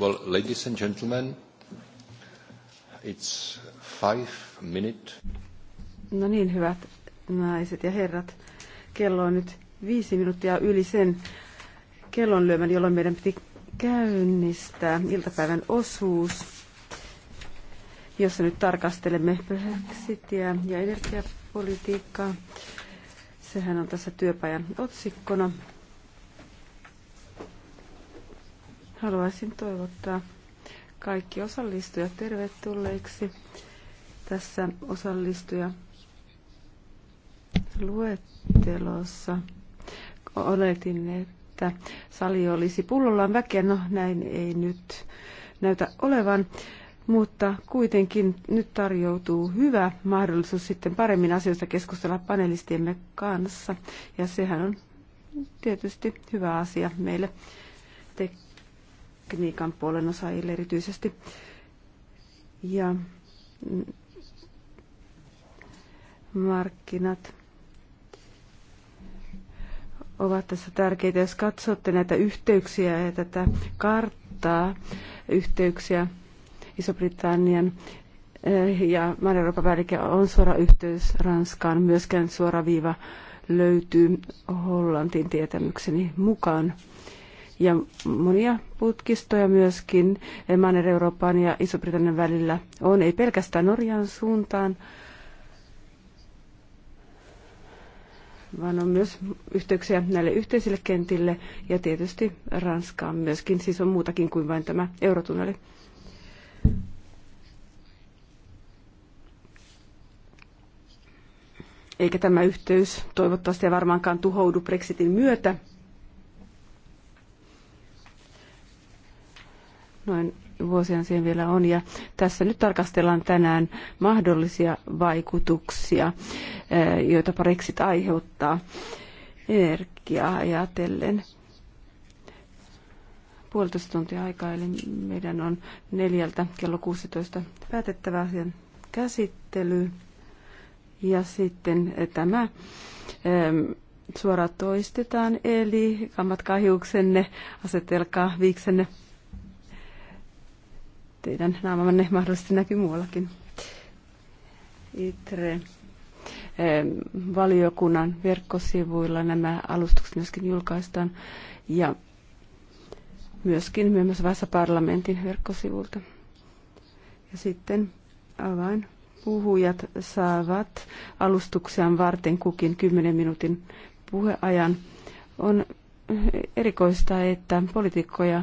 Well, ladies and gentlemen, it's five minute. No niin, hyvät naiset ja herrat. Kello on nyt viisi minuuttia yli sen kellonlyömän, jolloin meidän piti käynnistää iltapäivän osuus, jossa nyt tarkastelemme Brexitia ja energiapolitiikkaa. Sehän on tässä työpajan otsikkona. Haluaisin toivottaa kaikki osallistujat tervetulleiksi tässä osallistuja luettelossa. Oletin, että sali olisi pullollaan väkeä. No näin ei nyt näytä olevan mutta kuitenkin nyt tarjoutuu hyvä mahdollisuus sitten paremmin asioista keskustella panelistiemme kanssa. Ja sehän on tietysti hyvä asia meille tekniikan puolen osaajille erityisesti. Ja markkinat ovat tässä tärkeitä. Jos katsotte näitä yhteyksiä ja tätä karttaa yhteyksiä Iso-Britannian eh, ja Manner-Euroopan välikä on suora yhteys Ranskaan, myöskään suora viiva löytyy Hollantin tietämykseni mukaan ja monia putkistoja myöskin Manner-Euroopan ja Iso-Britannian välillä on, ei pelkästään Norjan suuntaan, vaan on myös yhteyksiä näille yhteisille kentille ja tietysti Ranskaan myöskin, siis on muutakin kuin vain tämä eurotunneli. Eikä tämä yhteys toivottavasti ja varmaankaan tuhoudu Brexitin myötä, noin vuosien siihen vielä on. Ja tässä nyt tarkastellaan tänään mahdollisia vaikutuksia, eh, joita Brexit aiheuttaa energiaa ajatellen. Puolitoista tuntia aikaa, eli meidän on neljältä kello 16 päätettävä asian käsittely. Ja sitten eh, tämä eh, suora toistetaan, eli kammatkaa hiuksenne, asetelkaa viiksenne teidän naamanne mahdollisesti näkyy muuallakin. Itre valiokunnan verkkosivuilla nämä alustukset myöskin julkaistaan ja myöskin myös vaiheessa parlamentin verkkosivulta. Ja sitten avain puhujat saavat alustuksiaan varten kukin 10 minuutin puheajan. On erikoista, että poliitikkoja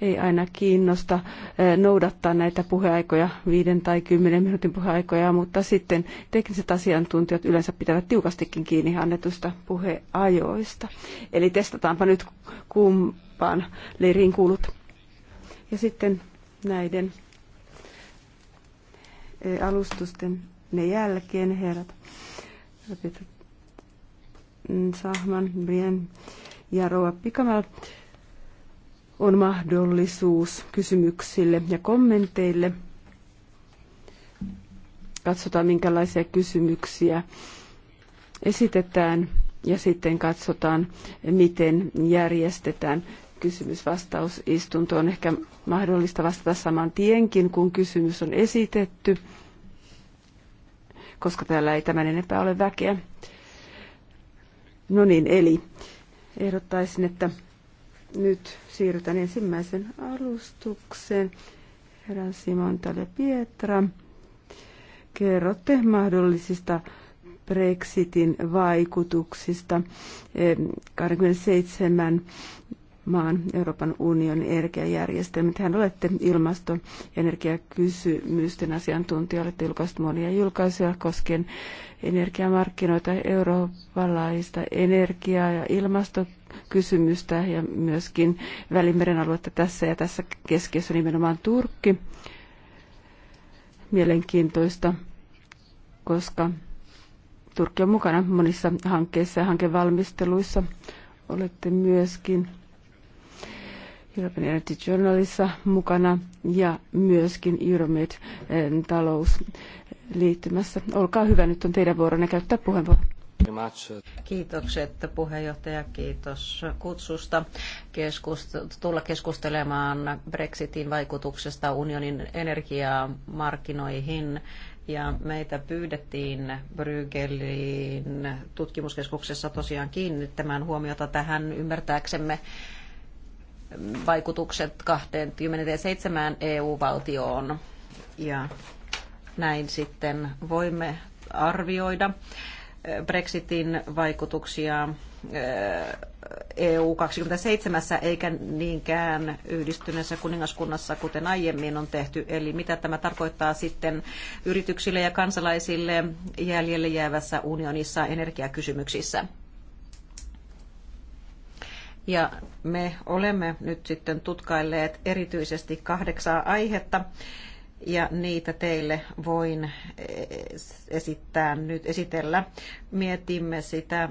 ei aina kiinnosta eh, noudattaa näitä puheaikoja, viiden tai kymmenen minuutin puheaikoja, mutta sitten tekniset asiantuntijat yleensä pitävät tiukastikin kiinni annetusta puheajoista. Eli testataanpa nyt kumpaan leiriin kuulut. Ja sitten näiden eh, alustusten ne jälkeen herrat. Sahman, Brian ja Rova Pikamäl on mahdollisuus kysymyksille ja kommenteille. Katsotaan, minkälaisia kysymyksiä esitetään ja sitten katsotaan, miten järjestetään kysymysvastausistunto. On ehkä mahdollista vastata saman tienkin, kun kysymys on esitetty, koska täällä ei tämän enempää ole väkeä. No niin, eli ehdottaisin, että nyt siirrytään ensimmäisen alustukseen. Herra Simon Tale Pietra, kerrotte mahdollisista Brexitin vaikutuksista eh, 27 maan Euroopan unionin energiajärjestelmät. Hän olette ilmasto- ja energiakysymysten asiantuntija, olette julkaistu monia julkaisuja koskien energiamarkkinoita, eurooppalaista energiaa ja ilmastokysymyksiä kysymystä ja myöskin Välimeren aluetta tässä ja tässä keskiössä nimenomaan Turkki. Mielenkiintoista, koska Turkki on mukana monissa hankkeissa ja hankevalmisteluissa. Olette myöskin European Energy Journalissa mukana ja myöskin Euromed eh, talousliittymässä Olkaa hyvä, nyt on teidän vuoronne käyttää puheenvuoro. Kiitokset puheenjohtaja, kiitos kutsusta keskust- tulla keskustelemaan Brexitin vaikutuksesta unionin energiamarkkinoihin. Ja meitä pyydettiin Brygelin tutkimuskeskuksessa tosiaan kiinnittämään huomiota tähän ymmärtääksemme vaikutukset 27 EU-valtioon. Ja näin sitten voimme arvioida Brexitin vaikutuksia äh, EU27 eikä niinkään yhdistyneessä kuningaskunnassa, kuten aiemmin on tehty. Eli mitä tämä tarkoittaa sitten yrityksille ja kansalaisille jäljelle jäävässä unionissa energiakysymyksissä? Ja me olemme nyt sitten tutkailleet erityisesti kahdeksaa aihetta, ja niitä teille voin eh, esittää nyt, esitellä mietimme sitä,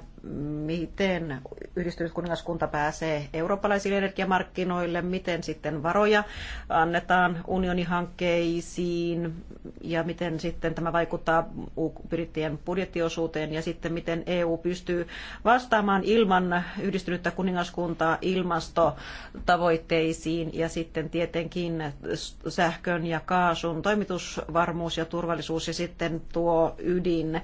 miten yhdistynyt kuningaskunta pääsee eurooppalaisille energiamarkkinoille, miten sitten varoja annetaan unionihankkeisiin ja miten sitten tämä vaikuttaa brittien budjettiosuuteen ja sitten miten EU pystyy vastaamaan ilman yhdistynyttä kuningaskuntaa ilmastotavoitteisiin ja sitten tietenkin sähkön ja kaasun toimitusvarmuus ja turvallisuus ja sitten tuo ydin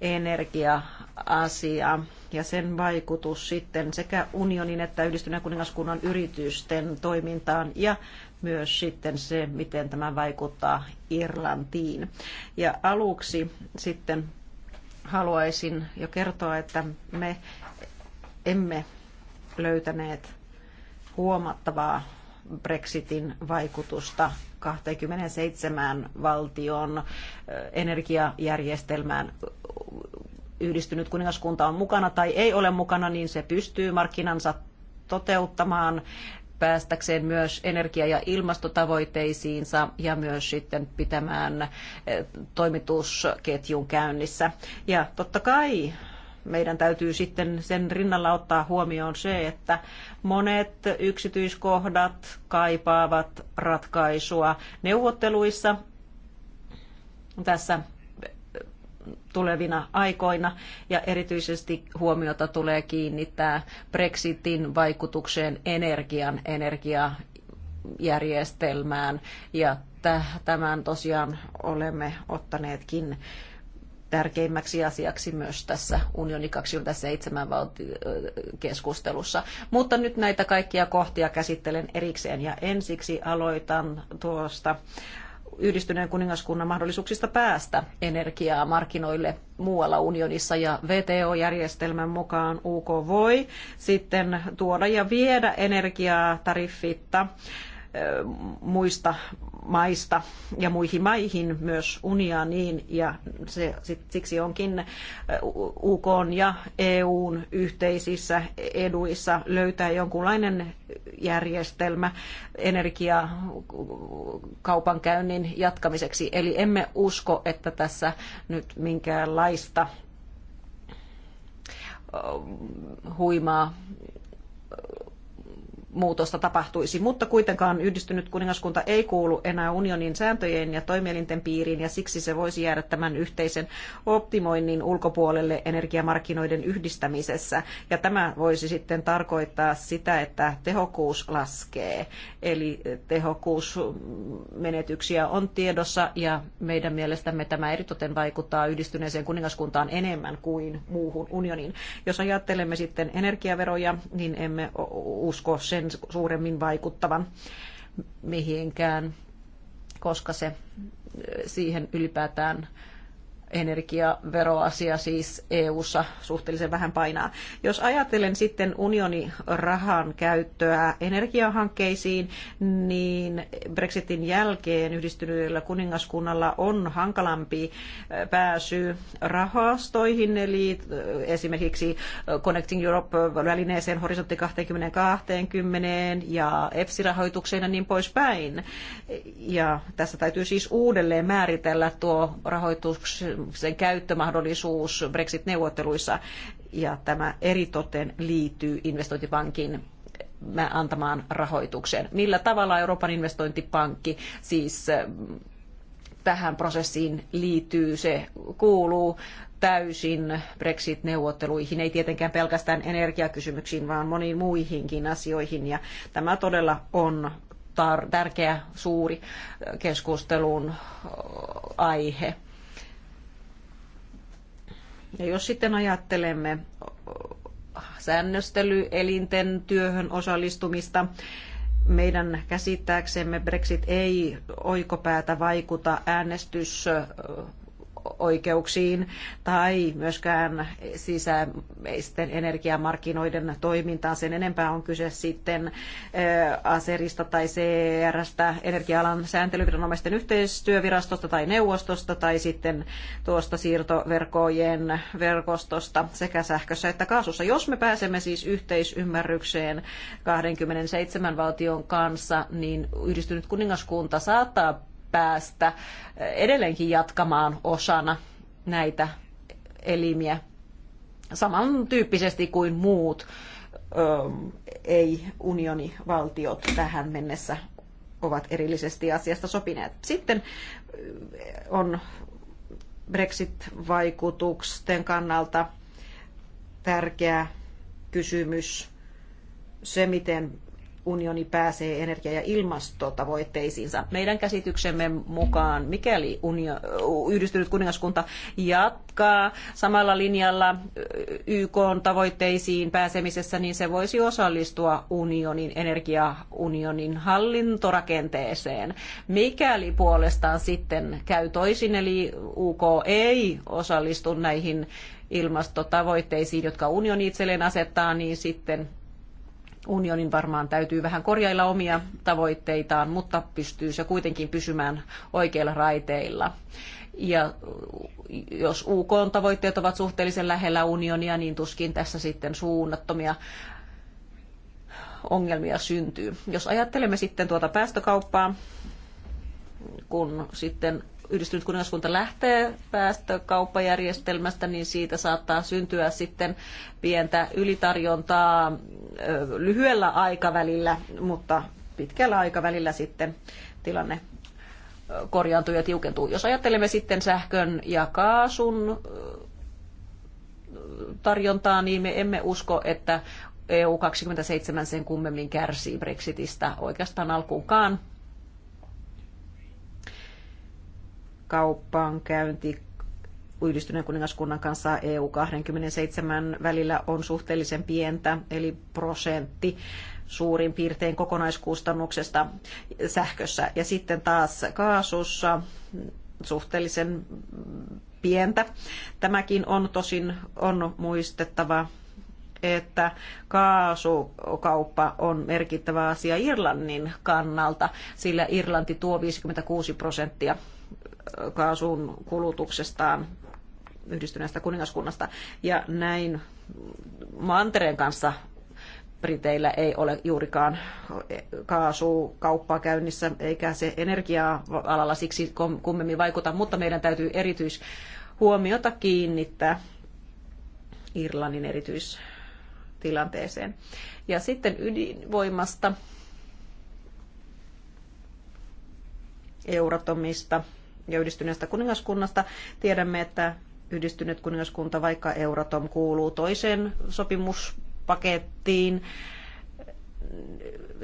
energia-asia ja sen vaikutus sitten sekä unionin että yhdistyneen kuningaskunnan yritysten toimintaan ja myös sitten se, miten tämä vaikuttaa Irlantiin. Ja aluksi sitten haluaisin jo kertoa, että me emme löytäneet huomattavaa Brexitin vaikutusta 27 valtion energiajärjestelmään yhdistynyt kuningaskunta on mukana tai ei ole mukana, niin se pystyy markkinansa toteuttamaan päästäkseen myös energia- ja ilmastotavoitteisiinsa ja myös sitten pitämään toimitusketjun käynnissä. Ja totta kai meidän täytyy sitten sen rinnalla ottaa huomioon se, että monet yksityiskohdat kaipaavat ratkaisua neuvotteluissa tässä eh, tulevina aikoina ja erityisesti huomiota tulee kiinnittää Brexitin vaikutukseen energian, energiajärjestelmään ja tämän tosiaan olemme ottaneetkin tärkeimmäksi asiaksi myös tässä Unioni 27 keskustelussa. Mutta nyt näitä kaikkia kohtia käsittelen erikseen ja ensiksi aloitan tuosta yhdistyneen kuningaskunnan mahdollisuuksista päästä energiaa markkinoille muualla unionissa ja VTO-järjestelmän mukaan UK voi sitten tuoda ja viedä energiaa tariffitta muista maista ja muihin maihin myös unioniin ja se, siksi onkin UK ja EUn yhteisissä eduissa löytää jonkunlainen järjestelmä energiakaupankäynnin jatkamiseksi. Eli emme usko, että tässä nyt minkäänlaista huimaa muutosta tapahtuisi, mutta kuitenkaan yhdistynyt kuningaskunta ei kuulu enää unionin sääntöjen ja toimielinten piiriin ja siksi se voisi jäädä tämän yhteisen optimoinnin ulkopuolelle energiamarkkinoiden yhdistämisessä. Ja tämä voisi sitten tarkoittaa sitä, että tehokkuus laskee. Eli tehokkuusmenetyksiä on tiedossa ja meidän mielestämme tämä eritoten vaikuttaa yhdistyneeseen kuningaskuntaan enemmän kuin muuhun unioniin. Jos ajattelemme sitten energiaveroja, niin emme usko sen sen suuremmin vaikuttavan mihinkään, koska se siihen ylipäätään energiaveroasia siis EU-ssa suhteellisen vähän painaa. Jos ajattelen sitten unionin rahan käyttöä energiahankkeisiin, niin Brexitin jälkeen yhdistyneellä kuningaskunnalla on hankalampi äh, pääsy rahastoihin, eli äh, esimerkiksi äh, Connecting Europe-välineeseen horisontti 2020 ja efsi rahoitukseen ja niin poispäin. Ja tässä täytyy siis uudelleen määritellä tuo rahoitus sen käyttömahdollisuus Brexit-neuvotteluissa ja tämä eritoten liittyy investointipankin antamaan rahoitukseen. Millä tavalla Euroopan investointipankki siis äh, tähän prosessiin liittyy, se kuuluu täysin Brexit-neuvotteluihin, ei tietenkään pelkästään energiakysymyksiin, vaan moniin muihinkin asioihin. Ja tämä todella on tärkeä, suuri äh, keskustelun äh, aihe. Ja jos sitten ajattelemme säännöstelyelinten työhön osallistumista, meidän käsittääksemme Brexit ei oikopäätä vaikuta äänestys oikeuksiin tai myöskään sisäisten energiamarkkinoiden toimintaan. Sen enempää on kyse sitten ASERista tai CRstä, energia-alan sääntelyviranomaisten yhteistyövirastosta tai neuvostosta tai sitten tuosta siirtoverkojen verkostosta sekä sähkössä että kaasussa. Jos me pääsemme siis yhteisymmärrykseen 27 valtion kanssa, niin yhdistynyt kuningaskunta saattaa päästä edelleenkin jatkamaan osana näitä elimiä samantyyppisesti kuin muut ei-unionivaltiot tähän mennessä ovat erillisesti asiasta sopineet. Sitten on Brexit-vaikutusten kannalta tärkeä kysymys se, miten unioni pääsee energia- ja ilmastotavoitteisiinsa. Meidän käsityksemme mukaan, mikäli unio- yhdistynyt kuningaskunta jatkaa samalla linjalla YK tavoitteisiin pääsemisessä, niin se voisi osallistua unionin energiaunionin hallintorakenteeseen. Mikäli puolestaan sitten käy toisin, eli UK ei osallistu näihin ilmastotavoitteisiin, jotka unioni itselleen asettaa, niin sitten unionin varmaan täytyy vähän korjailla omia tavoitteitaan, mutta pystyy se kuitenkin pysymään oikeilla raiteilla. Ja jos UK-tavoitteet ovat suhteellisen lähellä unionia, niin tuskin tässä sitten suunnattomia ongelmia syntyy. Jos ajattelemme sitten tuota päästökauppaa, kun sitten yhdistynyt kuningaskunta lähtee päästökauppajärjestelmästä, niin siitä saattaa syntyä sitten pientä ylitarjontaa lyhyellä aikavälillä, mutta pitkällä aikavälillä sitten tilanne korjaantuu ja tiukentuu. Jos ajattelemme sitten sähkön ja kaasun tarjontaa, niin me emme usko, että EU27 sen kummemmin kärsii Brexitistä oikeastaan alkuunkaan. käynti yhdistyneen kuningaskunnan kanssa EU-27 välillä on suhteellisen pientä, eli prosentti suurin piirtein kokonaiskustannuksesta sähkössä. Ja sitten taas kaasussa suhteellisen pientä. Tämäkin on tosin on muistettava että kaasukauppa on merkittävä asia Irlannin kannalta, sillä Irlanti tuo 56 prosenttia kaasun kulutuksestaan yhdistyneestä kuningaskunnasta. Ja näin Mantereen kanssa Briteillä ei ole juurikaan kaasukauppaa käynnissä, eikä se energia-alalla siksi kummemmin vaikuta, mutta meidän täytyy erityishuomiota kiinnittää Irlannin erityistilanteeseen. Ja sitten ydinvoimasta, Euratomista – ja yhdistyneestä kuningaskunnasta. Tiedämme, että yhdistynyt kuningaskunta, vaikka Euratom kuuluu toiseen sopimuspakettiin,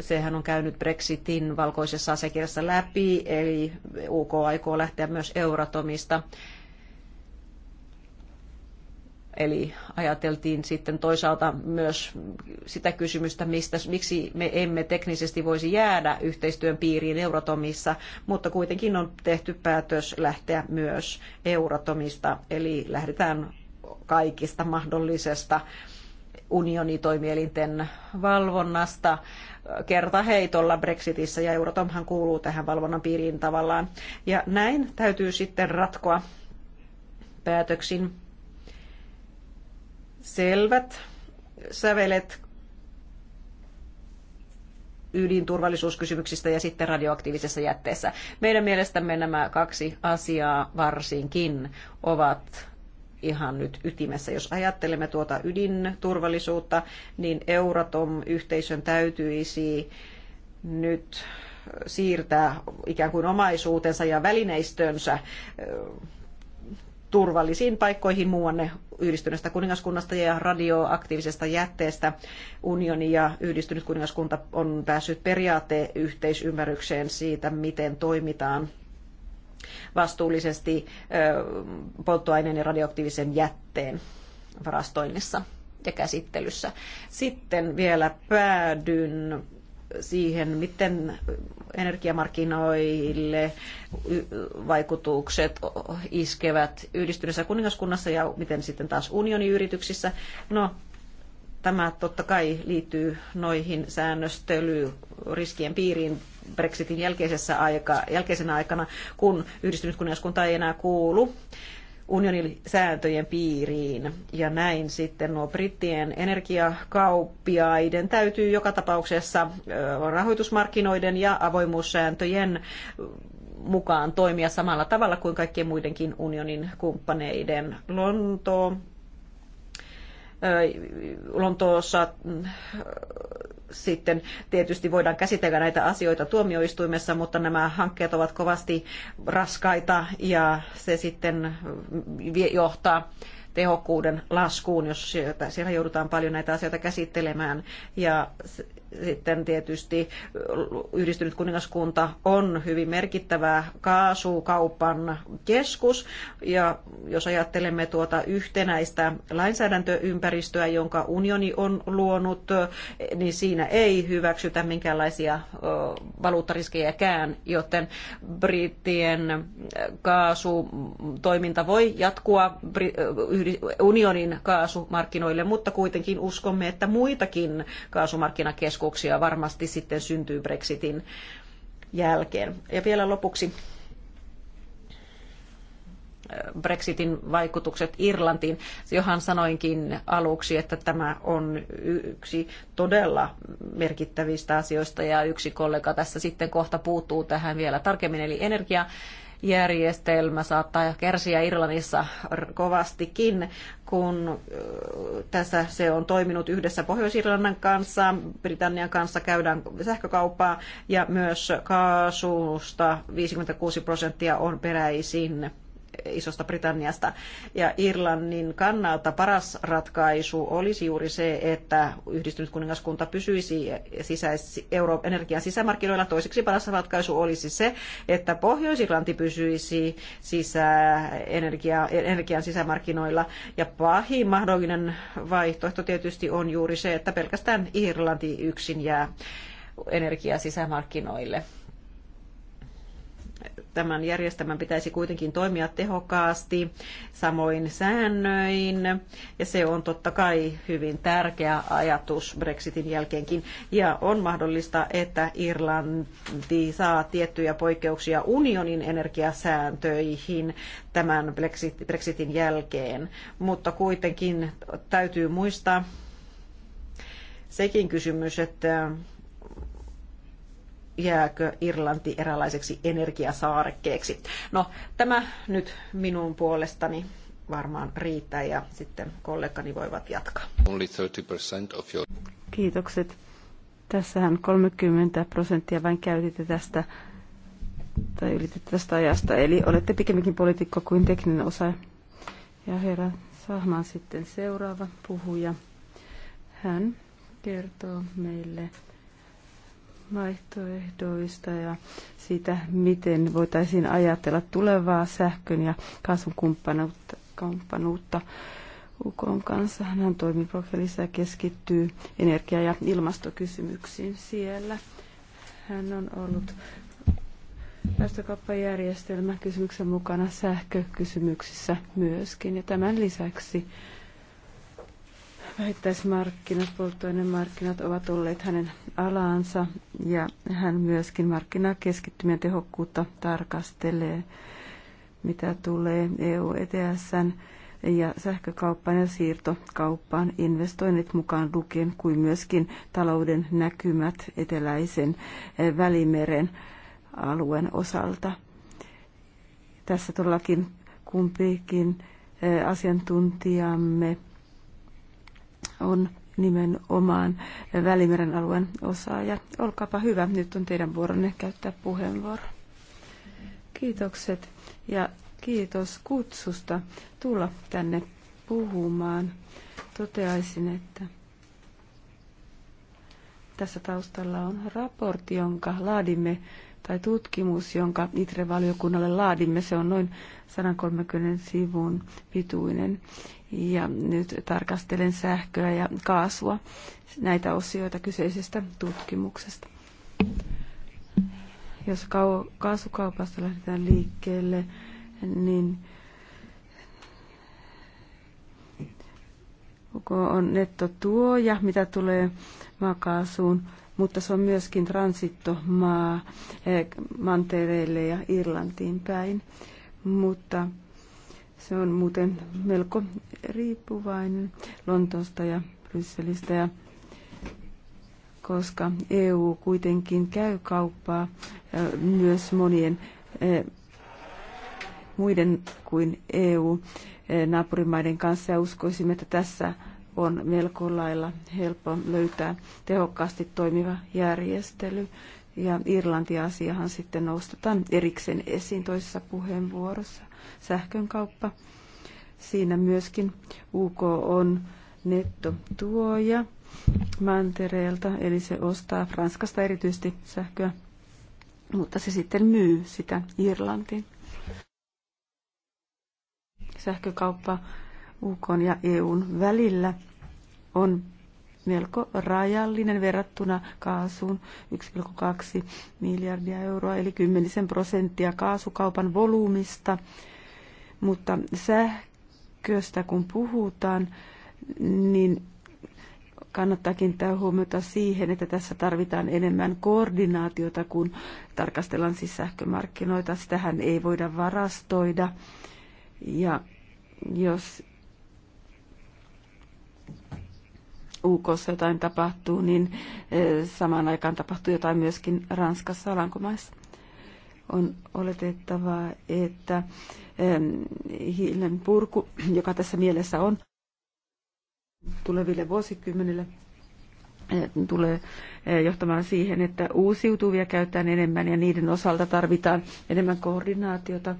sehän on käynyt Brexitin valkoisessa asiakirjassa läpi, eli UK aikoo lähteä myös Euratomista. Eli ajateltiin sitten toisaalta myös sitä kysymystä, mistä, miksi me emme teknisesti voisi jäädä yhteistyön piiriin Euratomissa, mutta kuitenkin on tehty päätös lähteä myös Euratomista, eli lähdetään kaikista mahdollisesta unionitoimielinten valvonnasta kerta heitolla Brexitissä, ja Euratomhan kuuluu tähän valvonnan piiriin tavallaan. Ja näin täytyy sitten ratkoa päätöksin selvät sävelet ydinturvallisuuskysymyksistä ja sitten radioaktiivisessa jätteessä. Meidän mielestämme nämä kaksi asiaa varsinkin ovat ihan nyt ytimessä. Jos ajattelemme tuota ydinturvallisuutta, niin Euratom-yhteisön täytyisi nyt siirtää ikään kuin omaisuutensa ja välineistönsä turvallisiin paikkoihin muuanne yhdistyneestä kuningaskunnasta ja radioaktiivisesta jätteestä. Unioni ja yhdistynyt kuningaskunta on päässyt periaateyhteisymmärrykseen siitä, miten toimitaan vastuullisesti polttoaineen ja radioaktiivisen jätteen varastoinnissa ja käsittelyssä. Sitten vielä päädyn siihen, miten energiamarkkinoille vaikutukset iskevät yhdistyneessä kuningaskunnassa ja miten sitten taas unioniyrityksissä. No, tämä totta kai liittyy noihin säännöstelyriskien piiriin Brexitin jälkeisessä aika, jälkeisenä aikana, kun yhdistynyt kuningaskunta ei enää kuulu unionin sääntöjen piiriin. Ja näin sitten nuo brittien energiakauppiaiden täytyy joka tapauksessa rahoitusmarkkinoiden ja avoimuussääntöjen mukaan toimia samalla tavalla kuin kaikkien muidenkin unionin kumppaneiden. Lonto, Lontoossa mm, sitten tietysti voidaan käsitellä näitä asioita tuomioistuimessa, mutta nämä hankkeet ovat kovasti raskaita ja se sitten johtaa tehokkuuden laskuun, jos siellä joudutaan paljon näitä asioita käsittelemään. Ja sitten tietysti yhdistynyt kuningaskunta on hyvin merkittävä kaasukaupan keskus. Ja jos ajattelemme tuota yhtenäistä lainsäädäntöympäristöä, jonka unioni on luonut, niin siinä ei hyväksytä minkäänlaisia valuuttariskejäkään, joten brittien kaasutoiminta voi jatkua unionin kaasumarkkinoille, mutta kuitenkin uskomme, että muitakin kaasumarkkinakeskuksia rahoituskeskuksia varmasti sitten syntyy Brexitin jälkeen. Ja vielä lopuksi äh, Brexitin vaikutukset Irlantiin. Johan sanoinkin aluksi, että tämä on yksi todella merkittävistä asioista ja yksi kollega tässä sitten kohta puuttuu tähän vielä tarkemmin, eli energia järjestelmä saattaa kärsiä Irlannissa kovastikin, kun tässä se on toiminut yhdessä Pohjois-Irlannan kanssa, Britannian kanssa käydään sähkökauppaa ja myös kaasusta 56 prosenttia on peräisin Isosta Britanniasta. Ja Irlannin kannalta paras ratkaisu olisi juuri se, että yhdistynyt kuningaskunta pysyisi sisäis- euro- energian sisämarkkinoilla. Toiseksi paras ratkaisu olisi se, että Pohjois-Irlanti pysyisi sisä- energia- energian sisämarkkinoilla. Ja pahin mahdollinen vaihtoehto tietysti on juuri se, että pelkästään Irlanti yksin jää energian sisämarkkinoille Tämän järjestelmän pitäisi kuitenkin toimia tehokkaasti samoin säännöin, ja se on totta kai hyvin tärkeä ajatus Brexitin jälkeenkin. Ja on mahdollista, että Irlanti saa tiettyjä poikkeuksia unionin energiasääntöihin tämän Brexitin jälkeen, mutta kuitenkin täytyy muistaa sekin kysymys, että jääkö Irlanti eräänlaiseksi energiasaarekkeeksi. No, tämä nyt minun puolestani varmaan riittää ja sitten kollegani voivat jatkaa. Only 30% of your... Kiitokset. Tässähän 30 prosenttia vain käytitte tästä tai ylititte tästä ajasta, eli olette pikemminkin poliitikko kuin tekninen osa. Ja herra Sahman sitten seuraava puhuja. Hän kertoo meille vaihtoehdoista ja siitä, miten voitaisiin ajatella tulevaa sähkön ja kasvun kumppanuutta. kumppanuutta. UKon kanssa hän toimii profiilissa ja keskittyy energia- ja ilmastokysymyksiin siellä. Hän on ollut päästökauppajärjestelmä kysymyksen mukana sähkökysymyksissä myöskin. Ja tämän lisäksi Vähittäismarkkinat, polttoainemarkkinat ovat olleet hänen alaansa ja hän myöskin markkinakeskittymien tehokkuutta tarkastelee, mitä tulee EU-ETSn ja sähkökauppaan ja siirtokauppaan investoinnit mukaan lukien kuin myöskin talouden näkymät eteläisen eh, välimeren alueen osalta. Tässä todellakin kumpikin eh, asiantuntijamme on nimenomaan Välimeren alueen osaaja. Olkaapa hyvä, nyt on teidän vuoronne käyttää puheenvuoro. Kiitokset ja kiitos kutsusta tulla tänne puhumaan. Toteaisin, että tässä taustalla on raportti, jonka laadimme, tai tutkimus, jonka ITRE-valiokunnalle laadimme. Se on noin 130 sivun pituinen ja nyt tarkastelen sähköä ja kaasua, näitä osioita kyseisestä tutkimuksesta. Jos kaasukaupasta lähdetään liikkeelle, niin on nettotuoja, mitä tulee maakaasuun, mutta se on myöskin transittomaa eh, mantereille ja Irlantiin päin. Mutta se on muuten melko riippuvainen Lontoosta ja Brysselistä, ja koska EU kuitenkin käy kauppaa myös monien muiden kuin EU-naapurimaiden kanssa, ja uskoisimme, että tässä on melko lailla helppo löytää tehokkaasti toimiva järjestely. Ja Irlanti-asiahan sitten nostetaan erikseen esiin toisessa puheenvuorossa sähkönkauppa. Siinä myöskin UK on nettotuoja mantereelta, eli se ostaa Ranskasta erityisesti sähköä, mutta se sitten myy sitä Irlantiin. Sähkökauppa UK ja EUn välillä on melko rajallinen verrattuna kaasuun 1,2 miljardia euroa, eli kymmenisen prosenttia kaasukaupan volyymista mutta sähköstä kun puhutaan, niin kannattaa kiinnittää huomiota siihen, että tässä tarvitaan enemmän koordinaatiota, kun tarkastellaan siis sähkömarkkinoita. Sitähän ei voida varastoida. Ja jos UK jotain tapahtuu, niin eh, samaan aikaan tapahtuu jotain myöskin Ranskassa, Alankomaissa on oletettavaa, että hiilen purku, joka tässä mielessä on tuleville vuosikymmenille, e, tulee e, johtamaan siihen, että uusiutuvia käytetään enemmän ja niiden osalta tarvitaan enemmän koordinaatiota.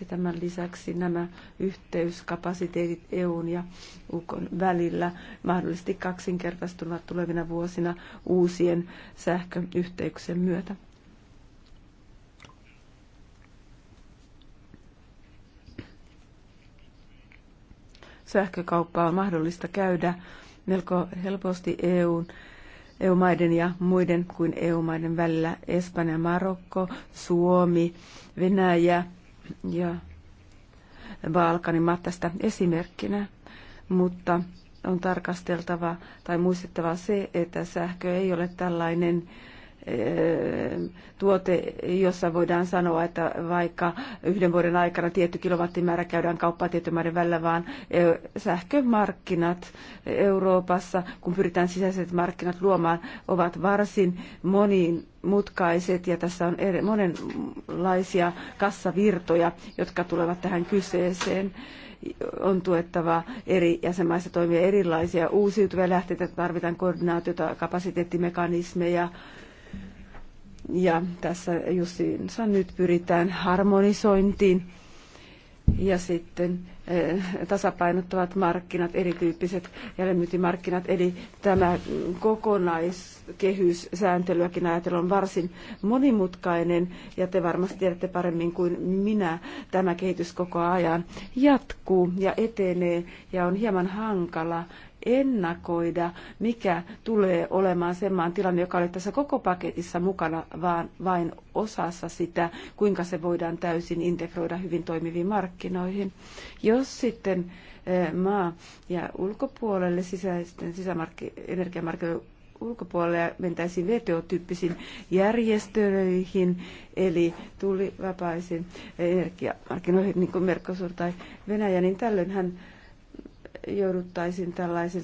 Ja tämän lisäksi nämä yhteyskapasiteetit EUn ja UKon välillä mahdollisesti kaksinkertaistuvat tulevina vuosina uusien sähköyhteyksien myötä. sähkökauppaa on mahdollista käydä melko helposti EUn EU-maiden ja muiden kuin EU-maiden välillä Espanja, Marokko, Suomi, Venäjä ja Balkanin maat tästä esimerkkinä. Mutta on tarkasteltava tai muistettava se, että sähkö ei ole tällainen äh, tuote, jossa voidaan sanoa, että vaikka yhden vuoden aikana tietty kilowattimäärä käydään kauppaa tietyn maiden välillä, vaan sähkömarkkinat Euroopassa, kun pyritään sisäiset markkinat luomaan, ovat varsin moniin mutkaiset ja tässä on eri, monenlaisia kassavirtoja, jotka tulevat tähän kyseeseen on tuettava eri jäsenmaissa toimia erilaisia uusiutuvia lähteitä, tarvitaan koordinaatiota, kapasiteettimekanismeja, ja tässä justiinsa nyt pyritään harmonisointiin ja sitten eh, tasapainottavat markkinat, erityyppiset jälleenmyyntimarkkinat. Eli tämä kokonaiskehys sääntelyäkin on varsin monimutkainen ja te varmasti tiedätte paremmin kuin minä. Tämä kehitys koko ajan jatkuu ja etenee ja on hieman hankala ennakoida, mikä tulee olemaan semmoinen tilanne, joka oli tässä koko paketissa mukana, vaan vain osassa sitä, kuinka se voidaan täysin integroida hyvin toimiviin markkinoihin. Jos sitten eh, maa ja ulkopuolelle sisäisten sisämarkkinoiden ulkopuolelle ja mentäisiin VTO-tyyppisiin järjestelyihin, eli tuli vapaisiin energiamarkkinoihin, niin kuin Merkosur tai Venäjä, niin tällöinhän jouduttaisiin tällaisen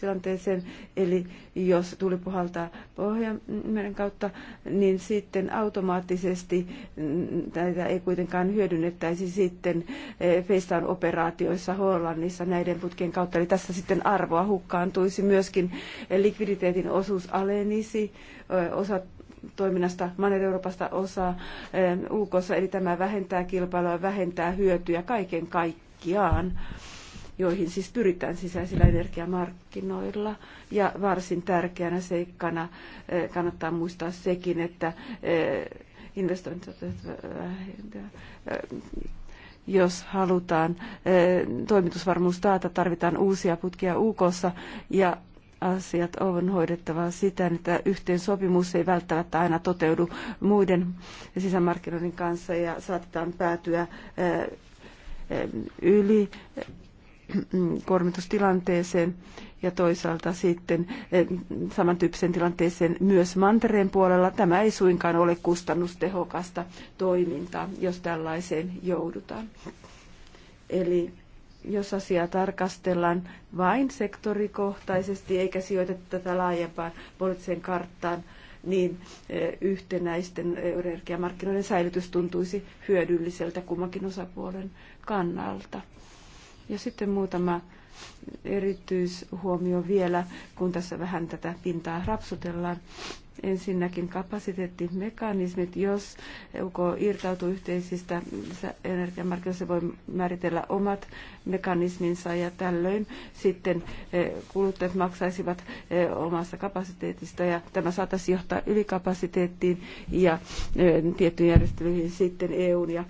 tilanteeseen, eli jos tuli puhaltaa Pohjanmeren kautta, niin sitten automaattisesti tätä ei kuitenkaan hyödynnettäisi sitten eh, FaceTime-operaatioissa Hollannissa näiden putkien kautta. Eli tässä sitten arvoa hukkaantuisi myöskin likviditeetin osuus alenisi, eh, osa toiminnasta Manner-Euroopasta osa eh, UKssa, eli tämä vähentää kilpailua, vähentää hyötyjä kaiken kaikkiaan joihin siis pyritään sisäisillä energiamarkkinoilla. Ja varsin tärkeänä seikkana eh, kannattaa muistaa sekin, että eh, investointit eh, jos halutaan toimitusvarmuus taata, tarvitaan uusia putkia uk ja asiat on hoidettava sitä, että yhteen sopimus ei välttämättä aina toteudu muiden sisämarkkinoiden kanssa ja saatetaan päätyä yli kuormitustilanteeseen ja toisaalta sitten eh, samantyyppiseen tilanteeseen myös mantereen puolella. Tämä ei suinkaan ole kustannustehokasta toimintaa, jos tällaiseen joudutaan. Eli jos asiaa tarkastellaan vain sektorikohtaisesti eikä sijoiteta tätä laajempaan poliittiseen karttaan, niin eh, yhtenäisten energiamarkkinoiden säilytys tuntuisi hyödylliseltä kummankin osapuolen kannalta. Ja sitten muutama erityishuomio vielä, kun tässä vähän tätä pintaa rapsutellaan. Ensinnäkin kapasiteettimekanismit. Jos UK irtautuu yhteisistä energiamarkkinoista, se voi määritellä omat mekanisminsa ja tällöin sitten eh, kuluttajat maksaisivat eh, omasta kapasiteetista ja tämä saattaisi johtaa ylikapasiteettiin ja eh, tiettyihin järjestelyihin sitten EUn ja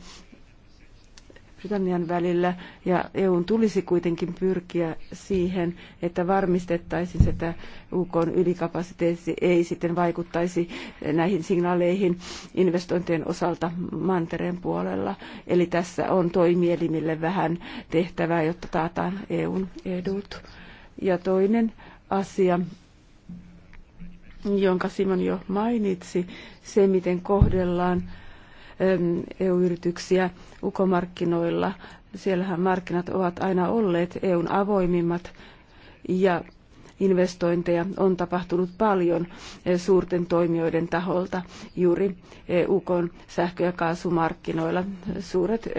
Britannian välillä ja EUn tulisi kuitenkin pyrkiä siihen, että varmistettaisiin, että UK ylikapasiteetti ei sitten vaikuttaisi näihin signaaleihin investointien osalta mantereen puolella. Eli tässä on toimielimille vähän tehtävää, jotta taataan EUn edut. Ja toinen asia, jonka Simon jo mainitsi, se miten kohdellaan EU-yrityksiä ukomarkkinoilla. Siellähän markkinat ovat aina olleet EUn avoimimmat ja investointeja on tapahtunut paljon e, suurten toimijoiden taholta juuri e UKon sähkö- ja kaasumarkkinoilla. Suuret e,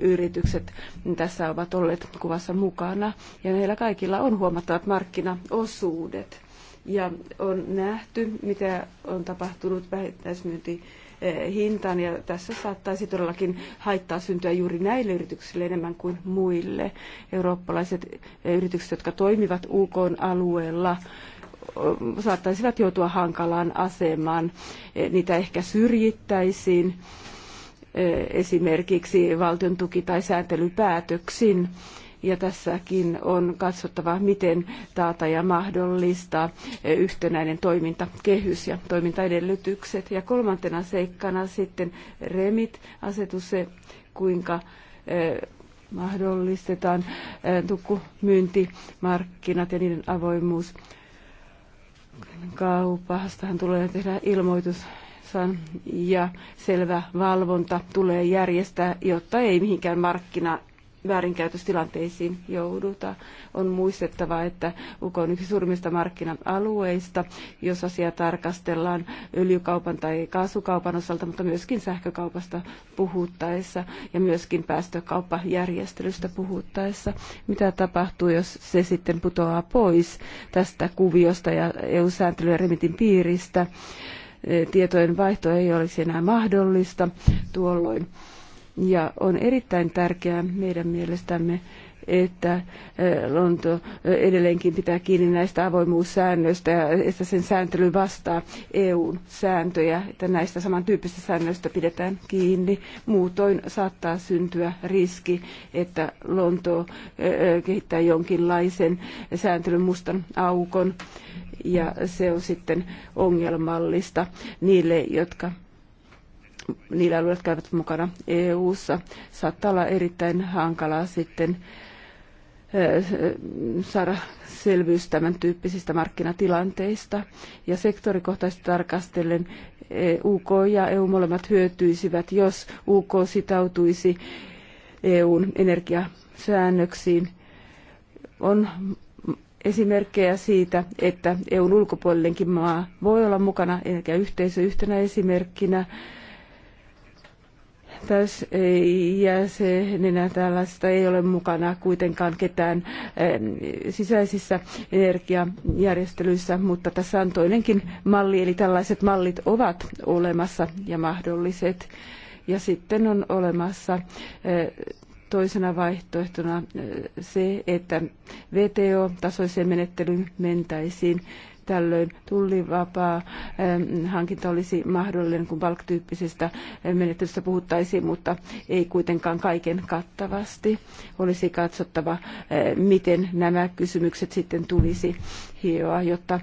yritykset tässä ovat olleet kuvassa mukana ja heillä kaikilla on huomattavat markkinaosuudet. Ja on nähty, mitä on tapahtunut vähittäismyynti Eh, hintaan ja tässä saattaisi todellakin haittaa syntyä juuri näille yrityksille enemmän kuin muille. Eurooppalaiset eh, yritykset, jotka toimivat UK-alueella, eh, saattaisivat joutua hankalaan asemaan. Niitä ehkä syrjittäisiin esimerkiksi valtion tuki- tai sääntelypäätöksin. Ja tässäkin on katsottava, miten taata ja mahdollistaa yhtenäinen toimintakehys ja toimintaedellytykset. Ja kolmantena seikkana sitten REMIT-asetus, se kuinka mahdollistetaan tukkumyyntimarkkinat ja niiden avoimuus. Kaupastahan tulee tehdä ilmoitus ja selvä valvonta tulee järjestää, jotta ei mihinkään markkina väärinkäytöstilanteisiin jouduta. On muistettava, että UK on yksi suurimmista markkina-alueista, jos asiaa tarkastellaan öljykaupan tai kaasukaupan osalta, mutta myöskin sähkökaupasta puhuttaessa ja myöskin päästökauppajärjestelystä puhuttaessa. Mitä tapahtuu, jos se sitten putoaa pois tästä kuviosta ja EU-sääntely- ja remitin piiristä? Tietojen vaihto ei olisi enää mahdollista tuolloin ja on erittäin tärkeää meidän mielestämme, että äh, Lonto äh, edelleenkin pitää kiinni näistä avoimuussäännöistä ja että sen sääntely vastaa EUn sääntöjä, että näistä samantyyppisistä säännöistä pidetään kiinni. Muutoin saattaa syntyä riski, että Lonto äh, kehittää jonkinlaisen sääntelyn mustan aukon ja se on sitten ongelmallista niille, jotka niillä alueilla, jotka ovat mukana EU-ssa. Saattaa olla erittäin hankalaa sitten saada selvyys tämän tyyppisistä markkinatilanteista. Ja sektorikohtaisesti tarkastellen e UK ja EU molemmat hyötyisivät, jos UK sitoutuisi EUn energiasäännöksiin. On esimerkkejä siitä, että EUn ulkopuolinenkin maa voi olla mukana energiayhteisö yhtenä esimerkkinä jäsenenä tällaista ei ole mukana kuitenkaan ketään sisäisissä energiajärjestelyissä, mutta tässä on toinenkin malli, eli tällaiset mallit ovat olemassa ja mahdolliset. Ja sitten on olemassa eh, toisena vaihtoehtona eh, se, että VTO-tasoiseen menettelyyn mentäisiin Tällöin tullivapaa hankinta olisi mahdollinen, kun palktyyppisestä menettelystä puhuttaisiin, mutta ei kuitenkaan kaiken kattavasti. Olisi katsottava, miten nämä kysymykset sitten tulisi hioa, jotta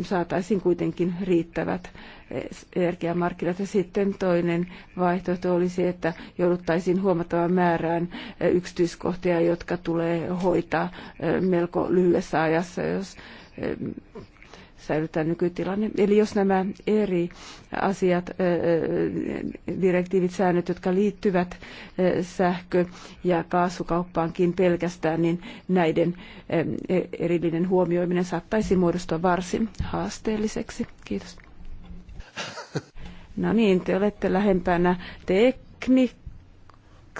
saataisiin kuitenkin riittävät energiamarkkinat. Ja sitten toinen vaihtoehto olisi, että jouduttaisiin huomattavan määrään yksityiskohtia, jotka tulee hoitaa melko lyhyessä ajassa, jos Ähm, säilyttää nykytilanne. Eli jos nämä eri asiat, äh, äh, direktiivit, säännöt, jotka liittyvät äh, sähkö- ja kaasukauppaankin pelkästään, niin näiden ähm, e- erillinen huomioiminen saattaisi muodostua varsin haasteelliseksi. Kiitos. No niin, te olette lähempänä teknik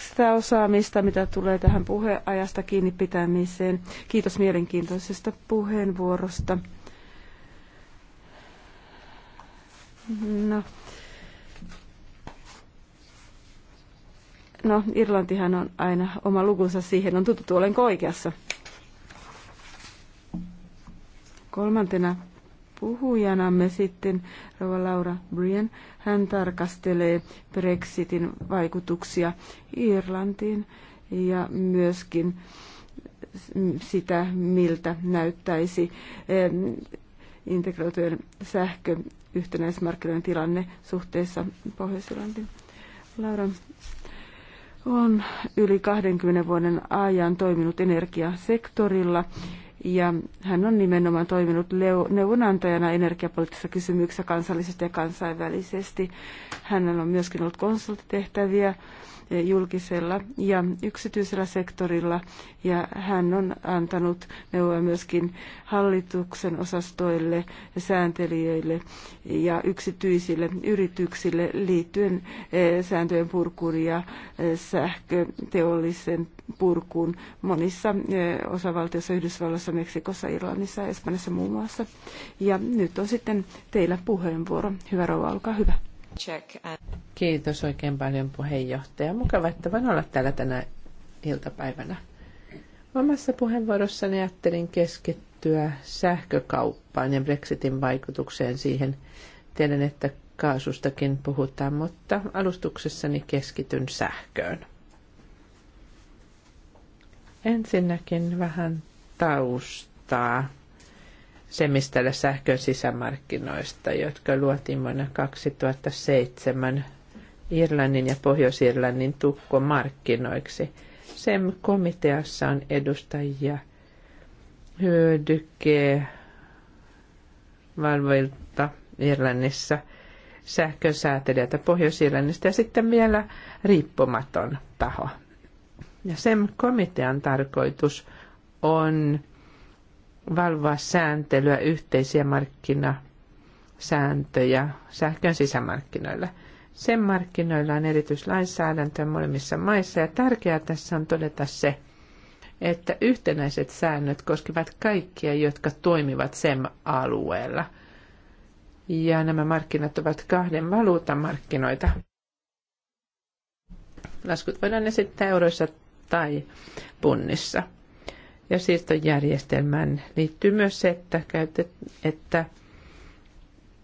sitä osaamista, mitä tulee tähän puheajasta kiinni pitämiseen. Kiitos mielenkiintoisesta puheenvuorosta. No. No, Irlantihan on aina oma lukunsa siihen, on tuttu, olenko oikeassa. Kolmantena puhujanamme sitten rouva Laura Brian. Hän tarkastelee Brexitin vaikutuksia Irlantiin ja myöskin sitä, miltä näyttäisi integroitujen sähkö yhtenäismarkkinoiden tilanne suhteessa pohjois -Irlantiin. Laura on yli 20 vuoden ajan toiminut energiasektorilla ja hän on nimenomaan toiminut neuvonantajana energiapoliittisissa kysymyksissä kansallisesti ja kansainvälisesti. Hänellä on myöskin ollut konsulttitehtäviä julkisella ja yksityisellä sektorilla ja hän on antanut neuvoa myöskin hallituksen osastoille, sääntelijöille ja yksityisille yrityksille liittyen eh, sääntöjen purkuun ja eh, sähköteollisen purkuun monissa eh, osavaltioissa, Yhdysvalloissa, Meksikossa, Irlannissa ja Espanjassa muun muassa. Ja nyt on sitten teillä puheenvuoro. Hyvä rouva, olkaa hyvä. Kiitos oikein paljon puheenjohtaja. Mukava, että voin olla täällä tänä iltapäivänä. Omassa puheenvuorossani ajattelin keskittyä sähkökauppaan ja Brexitin vaikutukseen siihen. Tiedän, että kaasustakin puhutaan, mutta alustuksessani keskityn sähköön. Ensinnäkin vähän taustaa Semistellä sähkön sisämarkkinoista, jotka luotiin vuonna 2007 Irlannin ja Pohjois-Irlannin tukkomarkkinoiksi. Sem komiteassa on edustajia hyödykkeen valvoilta Irlannissa, sähkön säätelijältä Pohjois-Irlannista ja sitten vielä riippumaton taho. Ja sem komitean tarkoitus on valvoa sääntelyä, yhteisiä markkinasääntöjä sähkön sisämarkkinoilla. Sen markkinoilla on erityislainsäädäntöä molemmissa maissa ja tärkeää tässä on todeta se, että yhtenäiset säännöt koskevat kaikkia, jotka toimivat sen alueella. Ja nämä markkinat ovat kahden valuutan markkinoita. Laskut voidaan esittää euroissa tai punnissa. Ja siirtojärjestelmään liittyy myös se, että, käytet, että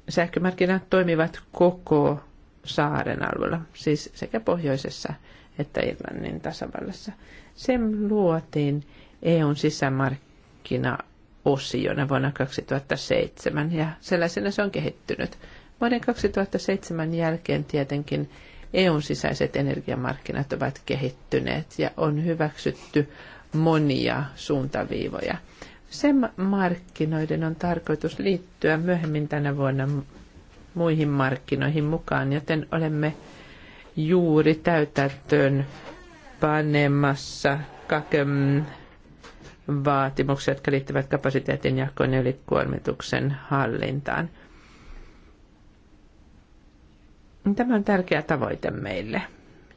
sähkömarkkinat toimivat koko saaren alueella, siis sekä pohjoisessa että Irlannin tasavallassa. Sen luotiin EUn sisämarkkinaosiona vuonna 2007 ja sellaisena se on kehittynyt. Vuoden 2007 jälkeen tietenkin EUn sisäiset energiamarkkinat ovat kehittyneet ja on hyväksytty monia suuntaviivoja. Sen markkinoiden on tarkoitus liittyä myöhemmin tänä vuonna muihin markkinoihin mukaan, joten olemme juuri täytäntöön panemassa kakem vaatimuksia, jotka liittyvät kapasiteetin jakoon ja ylikuormituksen hallintaan. Tämä on tärkeä tavoite meille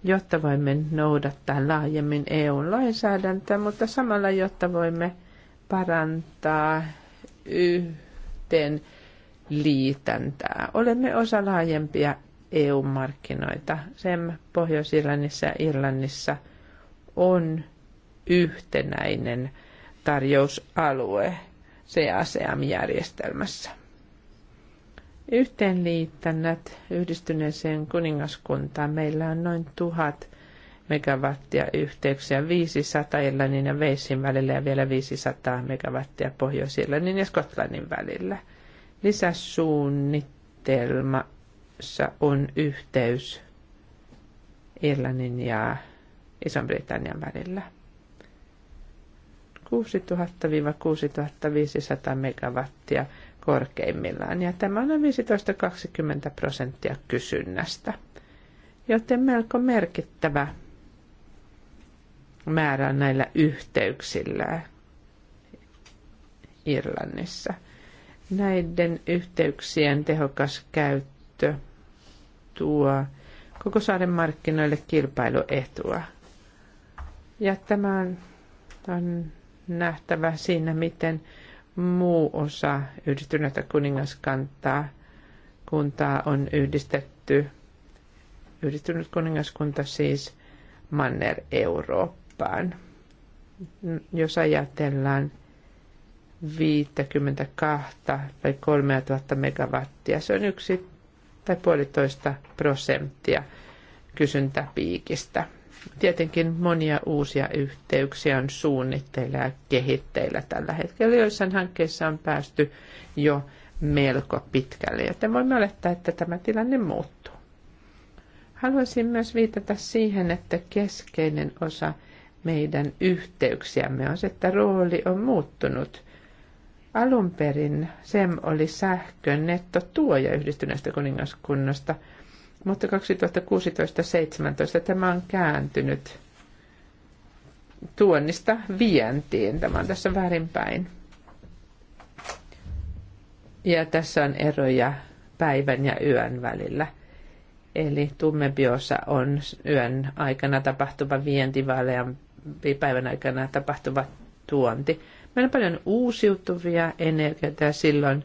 jotta voimme noudattaa laajemmin EU-lainsäädäntöä, mutta samalla jotta voimme parantaa yhteen liitäntää. Olemme osa laajempia EU-markkinoita. Sen Pohjois-Irlannissa ja Irlannissa on yhtenäinen tarjousalue CACM-järjestelmässä yhteenliittännät yhdistyneeseen kuningaskuntaan. Meillä on noin tuhat megawattia yhteyksiä, 500 Irlannin ja Veisin välillä ja vielä 500 megawattia Pohjois-Irlannin ja Skotlannin välillä. Lisäsuunnitelmassa on yhteys Irlannin ja iso britannian välillä. 6000-6500 megawattia korkeimmillaan, ja tämä on 15-20 prosenttia kysynnästä, joten melko merkittävä määrä näillä yhteyksillä Irlannissa. Näiden yhteyksien tehokas käyttö tuo koko saaren markkinoille kilpailuetua. Ja tämä on, on nähtävä siinä, miten muu osa yhdistyneitä kuningaskantaa kuntaa on yhdistetty, yhdistynyt kuningaskunta siis Manner-Eurooppaan. Jos ajatellaan 52 tai 3000 megawattia, se on yksi tai puolitoista prosenttia kysyntäpiikistä. Tietenkin monia uusia yhteyksiä on suunnitteilla ja kehitteillä tällä hetkellä. Joissain hankkeissa on päästy jo melko pitkälle, joten voimme olettaa, että tämä tilanne muuttuu. Haluaisin myös viitata siihen, että keskeinen osa meidän yhteyksiämme on se, että rooli on muuttunut. Alun perin SEM oli sähkön nettotuoja yhdistyneestä kuningaskunnasta – mutta 2016-2017 tämä on kääntynyt tuonnista vientiin. Tämä on tässä väärinpäin. Ja tässä on eroja päivän ja yön välillä. Eli tummebiossa on yön aikana tapahtuva vienti, vaaleampi päivän aikana tapahtuva tuonti. Meillä on paljon uusiutuvia energioita ja silloin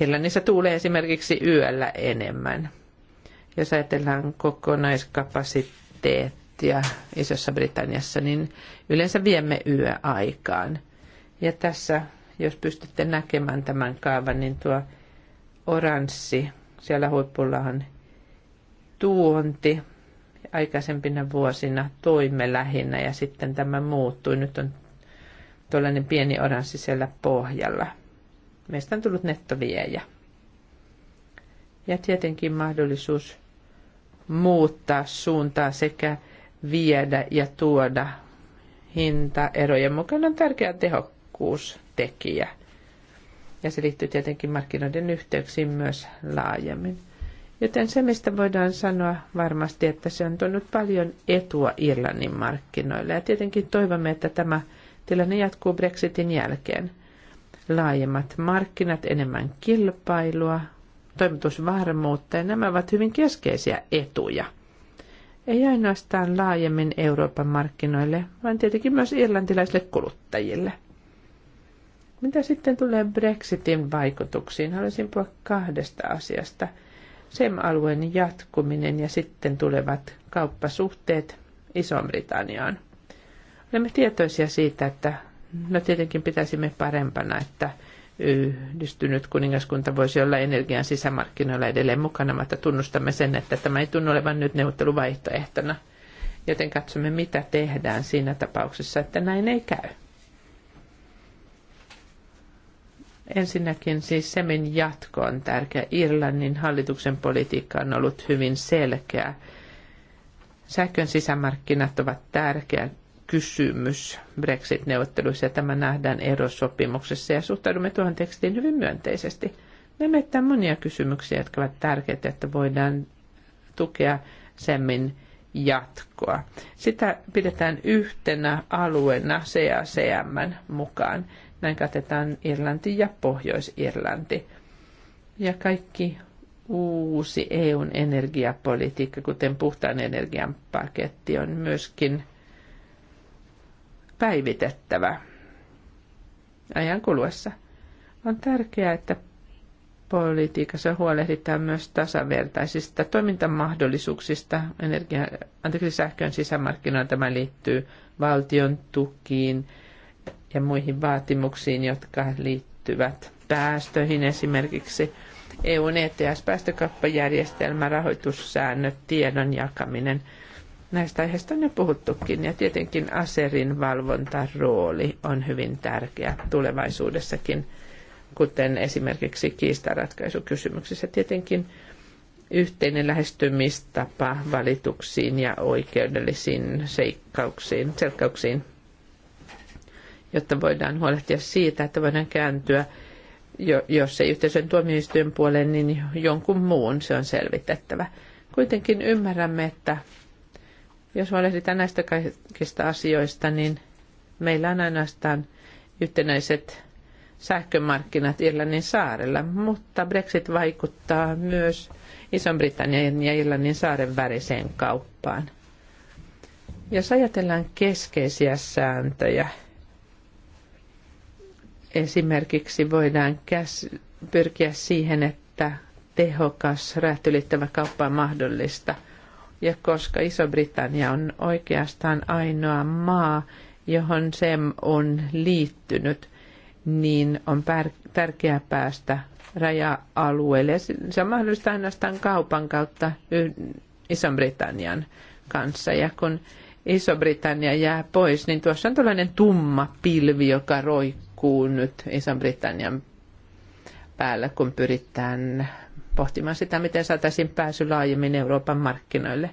Irlannissa tuulee esimerkiksi yöllä enemmän. Jos ajatellaan kokonaiskapasiteettia Isossa Britanniassa, niin yleensä viemme yöaikaan. Ja tässä, jos pystytte näkemään tämän kaavan, niin tuo oranssi, siellä huipulla on tuonti, aikaisempina vuosina toimme lähinnä ja sitten tämä muuttui. Nyt on tuollainen pieni oranssi siellä pohjalla. Meistä on tullut nettoviejä. Ja tietenkin mahdollisuus muuttaa suuntaa sekä viedä ja tuoda hintaerojen mukana on tärkeä tehokkuustekijä. Ja se liittyy tietenkin markkinoiden yhteyksiin myös laajemmin. Joten se, mistä voidaan sanoa varmasti, että se on tuonut paljon etua Irlannin markkinoille. Ja tietenkin toivomme, että tämä tilanne jatkuu Brexitin jälkeen. Laajemmat markkinat, enemmän kilpailua, toimitusvarmuutta ja nämä ovat hyvin keskeisiä etuja. Ei ainoastaan laajemmin Euroopan markkinoille, vaan tietenkin myös irlantilaisille kuluttajille. Mitä sitten tulee Brexitin vaikutuksiin? Haluaisin puhua kahdesta asiasta. SEM-alueen jatkuminen ja sitten tulevat kauppasuhteet Iso-Britanniaan. Olemme tietoisia siitä, että no tietenkin pitäisimme parempana, että yhdistynyt kuningaskunta voisi olla energian sisämarkkinoilla edelleen mukana, mutta tunnustamme sen, että tämä ei tunnu olevan nyt neuvotteluvaihtoehtona. Joten katsomme, mitä tehdään siinä tapauksessa, että näin ei käy. Ensinnäkin siis Semin jatko on tärkeä. Irlannin hallituksen politiikka on ollut hyvin selkeä. Sähkön sisämarkkinat ovat tärkeä kysymys Brexit-neuvotteluissa ja tämä nähdään erosopimuksessa ja suhtaudumme tuohon tekstiin hyvin myönteisesti. Me miettää monia kysymyksiä, jotka ovat tärkeitä, että voidaan tukea semmin jatkoa. Sitä pidetään yhtenä alueena CACM mukaan. Näin katetaan Irlanti ja Pohjois-Irlanti. Ja kaikki uusi EUn energiapolitiikka, kuten puhtaan energian paketti, on myöskin päivitettävä ajan kuluessa. On tärkeää, että politiikassa huolehditaan myös tasavertaisista toimintamahdollisuuksista energia, anteeksi, sähkön sisämarkkinoilla. Tämä liittyy valtion tukiin ja muihin vaatimuksiin, jotka liittyvät päästöihin esimerkiksi. EUn ETS-päästökauppajärjestelmä, rahoitussäännöt, tiedon jakaminen – Näistä aiheista on jo puhuttukin ja tietenkin aserin valvontarooli on hyvin tärkeä tulevaisuudessakin, kuten esimerkiksi kiistaratkaisukysymyksissä. Tietenkin yhteinen lähestymistapa valituksiin ja oikeudellisiin seikkauksiin, selkkauksiin, jotta voidaan huolehtia siitä, että voidaan kääntyä, jos ei yhteisön tuomioistuin puoleen, niin jonkun muun se on selvitettävä. Kuitenkin ymmärrämme, että jos huolehditaan näistä kaikista asioista, niin meillä on ainoastaan yhtenäiset sähkömarkkinat Irlannin saarella, mutta Brexit vaikuttaa myös iso britannian ja Irlannin saaren väriseen kauppaan. Jos ajatellaan keskeisiä sääntöjä, esimerkiksi voidaan käs- pyrkiä siihen, että tehokas, räätylittävä kauppa on mahdollista – ja koska Iso-Britannia on oikeastaan ainoa maa, johon SEM on liittynyt, niin on tärkeää päästä raja-alueelle. Se on mahdollista ainoastaan kaupan kautta Iso-Britannian kanssa. Ja kun Iso-Britannia jää pois, niin tuossa on tällainen tumma pilvi, joka roikkuu nyt Iso-Britannian päällä, kun pyritään pohtimaan sitä, miten saataisiin pääsy laajemmin Euroopan markkinoille.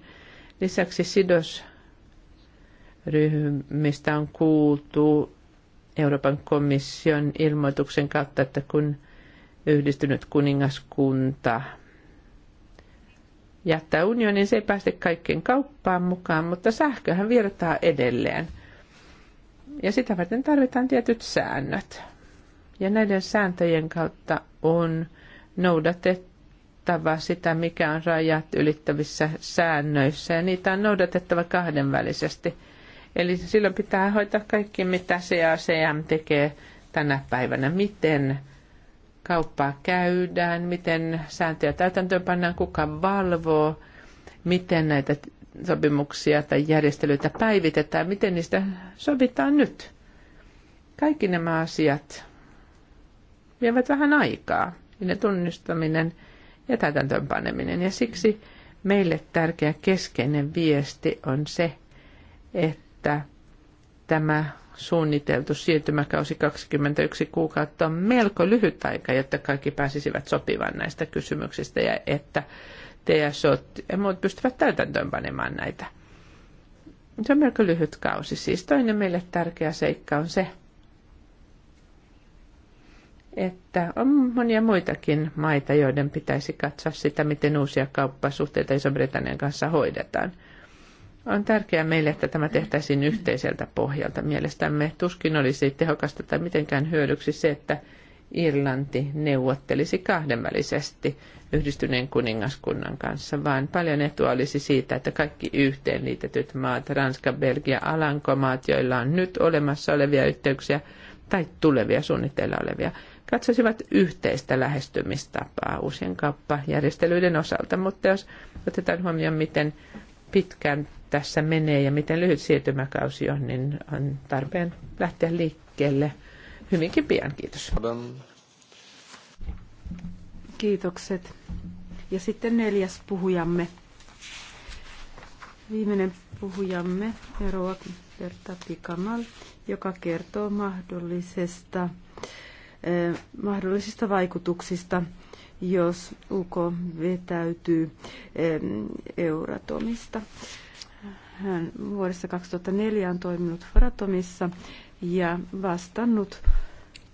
Lisäksi sidosryhmistä on kuultu Euroopan komission ilmoituksen kautta, että kun yhdistynyt kuningaskunta jättää unionin, se ei päästä kaikkien kauppaan mukaan, mutta sähköhän virtaa edelleen. Ja sitä varten tarvitaan tietyt säännöt. Ja näiden sääntöjen kautta on noudatettu noudatettava sitä, mikä on rajat ylittävissä säännöissä, ja niitä on noudatettava kahdenvälisesti. Eli silloin pitää hoitaa kaikki, mitä CACM tekee tänä päivänä, miten kauppaa käydään, miten sääntöjä täytäntöön pannaan, kuka valvoo, miten näitä sopimuksia tai järjestelyitä päivitetään, miten niistä sovitaan nyt. Kaikki nämä asiat vievät vähän aikaa. ne tunnistaminen ja täytäntöönpaneminen. Ja siksi meille tärkeä keskeinen viesti on se, että tämä suunniteltu siirtymäkausi 21 kuukautta on melko lyhyt aika, jotta kaikki pääsisivät sopivan näistä kysymyksistä ja että TSO ja muut pystyvät täytäntöönpanemaan näitä. Se on melko lyhyt kausi. Siis toinen meille tärkeä seikka on se, että on monia muitakin maita, joiden pitäisi katsoa sitä, miten uusia kauppasuhteita Iso-Britannian kanssa hoidetaan. On tärkeää meille, että tämä tehtäisiin yhteiseltä pohjalta. Mielestämme tuskin olisi tehokasta tai mitenkään hyödyksi se, että Irlanti neuvottelisi kahdenvälisesti yhdistyneen kuningaskunnan kanssa, vaan paljon etua olisi siitä, että kaikki yhteenliitetyt maat, Ranska, Belgia, Alankomaat, joilla on nyt olemassa olevia yhteyksiä tai tulevia suunnitteilla olevia, katsoisivat yhteistä lähestymistapaa uusien kauppajärjestelyiden osalta, mutta jos otetaan huomioon, miten pitkään tässä menee ja miten lyhyt siirtymäkausi on, niin on tarpeen lähteä liikkeelle hyvinkin pian. Kiitos. Kiitokset. Ja sitten neljäs puhujamme. Viimeinen puhujamme, Eroa Kerta Pikamal, joka kertoo mahdollisesta mahdollisista vaikutuksista, jos UK vetäytyy Euratomista. Hän vuodessa 2004 on toiminut Fratomissa ja vastannut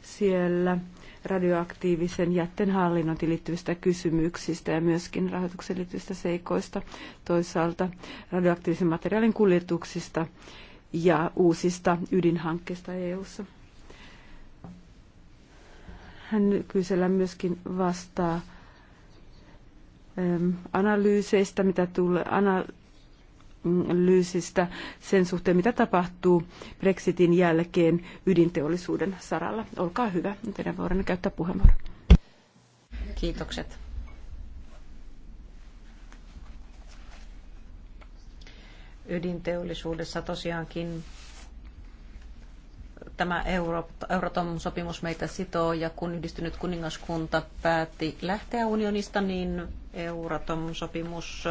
siellä radioaktiivisen jätten hallinnointiin liittyvistä kysymyksistä ja myöskin rahoituksen liittyvistä seikoista, toisaalta radioaktiivisen materiaalin kuljetuksista ja uusista ydinhankkeista EU:ssa. ssa hän nykyisellä myöskin vastaa ähm, analyyseistä, mitä tulee, analyysistä sen suhteen, mitä tapahtuu Brexitin jälkeen ydinteollisuuden saralla. Olkaa hyvä, teidän vuoronne käyttää puheenvuoron. Kiitokset. Ydinteollisuudessa tosiaankin tämä Euratom-sopimus meitä sitoo ja kun yhdistynyt kuningaskunta päätti lähteä unionista, niin Euratom-sopimus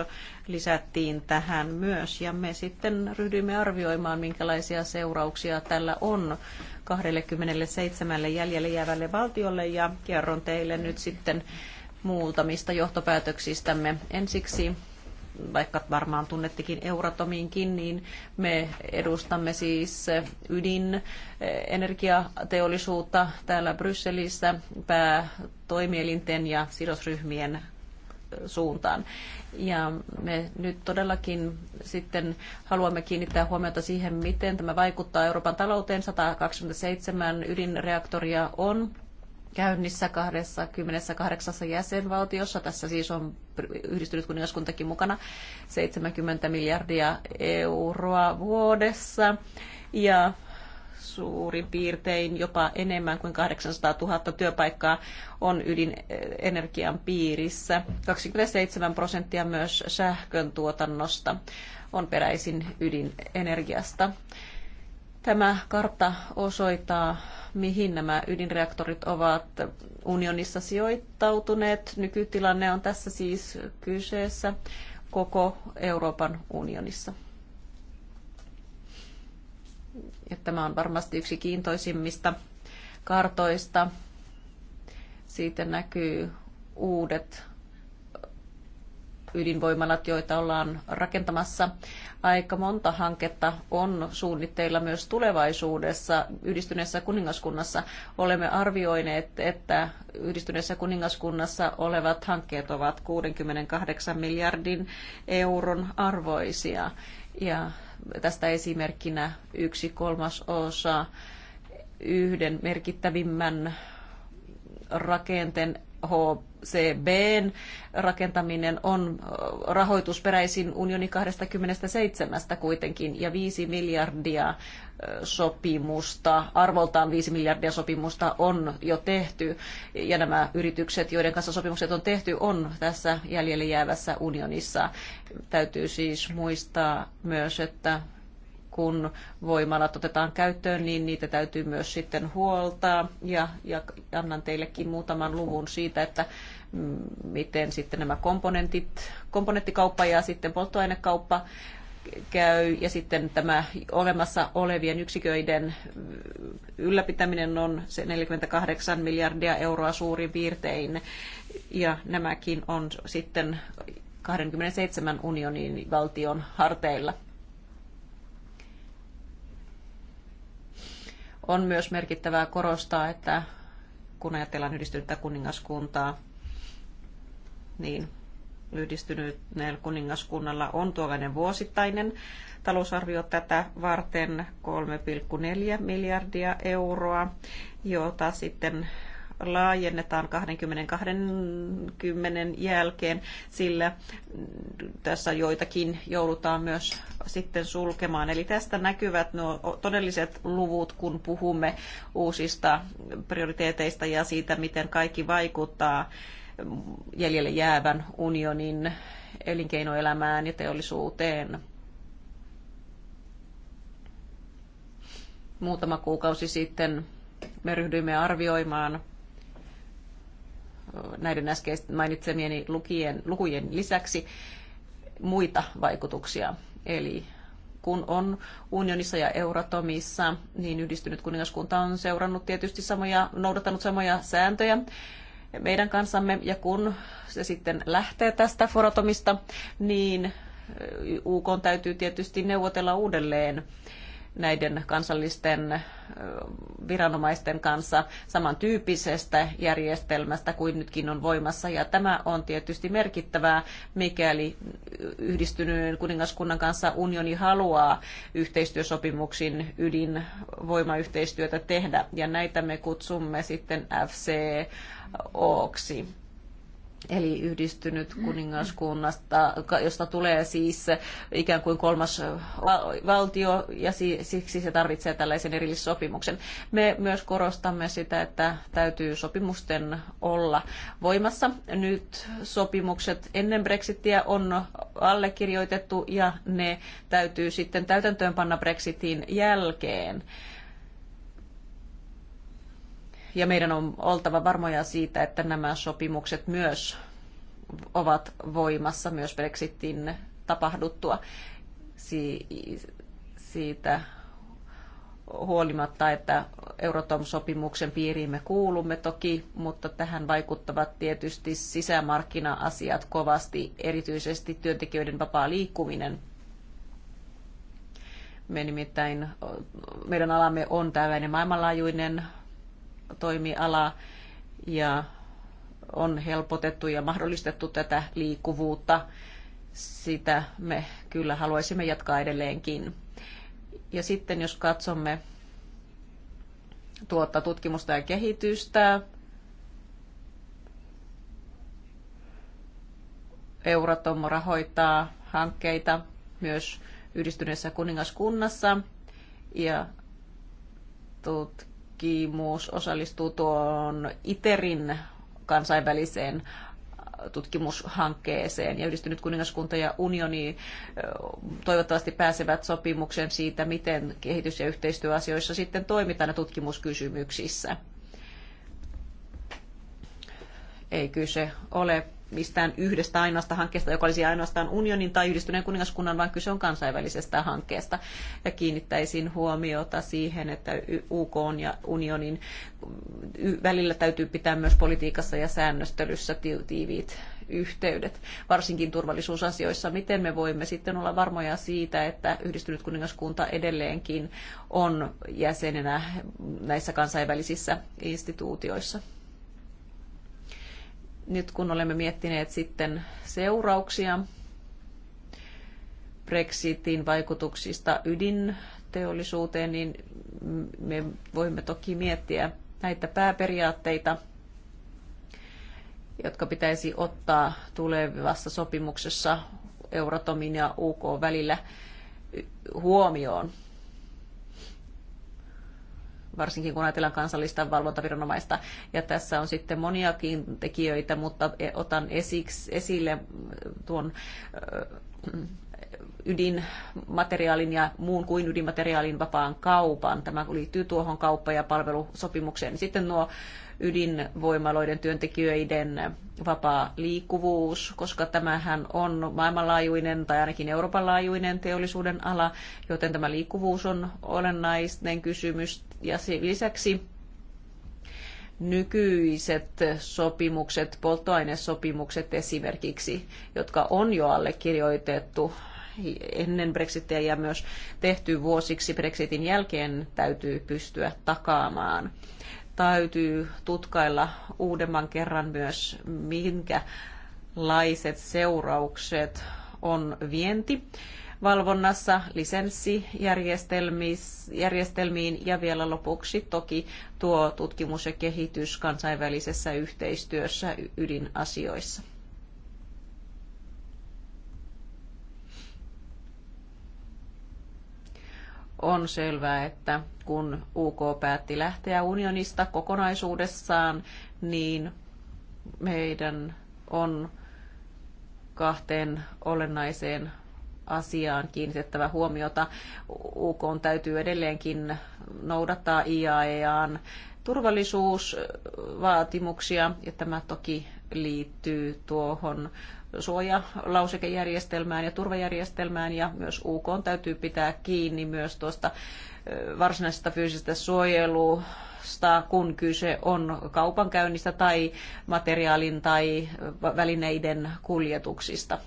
lisättiin tähän myös ja me sitten ryhdyimme arvioimaan, minkälaisia seurauksia tällä on 27 jäljelle jäävälle valtiolle ja kerron teille nyt sitten muutamista johtopäätöksistämme. Ensiksi vaikka varmaan tunnettikin Euratominkin, niin me edustamme siis ydinenergiateollisuutta eh, täällä Brysselissä päätoimielinten ja sidosryhmien eh, suuntaan. Ja me nyt todellakin sitten haluamme kiinnittää huomiota siihen, miten tämä vaikuttaa Euroopan talouteen. 127 ydinreaktoria on käynnissä 28 jäsenvaltiossa. Tässä siis on yhdistynyt kuningaskuntakin mukana 70 miljardia euroa vuodessa. Ja suurin piirtein jopa enemmän kuin 800 000 työpaikkaa on ydinenergian piirissä. 27 prosenttia myös sähkön tuotannosta on peräisin ydinenergiasta. Tämä kartta osoittaa, mihin nämä ydinreaktorit ovat unionissa sijoittautuneet. Nykytilanne on tässä siis kyseessä koko Euroopan unionissa. Ja tämä on varmasti yksi kiintoisimmista kartoista. Siitä näkyy uudet ydinvoimalat, joita ollaan rakentamassa. Aika monta hanketta on suunnitteilla myös tulevaisuudessa yhdistyneessä kuningaskunnassa. Olemme arvioineet, että yhdistyneessä kuningaskunnassa olevat hankkeet ovat 68 miljardin euron arvoisia. Ja tästä esimerkkinä yksi kolmas osa yhden merkittävimmän rakenteen H ben rakentaminen on rahoitusperäisin unionin 27 kuitenkin ja 5 miljardia sopimusta, arvoltaan 5 miljardia sopimusta on jo tehty ja nämä yritykset, joiden kanssa sopimukset on tehty, on tässä jäljelle jäävässä unionissa. Täytyy siis muistaa myös, että kun voimalat otetaan käyttöön, niin niitä täytyy myös sitten huoltaa. Ja, ja annan teillekin muutaman luvun siitä, että mm, miten sitten nämä komponentit, komponenttikauppa ja sitten polttoainekauppa käy ja sitten tämä olemassa olevien yksiköiden mm, ylläpitäminen on se 48 miljardia euroa suurin piirtein ja nämäkin on sitten 27 unionin valtion harteilla. On myös merkittävää korostaa, että kun ajatellaan yhdistynyttä kuningaskuntaa, niin yhdistyneellä kuningaskunnalla on tuollainen vuosittainen talousarvio tätä varten 3,4 miljardia euroa, jota sitten laajennetaan 20-20 jälkeen, sillä tässä joitakin joudutaan myös sitten sulkemaan. Eli tästä näkyvät nuo todelliset luvut, kun puhumme uusista prioriteeteista ja siitä, miten kaikki vaikuttaa jäljelle jäävän unionin elinkeinoelämään ja teollisuuteen. Muutama kuukausi sitten me ryhdyimme arvioimaan näiden äskeisten mainitsemieni lukien, lukujen lisäksi muita vaikutuksia. Eli kun on unionissa ja Euratomissa, niin yhdistynyt kuningaskunta on seurannut tietysti samoja, noudattanut samoja sääntöjä meidän kanssamme. Ja kun se sitten lähtee tästä Foratomista, niin UK täytyy tietysti neuvotella uudelleen näiden kansallisten viranomaisten kanssa samantyyppisestä järjestelmästä kuin nytkin on voimassa. Ja tämä on tietysti merkittävää, mikäli yhdistyneen kuningaskunnan kanssa unioni haluaa yhteistyösopimuksin ydinvoimayhteistyötä tehdä. Ja näitä me kutsumme sitten FCO:ksi eli yhdistynyt kuningaskunnasta, josta tulee siis ikään kuin kolmas valtio, ja siksi se tarvitsee tällaisen erillissopimuksen. Me myös korostamme sitä, että täytyy sopimusten olla voimassa. Nyt sopimukset ennen Brexitia on allekirjoitettu, ja ne täytyy sitten täytäntöönpanna Brexitin jälkeen ja meidän on oltava varmoja siitä, että nämä sopimukset myös ovat voimassa myös Brexitin tapahduttua si- siitä huolimatta, että eurotom sopimuksen piiriin me kuulumme toki, mutta tähän vaikuttavat tietysti sisämarkkina-asiat kovasti, erityisesti työntekijöiden vapaa liikkuminen. Me nimittäin, meidän alamme on tällainen maailmanlaajuinen toimiala ja on helpotettu ja mahdollistettu tätä liikkuvuutta. Sitä me kyllä haluaisimme jatkaa edelleenkin. Ja sitten jos katsomme tuota tutkimusta ja kehitystä, Euratom rahoittaa hankkeita myös yhdistyneessä kuningaskunnassa ja tut- tutkimus osallistuu tuon ITERin kansainväliseen tutkimushankkeeseen ja yhdistynyt kuningaskunta ja unioni toivottavasti pääsevät sopimukseen siitä, miten kehitys- ja yhteistyöasioissa sitten toimitaan tutkimuskysymyksissä. Ei kyse ole mistään yhdestä ainoasta hankkeesta, joka olisi ainoastaan unionin tai yhdistyneen kuningaskunnan, vaan kyse on kansainvälisestä hankkeesta. Ja kiinnittäisin huomiota siihen, että UK ja unionin välillä täytyy pitää myös politiikassa ja säännöstelyssä tiiviit yhteydet, varsinkin turvallisuusasioissa. Miten me voimme sitten olla varmoja siitä, että yhdistynyt kuningaskunta edelleenkin on jäsenenä näissä kansainvälisissä instituutioissa? nyt kun olemme miettineet sitten seurauksia Brexitin vaikutuksista ydinteollisuuteen, niin me voimme toki miettiä näitä pääperiaatteita, jotka pitäisi ottaa tulevassa sopimuksessa Euratomin ja UK välillä huomioon varsinkin kun ajatellaan kansallista valvontaviranomaista. Ja tässä on sitten moniakin tekijöitä, mutta otan esiksi, esille tuon ydinmateriaalin ja muun kuin ydinmateriaalin vapaan kaupan. Tämä liittyy tuohon kauppa- ja palvelusopimukseen. Sitten nuo ydinvoimaloiden työntekijöiden vapaa liikkuvuus, koska tämähän on maailmanlaajuinen tai ainakin Euroopan laajuinen teollisuuden ala, joten tämä liikkuvuus on olennainen kysymys. Ja lisäksi nykyiset sopimukset, polttoainesopimukset esimerkiksi, jotka on jo allekirjoitettu ennen Brexitia ja myös tehty vuosiksi Brexitin jälkeen täytyy pystyä takaamaan. Täytyy tutkailla uudemman kerran myös, minkälaiset seuraukset on vienti valvonnassa, lisenssijärjestelmiin ja vielä lopuksi toki tuo tutkimus ja kehitys kansainvälisessä yhteistyössä ydinasioissa. on selvää, että kun UK päätti lähteä unionista kokonaisuudessaan, niin meidän on kahteen olennaiseen asiaan kiinnitettävä huomiota. UK on täytyy edelleenkin noudattaa IAEAn turvallisuusvaatimuksia, ja tämä toki liittyy tuohon suojalausekejärjestelmään ja turvajärjestelmään ja myös UK täytyy pitää kiinni myös tuosta varsinaisesta fyysisestä suojelusta, kun kyse on kaupankäynnistä tai materiaalin tai välineiden kuljetuksista.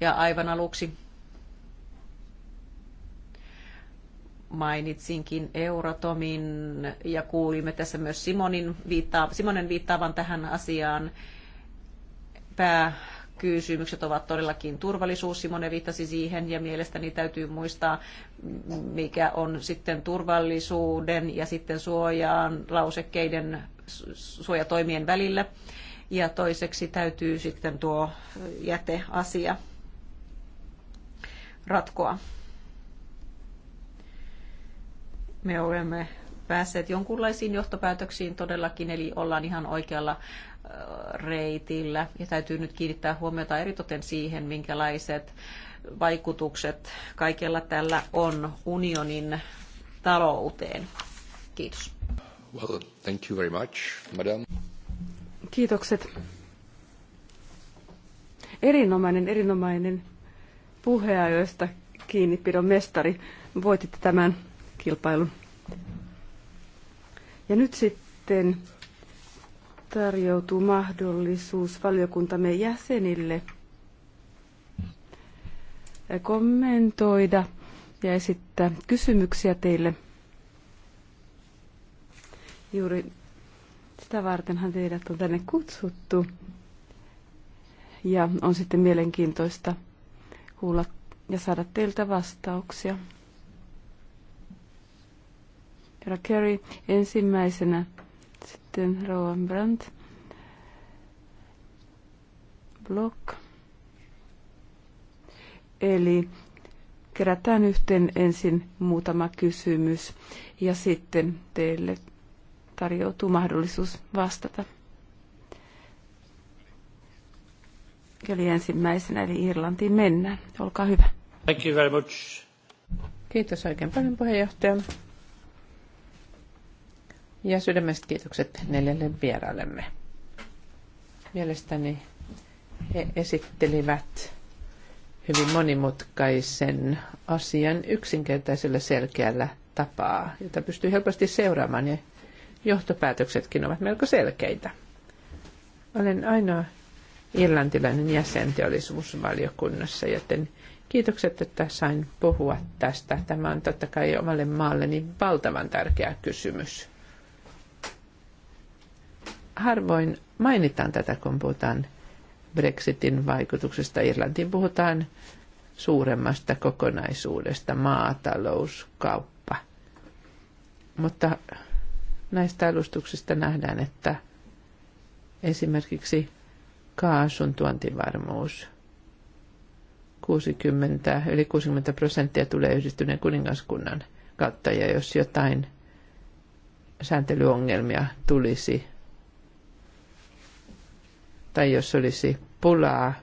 Ja aivan aluksi mainitsinkin Euratomin ja kuulimme tässä myös Simonin, viittaa, Simonen viittaavan tähän asiaan pääkysymykset ovat todellakin turvallisuus, Simone viittasi siihen, ja mielestäni täytyy muistaa, mikä on sitten turvallisuuden ja sitten suojaan lausekkeiden suojatoimien välillä. Ja toiseksi täytyy sitten tuo jäteasia ratkoa. Me olemme päässeet jonkunlaisiin johtopäätöksiin todellakin, eli ollaan ihan oikealla reitillä. Ja täytyy nyt kiinnittää huomiota eritoten siihen, minkälaiset vaikutukset kaikella tällä on unionin talouteen. Kiitos. Well, thank you very much, madam. Kiitokset. Erinomainen, erinomainen puheajoista kiinnipidon mestari. Voititte tämän kilpailun. Ja nyt sitten tarjoutuu mahdollisuus valiokuntamme jäsenille kommentoida ja esittää kysymyksiä teille. Juuri sitä vartenhan teidät on tänne kutsuttu. Ja on sitten mielenkiintoista kuulla ja saada teiltä vastauksia. Herra Kerry ensimmäisenä, sitten Rowan Brandt. Block. Eli kerätään yhteen ensin muutama kysymys ja sitten teille tarjoutuu mahdollisuus vastata. Eli ensimmäisenä, eli Irlantiin mennään. Olkaa hyvä. Thank you very much. Kiitos oikein paljon puheenjohtaja. Ja sydämestä kiitokset neljälle vierailemme. Mielestäni he esittelivät hyvin monimutkaisen asian yksinkertaisella selkeällä tapaa, jota pystyy helposti seuraamaan ja johtopäätöksetkin ovat melko selkeitä. Olen ainoa irlantilainen jäsen teollisuusvaliokunnassa, joten kiitokset, että sain puhua tästä. Tämä on totta kai omalle maalleni valtavan tärkeä kysymys harvoin mainitaan tätä, kun puhutaan Brexitin vaikutuksesta. Irlantiin puhutaan suuremmasta kokonaisuudesta, maatalous, kauppa. Mutta näistä alustuksista nähdään, että esimerkiksi kaasun tuontivarmuus 60, yli 60 prosenttia tulee yhdistyneen kuningaskunnan kautta, ja jos jotain sääntelyongelmia tulisi tai jos olisi pulaa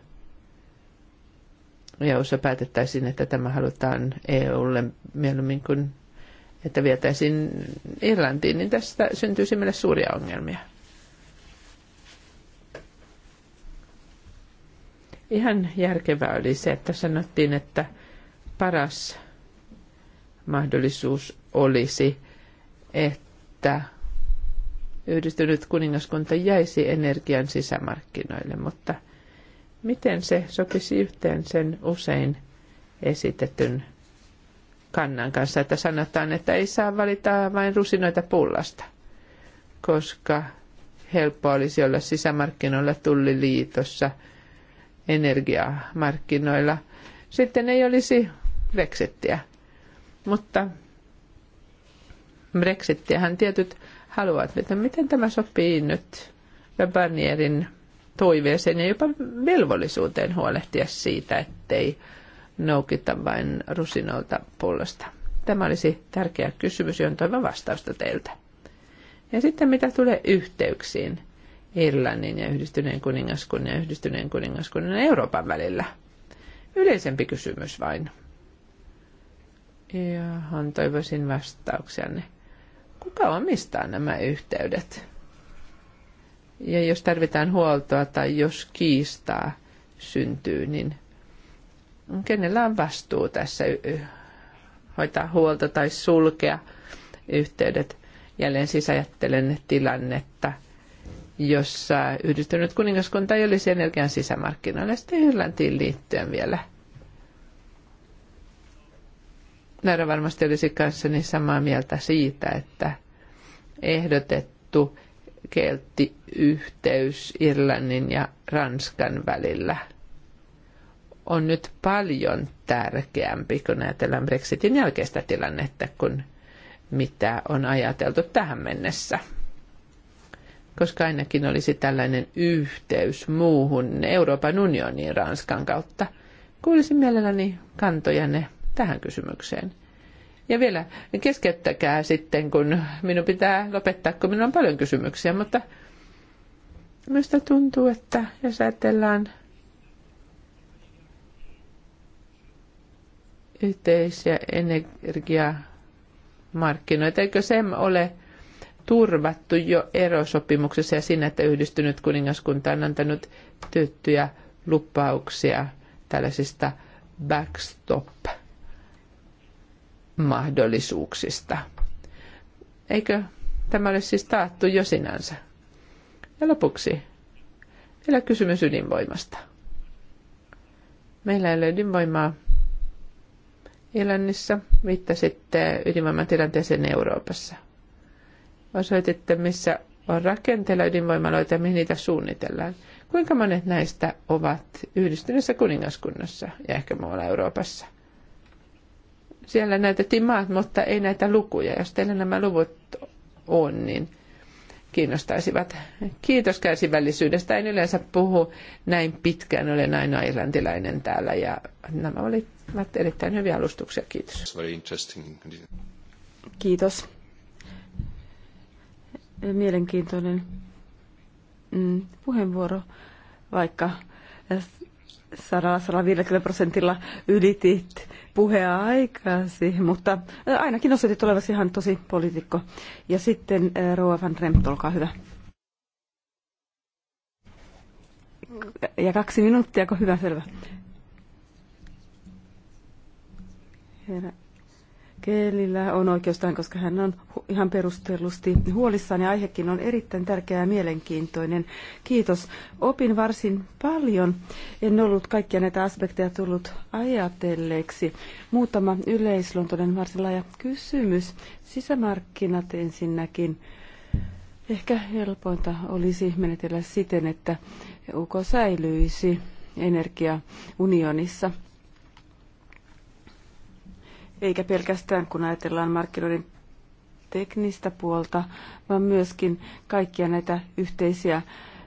ja ssa päätettäisiin, että tämä halutaan EUlle mieluummin kuin että vietäisiin Irlantiin, niin tästä syntyisi meille suuria ongelmia. Ihan järkevää oli se, että sanottiin, että paras mahdollisuus olisi, että yhdistynyt kuningaskunta jäisi energian sisämarkkinoille, mutta miten se sopisi yhteen sen usein esitetyn kannan kanssa, että sanotaan, että ei saa valita vain rusinoita pullasta, koska helppo olisi olla sisämarkkinoilla, tulliliitossa, energiamarkkinoilla. Sitten ei olisi Brexittiä. Mutta Brexittiähän tietyt haluavat että Miten tämä sopii nyt Barnierin toiveeseen ja jopa velvollisuuteen huolehtia siitä, ettei noukita vain rusinolta pullosta? Tämä olisi tärkeä kysymys, johon toivon vastausta teiltä. Ja sitten mitä tulee yhteyksiin Irlannin ja yhdistyneen kuningaskunnan ja yhdistyneen kuningaskunnan Euroopan välillä? Yleisempi kysymys vain. Ja toivoisin vastauksianne. Kuka omistaa nämä yhteydet? Ja jos tarvitaan huoltoa tai jos kiistaa syntyy, niin kenellä on vastuu tässä hoitaa huolta tai sulkea yhteydet? Jälleen siis ajattelen tilannetta, jossa yhdistynyt kuningaskunta ei olisi energian sisämarkkinoilla. Sitten Irlantiin liittyen vielä – Näärä varmasti olisi kanssani samaa mieltä siitä, että ehdotettu kelttiyhteys Irlannin ja Ranskan välillä on nyt paljon tärkeämpi, kun ajatellaan Brexitin jälkeistä tilannetta, kuin mitä on ajateltu tähän mennessä. Koska ainakin olisi tällainen yhteys muuhun Euroopan unioniin Ranskan kautta. Kuulisin mielelläni kantojanne tähän kysymykseen. Ja vielä keskeyttäkää sitten, kun minun pitää lopettaa, kun minulla on paljon kysymyksiä, mutta minusta tuntuu, että jos ajatellaan yhteisiä energiamarkkinoita, eikö se ole turvattu jo erosopimuksessa ja siinä, että yhdistynyt kuningaskunta on antanut tyttyjä lupauksia tällaisista backstop mahdollisuuksista. Eikö tämä ole siis taattu jo sinänsä? Ja lopuksi vielä kysymys ydinvoimasta. Meillä ei ole ydinvoimaa Irlannissa, viittasitte ydinvoiman tilanteeseen Euroopassa. Osoititte, missä on rakenteella ydinvoimaloita ja mihin niitä suunnitellaan. Kuinka monet näistä ovat yhdistyneessä kuningaskunnassa ja ehkä muualla Euroopassa? siellä näytettiin maat, mutta ei näitä lukuja. Jos teillä nämä luvut on, niin kiinnostaisivat. Kiitos kärsivällisyydestä. En yleensä puhu näin pitkään. Olen aina irlantilainen täällä ja nämä olivat erittäin hyviä alustuksia. Kiitos. Kiitos. Mielenkiintoinen mm, puheenvuoro, vaikka 150 prosentilla ylitit puheaikasi, mutta äh, ainakin osoitit olevasi ihan tosi poliitikko. Ja sitten äh, Roa van Remt, olkaa hyvä. Ja kaksi minuuttia, kun hyvä, selvä. Herra Kellillä on oikeastaan, koska hän on ihan perustellusti huolissaan ja aihekin on erittäin tärkeä ja mielenkiintoinen. Kiitos. Opin varsin paljon. En ollut kaikkia näitä aspekteja tullut ajatelleeksi. Muutama yleisluontoinen varsin laaja kysymys. Sisämarkkinat ensinnäkin. Ehkä helpointa olisi menetellä siten, että UK säilyisi energiaunionissa eikä pelkästään kun ajatellaan markkinoiden teknistä puolta, vaan myöskin kaikkia näitä yhteisiä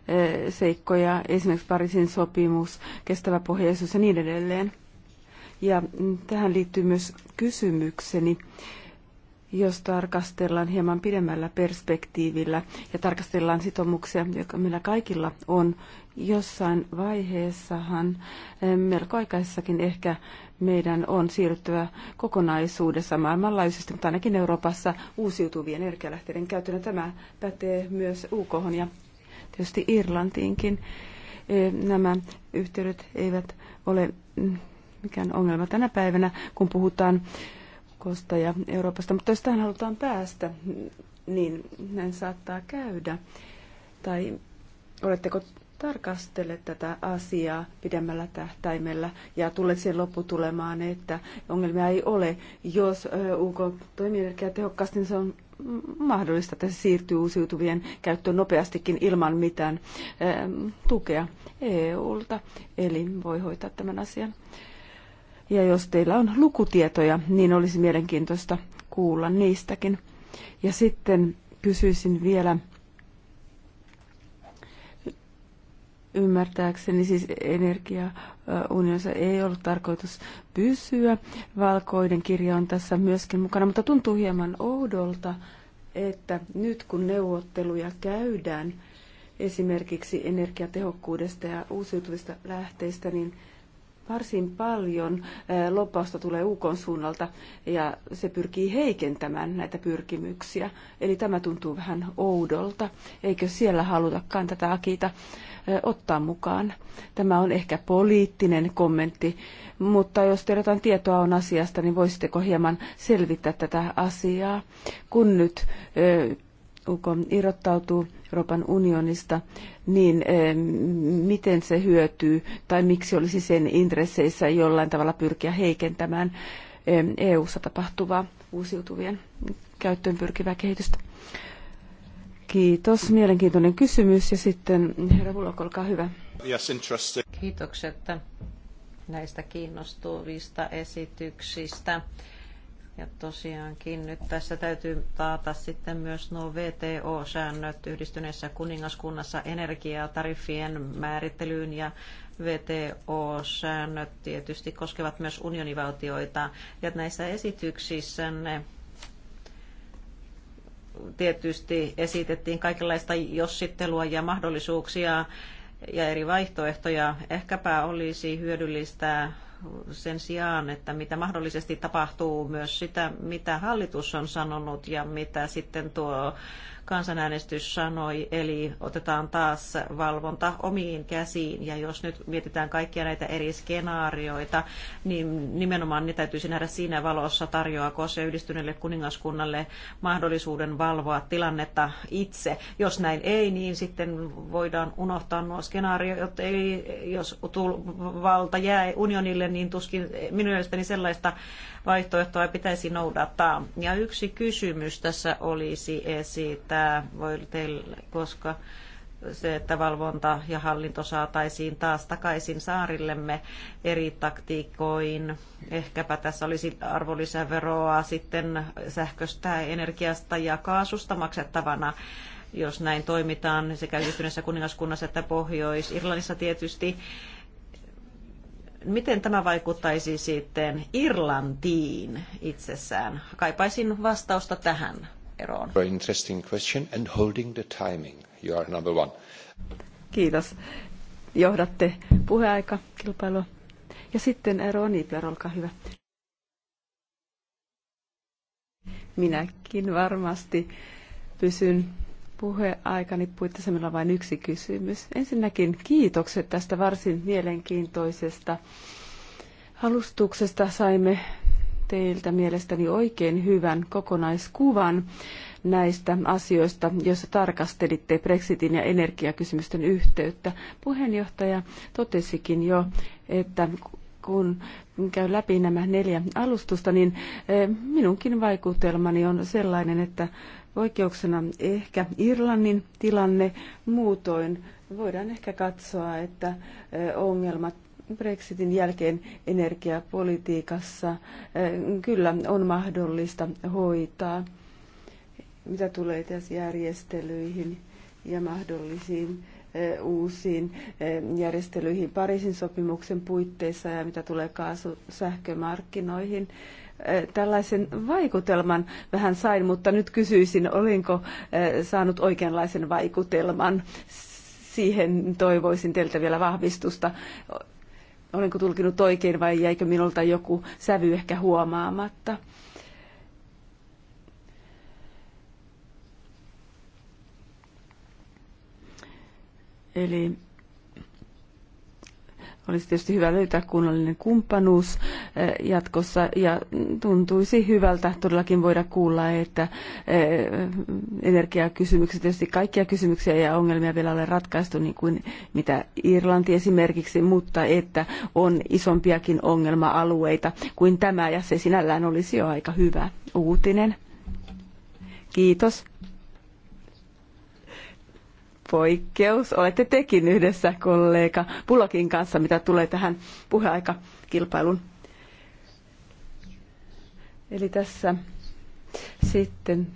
e, seikkoja, esimerkiksi Pariisin sopimus, kestävä pohjaisuus ja niin edelleen. Ja mm, tähän liittyy myös kysymykseni jos tarkastellaan hieman pidemmällä perspektiivillä ja tarkastellaan sitoumuksia, joka meillä kaikilla on, jossain vaiheessahan eh, melko aikaisessakin ehkä meidän on siirryttävä kokonaisuudessa maailmanlaajuisesti, mutta ainakin Euroopassa uusiutuvien energialähteiden käytönä Tämä pätee myös UK ja tietysti Irlantiinkin. Eh, nämä yhteydet eivät ole mm, mikään ongelma tänä päivänä, kun puhutaan Kosta ja Euroopasta, mutta jos tähän halutaan päästä, niin näin saattaa käydä. Tai oletteko tarkastele tätä asiaa pidemmällä tähtäimellä ja tulet siihen lopputulemaan, että ongelmia ei ole. Jos UK toimii tehokkaasti, niin se on mahdollista, että se siirtyy uusiutuvien käyttöön nopeastikin ilman mitään tukea EUlta. Eli voi hoitaa tämän asian ja jos teillä on lukutietoja, niin olisi mielenkiintoista kuulla niistäkin. Ja sitten kysyisin vielä ymmärtääkseni siis energiaunionissa ei ollut tarkoitus pysyä. Valkoinen kirja on tässä myöskin mukana, mutta tuntuu hieman oudolta, että nyt kun neuvotteluja käydään esimerkiksi energiatehokkuudesta ja uusiutuvista lähteistä, niin Varsin paljon eh, loppausta tulee UK suunnalta ja se pyrkii heikentämään näitä pyrkimyksiä. Eli tämä tuntuu vähän oudolta. Eikö siellä halutakaan tätä Akita eh, ottaa mukaan? Tämä on ehkä poliittinen kommentti, mutta jos teillä jotain tietoa on asiasta, niin voisitteko hieman selvittää tätä asiaa, kun nyt eh, UK irrottautuu Euroopan unionista, niin miten se hyötyy tai miksi olisi sen intresseissä jollain tavalla pyrkiä heikentämään EU-ssa e tapahtuvaa uusiutuvien käyttöön pyrkivää kehitystä? Kiitos. Mielenkiintoinen kysymys. Ja sitten herra Vulok, olkaa hyvä. Yes, Kiitokset näistä kiinnostuvista esityksistä ja tosiaankin nyt tässä täytyy taata sitten myös nuo VTO-säännöt yhdistyneessä kuningaskunnassa energiatariffien määrittelyyn ja VTO-säännöt tietysti koskevat myös unionivaltioita. Ja näissä esityksissä ne tietysti esitettiin kaikenlaista jossittelua ja mahdollisuuksia ja eri vaihtoehtoja. Ehkäpä olisi hyödyllistä sen sijaan, että mitä mahdollisesti tapahtuu myös sitä, mitä hallitus on sanonut ja mitä sitten tuo kansanäänestys sanoi, eli otetaan taas valvonta omiin käsiin. Ja jos nyt mietitään kaikkia näitä eri skenaarioita, niin nimenomaan ne täytyisi nähdä siinä valossa, tarjoako se yhdistyneelle kuningaskunnalle mahdollisuuden valvoa tilannetta itse. Jos näin ei, niin sitten voidaan unohtaa nuo skenaariot. Eli jos valta jää unionille, niin tuskin minun mielestäni sellaista vaihtoehtoa pitäisi noudattaa. Ja yksi kysymys tässä olisi siitä, voi teille, koska se, että valvonta ja hallinto saataisiin taas takaisin saarillemme eri taktiikoin. Ehkäpä tässä olisi arvonlisäveroa sitten sähköstä, energiasta ja kaasusta maksettavana jos näin toimitaan sekä yhdistyneessä kuningaskunnassa että Pohjois-Irlannissa tietysti miten tämä vaikuttaisi sitten Irlantiin itsessään? Kaipaisin vastausta tähän eroon. Very interesting question and holding the timing. You are number one. Kiitos. Johdatte puheaika kilpailua. Ja sitten ero Ibler, olkaa hyvä. Minäkin varmasti pysyn puheaikani puitteissa meillä on vain yksi kysymys. Ensinnäkin kiitokset tästä varsin mielenkiintoisesta alustuksesta. Saimme teiltä mielestäni oikein hyvän kokonaiskuvan näistä asioista, joissa tarkastelitte Brexitin ja energiakysymysten yhteyttä. Puheenjohtaja totesikin jo, että kun käyn läpi nämä neljä alustusta, niin eh, minunkin vaikutelmani on sellainen, että poikkeuksena ehkä Irlannin tilanne. Muutoin voidaan ehkä katsoa, että ongelmat Brexitin jälkeen energiapolitiikassa kyllä on mahdollista hoitaa, mitä tulee tässä järjestelyihin ja mahdollisiin uusiin järjestelyihin Pariisin sopimuksen puitteissa ja mitä tulee kaasu sähkömarkkinoihin. Eh, tällaisen vaikutelman vähän sain, mutta nyt kysyisin, olinko eh, saanut oikeanlaisen vaikutelman. Siihen toivoisin teiltä vielä vahvistusta. Olenko tulkinut oikein vai jäikö minulta joku sävy ehkä huomaamatta? Eli olisi tietysti hyvä löytää kunnollinen kumppanuus eh, jatkossa ja tuntuisi hyvältä todellakin voida kuulla, että eh, energiakysymykset, tietysti kaikkia kysymyksiä ja ongelmia vielä ole ratkaistu, niin kuin mitä Irlanti esimerkiksi, mutta että on isompiakin ongelma-alueita kuin tämä ja se sinällään olisi jo aika hyvä uutinen. Kiitos poikkeus. Olette tekin yhdessä kollega Pulokin kanssa, mitä tulee tähän puheaikakilpailun. Eli tässä sitten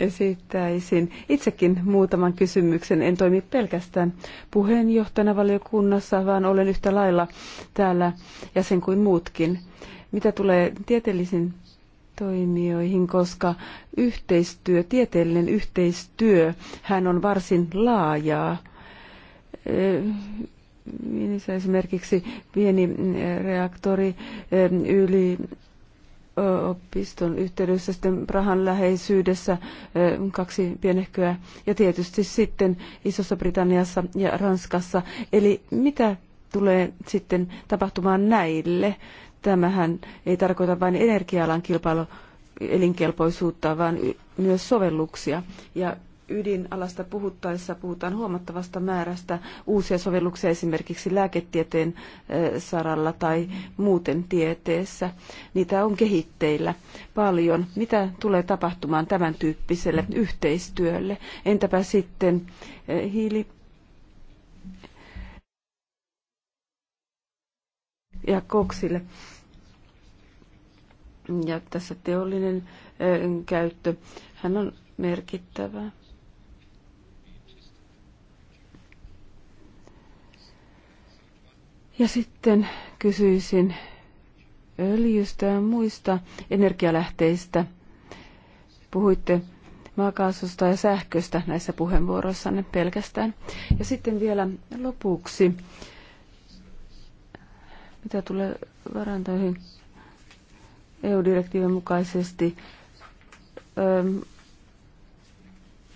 esittäisin itsekin muutaman kysymyksen. En toimi pelkästään puheenjohtajana valiokunnassa, vaan olen yhtä lailla täällä jäsen kuin muutkin. Mitä tulee tieteellisiin toimijoihin, koska yhteistyö, tieteellinen yhteistyö, hän on varsin laajaa. Eh, esimerkiksi pieni eh, reaktori eh, yli opiston yhteydessä sitten Prahan läheisyydessä kaksi pienehköä ja tietysti sitten Isossa Britanniassa ja Ranskassa. Eli mitä tulee sitten tapahtumaan näille? Tämähän ei tarkoita vain energialan kilpailu elinkelpoisuutta, vaan myös sovelluksia. Ja ydinalasta puhuttaessa puhutaan huomattavasta määrästä uusia sovelluksia esimerkiksi lääketieteen saralla tai muuten tieteessä. Niitä on kehitteillä paljon. Mitä tulee tapahtumaan tämän tyyppiselle yhteistyölle? Entäpä sitten hiili ja koksille ja tässä teollinen käyttö, hän on merkittävä. Ja sitten kysyisin öljystä ja muista energialähteistä. Puhuitte maakaasusta ja sähköstä näissä puheenvuoroissanne pelkästään. Ja sitten vielä lopuksi, mitä tulee varantoihin, EU-direktiivin mukaisesti.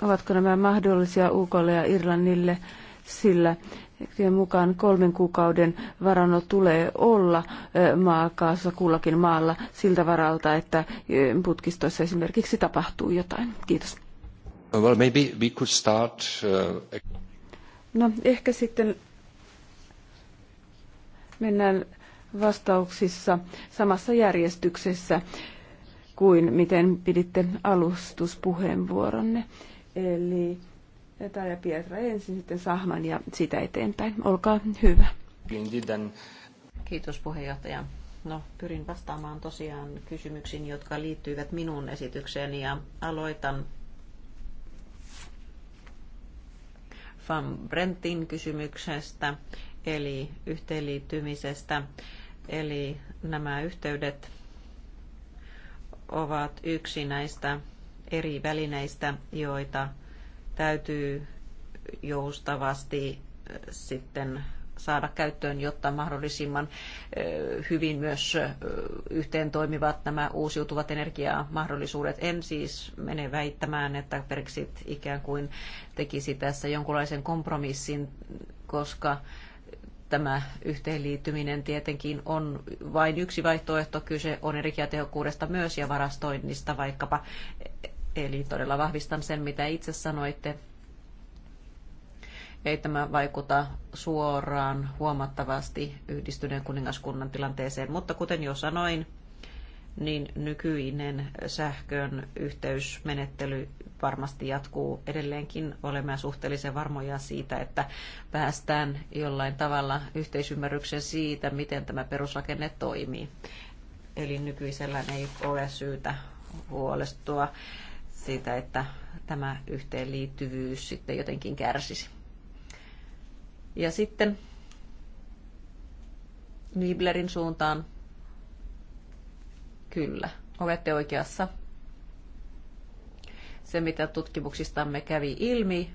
ovatko nämä mahdollisia UKlle ja Irlannille, sillä direktiivin mukaan kolmen kuukauden varanno tulee olla maakaassa kullakin maalla siltä varalta, että putkistoissa esimerkiksi tapahtuu jotain. Kiitos. Well, maybe we could start, uh... No ehkä sitten mennään vastauksissa samassa järjestyksessä kuin miten piditte alustuspuheenvuoronne. Eli Tarja Pietra ensin, sitten Sahman ja sitä eteenpäin. Olkaa hyvä. Kiitos puheenjohtaja. No, pyrin vastaamaan tosiaan kysymyksiin, jotka liittyivät minun esitykseeni ja aloitan Van Brentin kysymyksestä eli yhteenliittymisestä Eli nämä yhteydet ovat yksi näistä eri välineistä, joita täytyy joustavasti sitten saada käyttöön, jotta mahdollisimman hyvin myös yhteen toimivat nämä uusiutuvat energiamahdollisuudet. En siis mene väittämään, että Brexit ikään kuin tekisi tässä jonkunlaisen kompromissin, koska Tämä yhteenliittyminen tietenkin on vain yksi vaihtoehto. Kyse on energiatehokkuudesta myös ja varastoinnista vaikkapa. Eli todella vahvistan sen, mitä itse sanoitte. Ei tämä vaikuta suoraan huomattavasti yhdistyneen kuningaskunnan tilanteeseen, mutta kuten jo sanoin, niin nykyinen sähkön yhteysmenettely varmasti jatkuu edelleenkin. Olemme suhteellisen varmoja siitä, että päästään jollain tavalla yhteisymmärryksen siitä, miten tämä perusrakenne toimii. Eli nykyisellään ei ole syytä huolestua siitä, että tämä yhteenliittyvyys sitten jotenkin kärsisi. Ja sitten Niblerin suuntaan Kyllä, olette oikeassa. Se, mitä tutkimuksistamme kävi ilmi,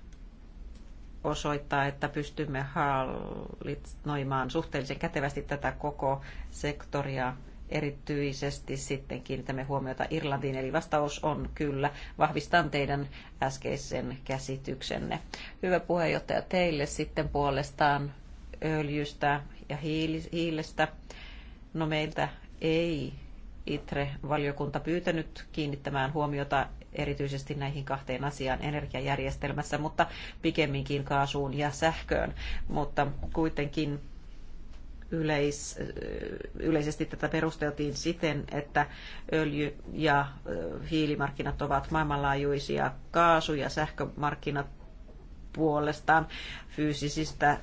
osoittaa, että pystymme hallitsemaan suhteellisen kätevästi tätä koko sektoria. Erityisesti sitten kiinnitämme huomiota Irlantiin, eli vastaus on kyllä. Vahvistan teidän äskeisen käsityksenne. Hyvä puheenjohtaja teille sitten puolestaan öljystä ja hiilestä. No meiltä ei ITRE-valiokunta pyytänyt kiinnittämään huomiota erityisesti näihin kahteen asiaan energiajärjestelmässä, mutta pikemminkin kaasuun ja sähköön. Mutta kuitenkin yleis, yleisesti tätä perusteltiin siten, että öljy- ja hiilimarkkinat ovat maailmanlaajuisia, kaasu- ja sähkömarkkinat puolestaan fyysisistä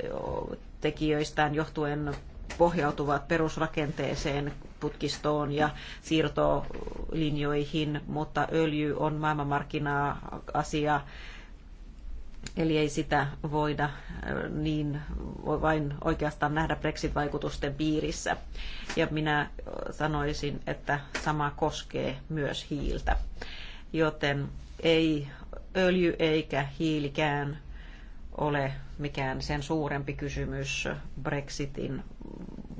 tekijöistään johtuen pohjautuvat perusrakenteeseen, putkistoon ja siirtolinjoihin, mutta öljy on maailmanmarkkina-asia, Eli ei sitä voida äh, niin vain oikeastaan nähdä Brexit-vaikutusten piirissä. Ja minä sanoisin, että sama koskee myös hiiltä. Joten ei öljy eikä hiilikään ole mikään sen suurempi kysymys Brexitin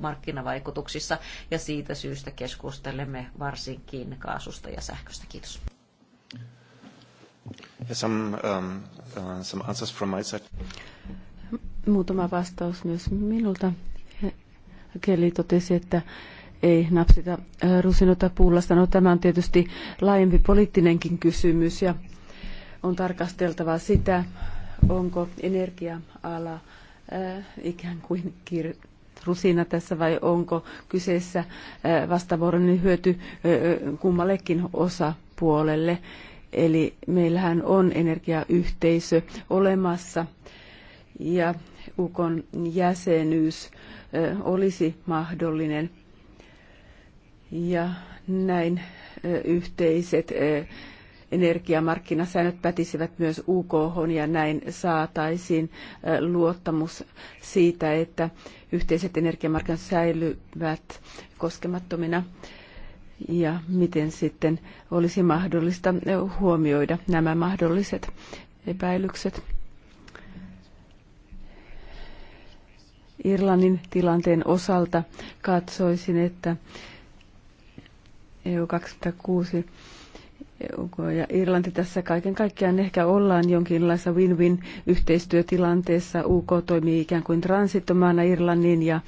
markkinavaikutuksissa ja siitä syystä keskustelemme varsinkin kaasusta ja sähköstä. Kiitos. Some, um, uh, some answers from my side. Muutama vastaus myös minulta. Kelly totesi, että ei napsita äh, rusinota pullasta. No, tämä on tietysti laajempi poliittinenkin kysymys ja on tarkasteltava sitä, onko energia-ala äh, ikään kuin kir- rusina tässä vai onko kyseessä äh, vastavuoroinen hyöty äh, kummallekin osapuolelle. Eli meillähän on energiayhteisö olemassa ja UKon jäsenyys olisi mahdollinen. Ja näin yhteiset energiamarkkinasäännöt pätisivät myös UK ja näin saataisiin luottamus siitä, että yhteiset energiamarkkinat säilyvät koskemattomina ja miten sitten olisi mahdollista huomioida nämä mahdolliset epäilykset. Irlannin tilanteen osalta katsoisin, että EU 26 E UK ja Irlanti tässä kaiken kaikkiaan ehkä ollaan jonkinlaisessa win-win yhteistyötilanteessa. UK toimii ikään kuin transitomaana Irlannin ja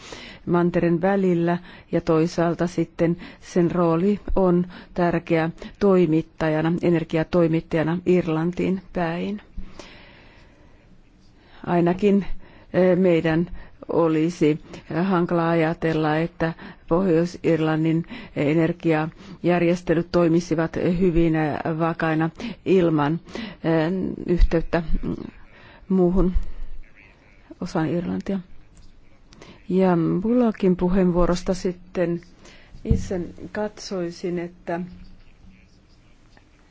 Manteren välillä ja toisaalta sitten sen rooli on tärkeä toimittajana, energiatoimittajana Irlantiin päin. Ainakin e, meidän olisi hankala ajatella, että Pohjois-Irlannin energiajärjestelyt toimisivat hyvin vakaina ilman eh, yhteyttä muuhun osaan Irlantia. Ja Bullockin puheenvuorosta sitten itse katsoisin, että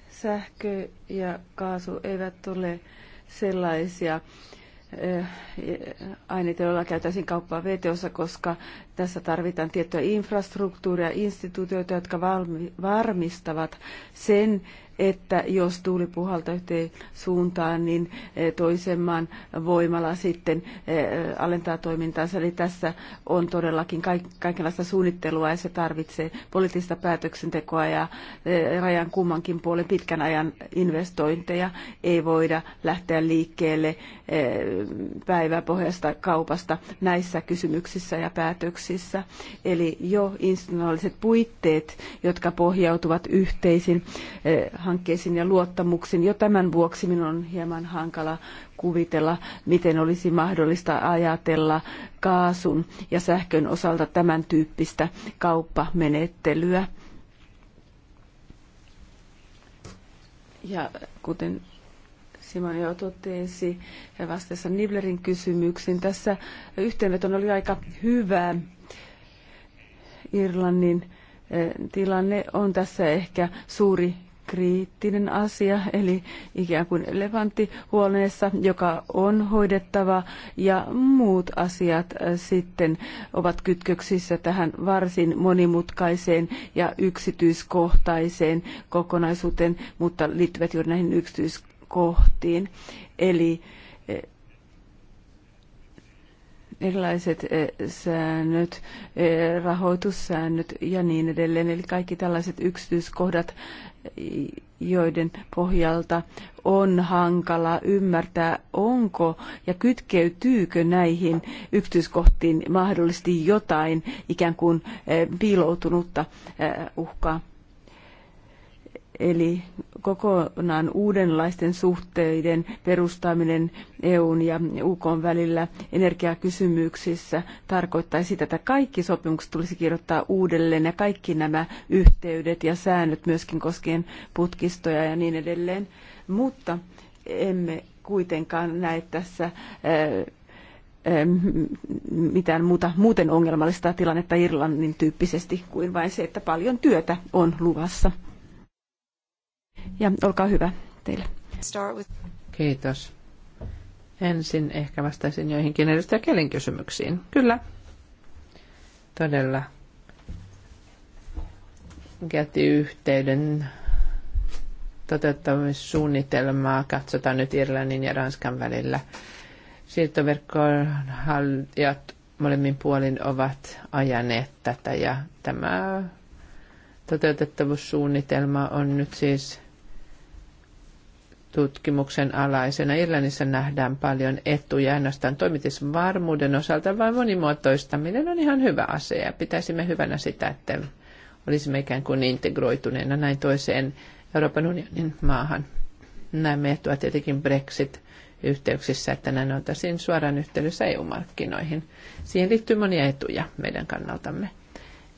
sähkö ja kaasu eivät ole sellaisia Äh, äh, aineita, joilla käytäisiin kauppaa VTOssa, koska tässä tarvitaan tiettyä infrastruktuuria, instituutioita, jotka varmistavat sen, että jos tuuli puhaltaa yhteen suuntaan, niin eh, toisen maan voimalla sitten eh, alentaa toimintaansa. Eli tässä on todellakin kaikenlaista suunnittelua ja se tarvitsee poliittista päätöksentekoa ja eh, rajan kummankin puolen pitkän ajan investointeja. Ei voida lähteä liikkeelle päiväpohjasta kaupasta näissä kysymyksissä ja päätöksissä. Eli jo institutionaaliset puitteet, jotka pohjautuvat yhteisiin hankkeisiin ja luottamuksiin. Jo tämän vuoksi minun on hieman hankala kuvitella, miten olisi mahdollista ajatella kaasun ja sähkön osalta tämän tyyppistä kauppamenettelyä. Ja kuten Simon jo totesi vastaessa Niblerin kysymyksiin, tässä yhteenveton oli aika hyvä. Irlannin eh, tilanne on tässä ehkä suuri kriittinen asia, eli ikään kuin elefantti huoneessa, joka on hoidettava, ja muut asiat äh, sitten ovat kytköksissä tähän varsin monimutkaiseen ja yksityiskohtaiseen kokonaisuuteen, mutta liittyvät juuri näihin yksityiskohtiin. Eli äh, erilaiset äh, säännöt, rahoitussäännöt ja niin edelleen. Eli kaikki tällaiset yksityiskohdat joiden pohjalta on hankala ymmärtää, onko ja kytkeytyykö näihin yksityiskohtiin mahdollisesti jotain ikään kuin eh, piiloutunutta eh, uhkaa. Eli kokonaan uudenlaisten suhteiden perustaminen EUn ja UKn välillä energiakysymyksissä tarkoittaisi sitä, että kaikki sopimukset tulisi kirjoittaa uudelleen ja kaikki nämä yhteydet ja säännöt myöskin koskien putkistoja ja niin edelleen. Mutta emme kuitenkaan näe tässä eh, eh, mitään muuta muuten ongelmallista tilannetta Irlannin tyyppisesti kuin vain se, että paljon työtä on luvassa. Ja olkaa hyvä teille. Kiitos. Ensin ehkä vastaisin joihinkin edustaja Kelin kysymyksiin. Kyllä, todella käytti yhteyden toteuttamissuunnitelmaa katsotaan nyt Irlannin ja Ranskan välillä. Siirtoverkkoon haltijat molemmin puolin ovat ajaneet tätä ja tämä toteutettavuussuunnitelma on nyt siis tutkimuksen alaisena. Irlannissa nähdään paljon etuja ainoastaan toimitusvarmuuden osalta, vaan monimuotoistaminen on ihan hyvä asia. Ja pitäisimme hyvänä sitä, että olisimme ikään kuin integroituneena näin toiseen Euroopan unionin maahan. Näemme etua tietenkin Brexit-yhteyksissä, että näin oltaisiin suoraan yhteydessä EU-markkinoihin. Siihen liittyy monia etuja meidän kannaltamme.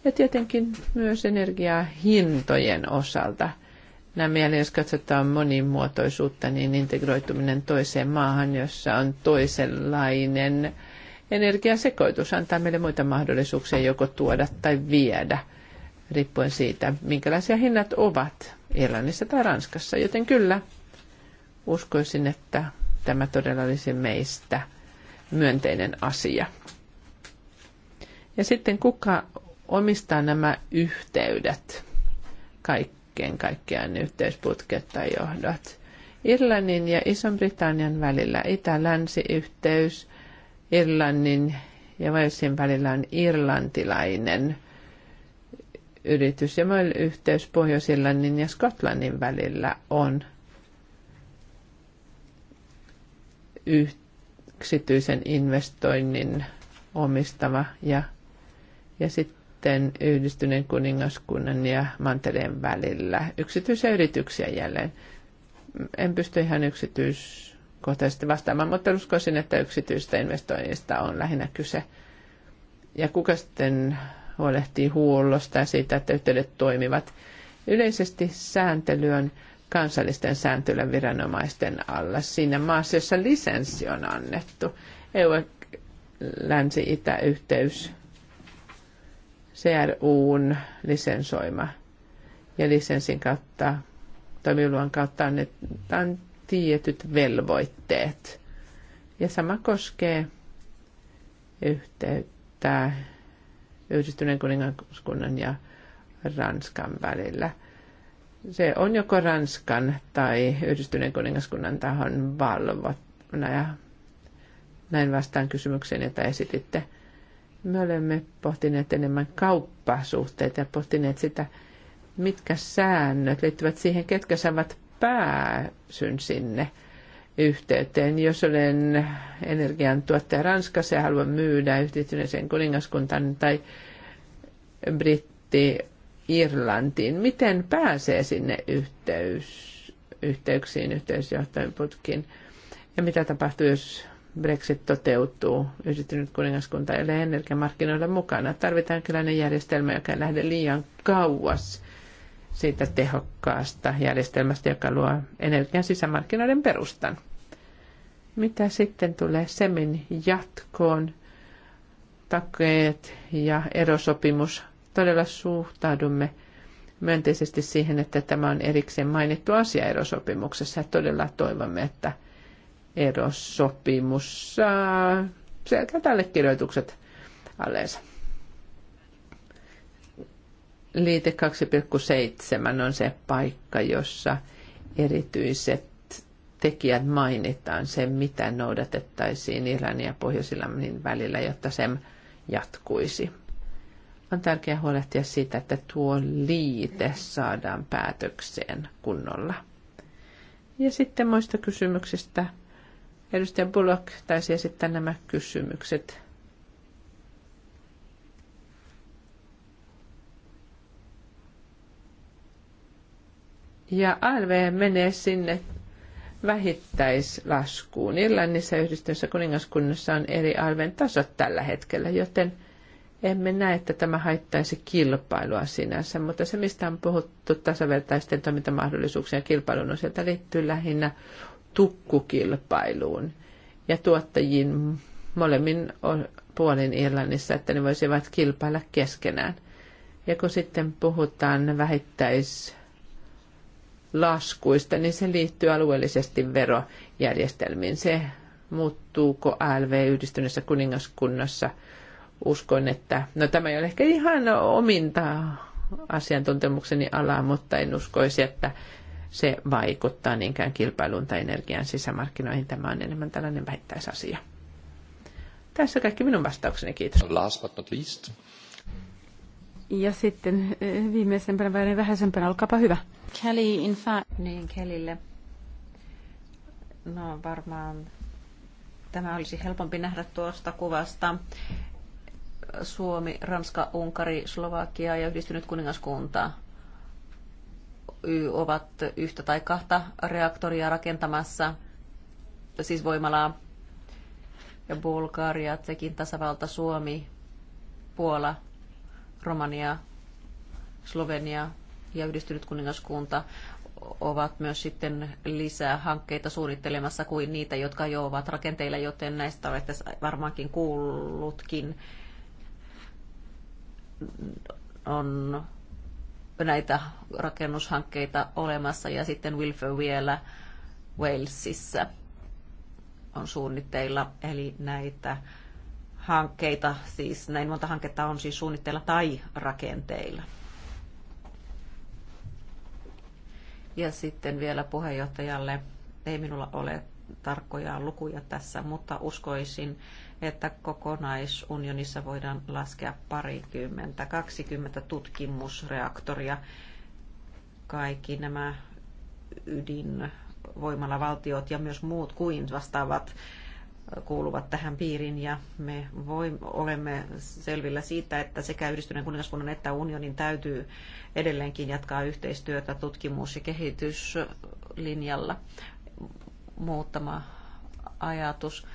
Ja tietenkin myös energiahintojen osalta – nämä, ja jos katsotaan monimuotoisuutta, niin integroituminen toiseen maahan, jossa on toisenlainen energiasekoitus, antaa meille muita mahdollisuuksia joko tuoda tai viedä, riippuen siitä, minkälaisia hinnat ovat Irlannissa tai Ranskassa. Joten kyllä, uskoisin, että tämä todella olisi meistä myönteinen asia. Ja sitten kuka omistaa nämä yhteydet kaikki? kaikkien kaikkiaan yhteisputket tai johdot. Irlannin ja iso britannian välillä itä-länsi-yhteys, Irlannin ja Walesin välillä on irlantilainen yritys ja yhteys Pohjois-Irlannin ja Skotlannin välillä on yksityisen investoinnin omistava ja, ja sitten sitten yhdistyneen kuningaskunnan ja mantereen välillä yksityisiä yrityksiä jälleen. En pysty ihan yksityiskohtaisesti vastaamaan, mutta uskoisin, että yksityistä investoinnista on lähinnä kyse. Ja kuka sitten huolehtii huollosta ja siitä, että yhteydet toimivat. Yleisesti sääntely on kansallisten sääntelyn viranomaisten alla siinä maassa, jossa lisenssi on annettu. EU-länsi-itäyhteys CRUn lisensoima ja lisenssin kautta toimiluvan kautta annetaan tietyt velvoitteet. Ja sama koskee yhteyttä yhdistyneen kuningaskunnan ja Ranskan välillä. Se on joko Ranskan tai yhdistyneen kuningaskunnan tahon valvottuna ja näin vastaan kysymykseen, jota esititte. Me olemme pohtineet enemmän kauppasuhteita ja pohtineet sitä, mitkä säännöt liittyvät siihen, ketkä saavat pääsyn sinne yhteyteen. Jos olen energiantuottaja Ranskassa ja haluan myydä yhdistyneeseen kuningaskuntaan tai britti Irlantiin, miten pääsee sinne yhteys, yhteyksiin, yhteysjohtojen putkiin? Ja mitä tapahtuu, jos Brexit toteutuu, yhdistynyt kuningaskunta ei ole energiamarkkinoilla mukana. Tarvitaan tällainen järjestelmä, joka ei lähde liian kauas siitä tehokkaasta järjestelmästä, joka luo energian sisämarkkinoiden perustan. Mitä sitten tulee SEMin jatkoon, takeet ja erosopimus? Todella suhtaudumme myönteisesti siihen, että tämä on erikseen mainittu asia erosopimuksessa ja todella toivomme, että – erosopimus saa tälle kirjoitukset alleensa. Liite 2,7 on se paikka, jossa erityiset tekijät mainitaan, sen mitä noudatettaisiin Iranin ja pohjois välillä, jotta se jatkuisi. On tärkeää huolehtia siitä, että tuo liite saadaan päätökseen kunnolla. Ja sitten muista kysymyksistä Edustaja Bullock taisi esittää nämä kysymykset. Ja ALV menee sinne vähittäislaskuun. Irlannissa yhdistössä kuningaskunnassa on eri alven tasot tällä hetkellä, joten emme näe, että tämä haittaisi kilpailua sinänsä, mutta se, mistä on puhuttu tasavertaisten toimintamahdollisuuksien kilpailun osalta, liittyy lähinnä tukkukilpailuun ja tuottajiin molemmin puolin Irlannissa, että ne voisivat kilpailla keskenään. Ja kun sitten puhutaan vähittäislaskuista, niin se liittyy alueellisesti verojärjestelmiin. Se muuttuuko ALV yhdistyneessä kuningaskunnassa. Uskon, että, no tämä ei ole ehkä ihan ominta asiantuntemukseni alaa, mutta en uskoisi, että se vaikuttaa niinkään kilpailuun tai energian sisämarkkinoihin. Tämä on enemmän tällainen vähittäisasia. Tässä kaikki minun vastaukseni, kiitos. Last but not least. Ja sitten eh, viimeisempänä vai vähäisempänä, olkaapa hyvä. Kelly in fact. Niin, Kellylle. No varmaan tämä olisi helpompi nähdä tuosta kuvasta. Suomi, Ranska, Unkari, Slovakia ja yhdistynyt kuningaskunta ovat yhtä tai kahta reaktoria rakentamassa, siis voimalaa. Ja Bulgaria, Tsekin tasavalta, Suomi, Puola, Romania, Slovenia ja yhdistynyt kuningaskunta ovat myös sitten lisää hankkeita suunnittelemassa kuin niitä, jotka jo ovat rakenteilla, joten näistä olette varmaankin kuullutkin. On näitä rakennushankkeita olemassa ja sitten Wilfer vielä Walesissa on suunnitteilla, eli näitä hankkeita, siis näin monta hanketta on siis suunnitteilla tai rakenteilla. Ja sitten vielä puheenjohtajalle, ei minulla ole tarkkoja lukuja tässä, mutta uskoisin, että kokonaisunionissa voidaan laskea parikymmentä, 20 tutkimusreaktoria. Kaikki nämä ydinvoimalavaltiot ja myös muut kuin vastaavat kuuluvat tähän piiriin ja me voimme, olemme selvillä siitä, että sekä yhdistyneen kuningaskunnan että unionin täytyy edelleenkin jatkaa yhteistyötä tutkimus- ja kehityslinjalla. Muutama ajatus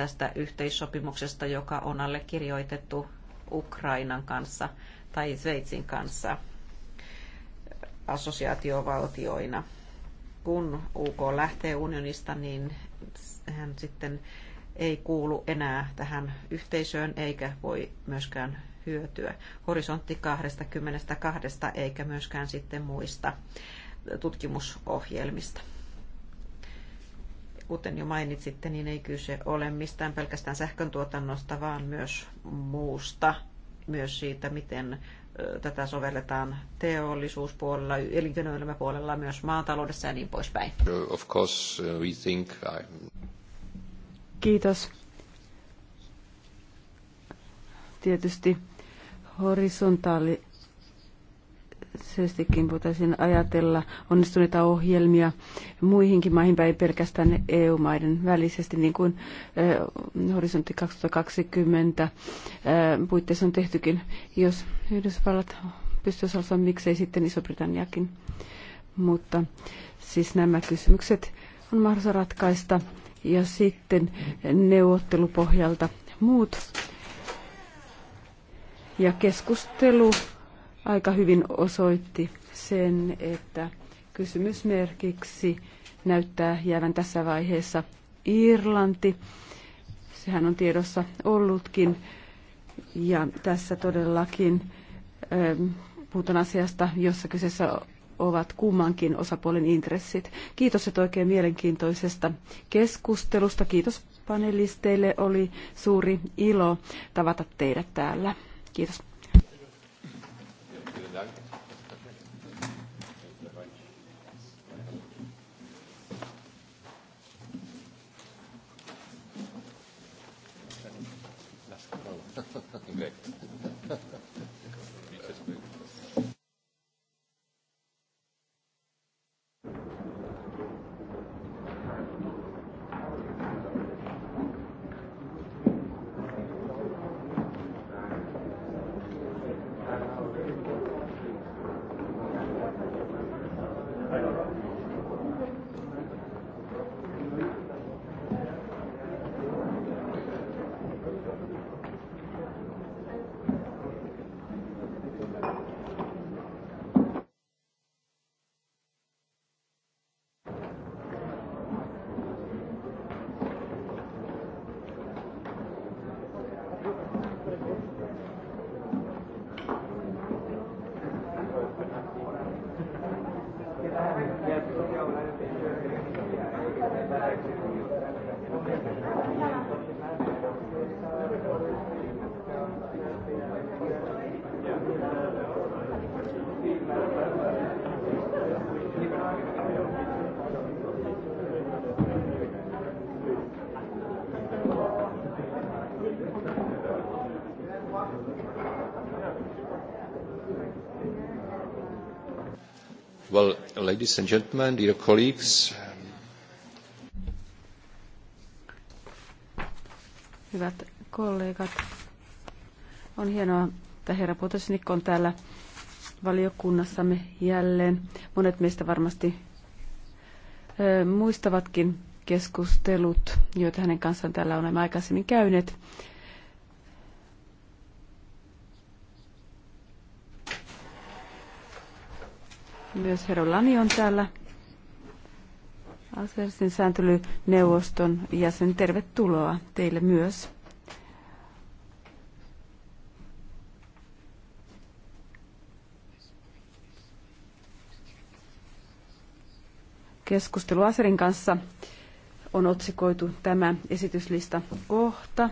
tästä yhteissopimuksesta, joka on allekirjoitettu Ukrainan kanssa tai Sveitsin kanssa assosiaatiovaltioina. Kun UK lähtee unionista, niin hän sitten ei kuulu enää tähän yhteisöön eikä voi myöskään hyötyä. Horisontti 22 eikä myöskään sitten muista tutkimusohjelmista kuten jo mainitsitte, niin ei kyse ole mistään pelkästään sähköntuotannosta, vaan myös muusta, myös siitä, miten tätä sovelletaan teollisuuspuolella, elinkeinoelämäpuolella, myös maataloudessa ja niin poispäin. Of course uh, we think I'm... Uh, Kiitos. Tietysti horisontaali Sestikin voitaisiin ajatella onnistuneita ohjelmia muihinkin maihin päin pelkästään EU-maiden välisesti, niin kuin Horisontti 2020 puitteissa on tehtykin. Jos Yhdysvallat pystyisi osallistumaan, miksei sitten Iso-Britanniakin. Mutta siis nämä kysymykset on mahdollista ratkaista ja sitten neuvottelupohjalta muut. Ja keskustelu aika hyvin osoitti sen, että kysymysmerkiksi näyttää jäävän tässä vaiheessa Irlanti. Sehän on tiedossa ollutkin. Ja tässä todellakin ähm, puhutaan asiasta, jossa kyseessä ovat kummankin osapuolen intressit. Kiitos että oikein mielenkiintoisesta keskustelusta. Kiitos panelisteille. Oli suuri ilo tavata teidät täällä. Kiitos. Well, ladies and gentlemen, dear colleagues. Hyvät kollegat, on hienoa, että herra Potosnik on täällä valiokunnassamme jälleen. Monet meistä varmasti muistavatkin keskustelut, joita hänen kanssaan täällä olemme aikaisemmin käyneet. Myös Herolani on täällä Asersin sääntelyneuvoston jäsen. Tervetuloa teille myös. Keskustelu Aserin kanssa on otsikoitu tämä esityslista kohta.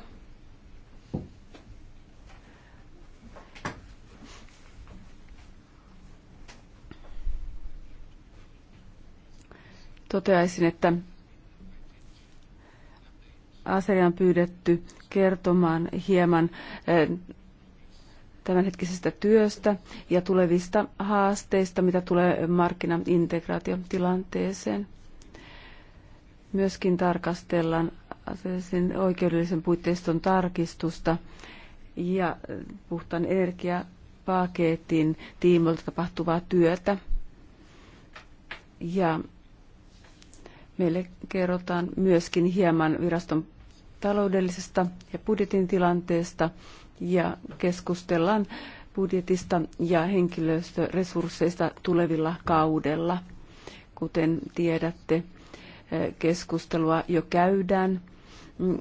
toteaisin, että Aseria on pyydetty kertomaan hieman eh, tämänhetkisestä työstä ja tulevista haasteista, mitä tulee markkinaintegraatiotilanteeseen. Myöskin tarkastellaan sen oikeudellisen puitteiston tarkistusta ja eh, puhtaan energiapaketin tiimoilta tapahtuvaa työtä. Ja Meille kerrotaan myöskin hieman viraston taloudellisesta ja budjetin tilanteesta ja keskustellaan budjetista ja henkilöstöresursseista tulevilla kaudella. Kuten tiedätte, eh, keskustelua jo käydään mm,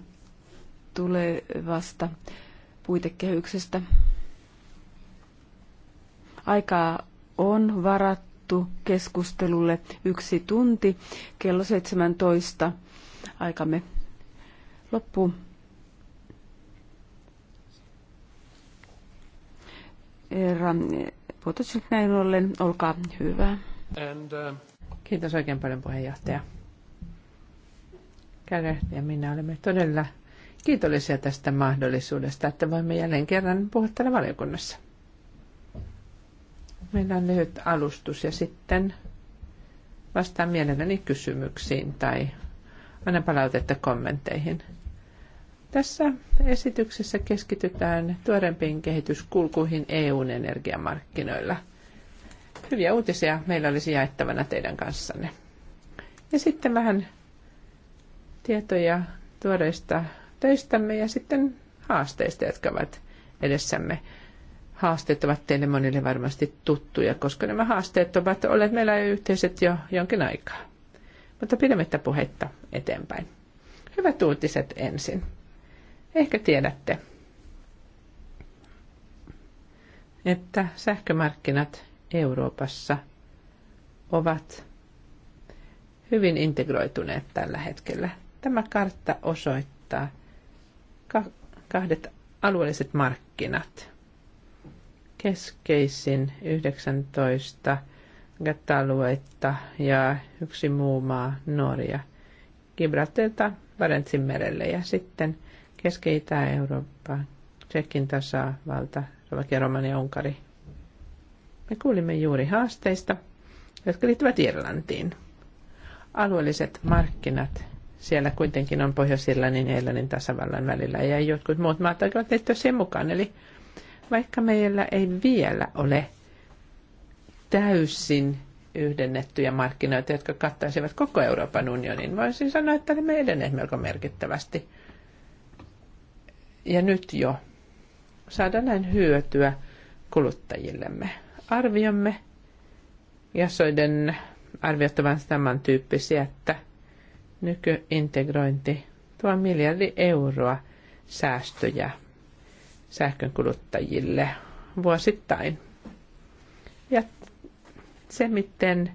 tulevasta puitekehyksestä. Aikaa on varattu varattu keskustelulle yksi tunti kello 17. Aikamme loppu. Herra Potocnik näin ollen, olkaa hyvä. And, uh... Kiitos oikein paljon puheenjohtaja. Käre ja minä olemme todella kiitollisia tästä mahdollisuudesta, että voimme jälleen kerran puhua täällä valiokunnassa. Meillä on lyhyt alustus ja sitten vastaan mielelläni kysymyksiin tai annan palautetta kommentteihin. Tässä esityksessä keskitytään tuorempiin kehityskulkuihin EUn energiamarkkinoilla. Hyviä uutisia meillä olisi jaettavana teidän kanssanne. Ja sitten vähän tietoja tuoreista töistämme ja sitten haasteista, jotka ovat edessämme haasteet ovat teille monille varmasti tuttuja, koska nämä haasteet ovat olleet meillä yhteiset jo jonkin aikaa. Mutta pidemmittä puhetta eteenpäin. Hyvät uutiset ensin. Ehkä tiedätte, että sähkömarkkinat Euroopassa ovat hyvin integroituneet tällä hetkellä. Tämä kartta osoittaa kahdet alueelliset markkinat – keskeisin 19 GATT-aluetta ja yksi muu maa Norja Gibraltarilta Barentsin merelle ja sitten Keski-Itä-Eurooppa, Tsekin tasavalta, Slovakia, Romania, Unkari. Me kuulimme juuri haasteista, jotka liittyvät Irlantiin. Alueelliset markkinat siellä kuitenkin on Pohjois-Irlannin ja Irlannin tasavallan välillä ja jotkut muut maat aikovat liittyä siihen mukaan. Eli vaikka meillä ei vielä ole täysin yhdennettyjä markkinoita, jotka kattaisivat koko Euroopan unionin, voisin sanoa, että olemme edenneet melko merkittävästi. Ja nyt jo saada näin hyötyä kuluttajillemme. Arviomme ja jasoiden arvioittavan tämän tyyppisiä, että nykyintegrointi tuo miljardi euroa säästöjä sähkön kuluttajille vuosittain. Ja se, miten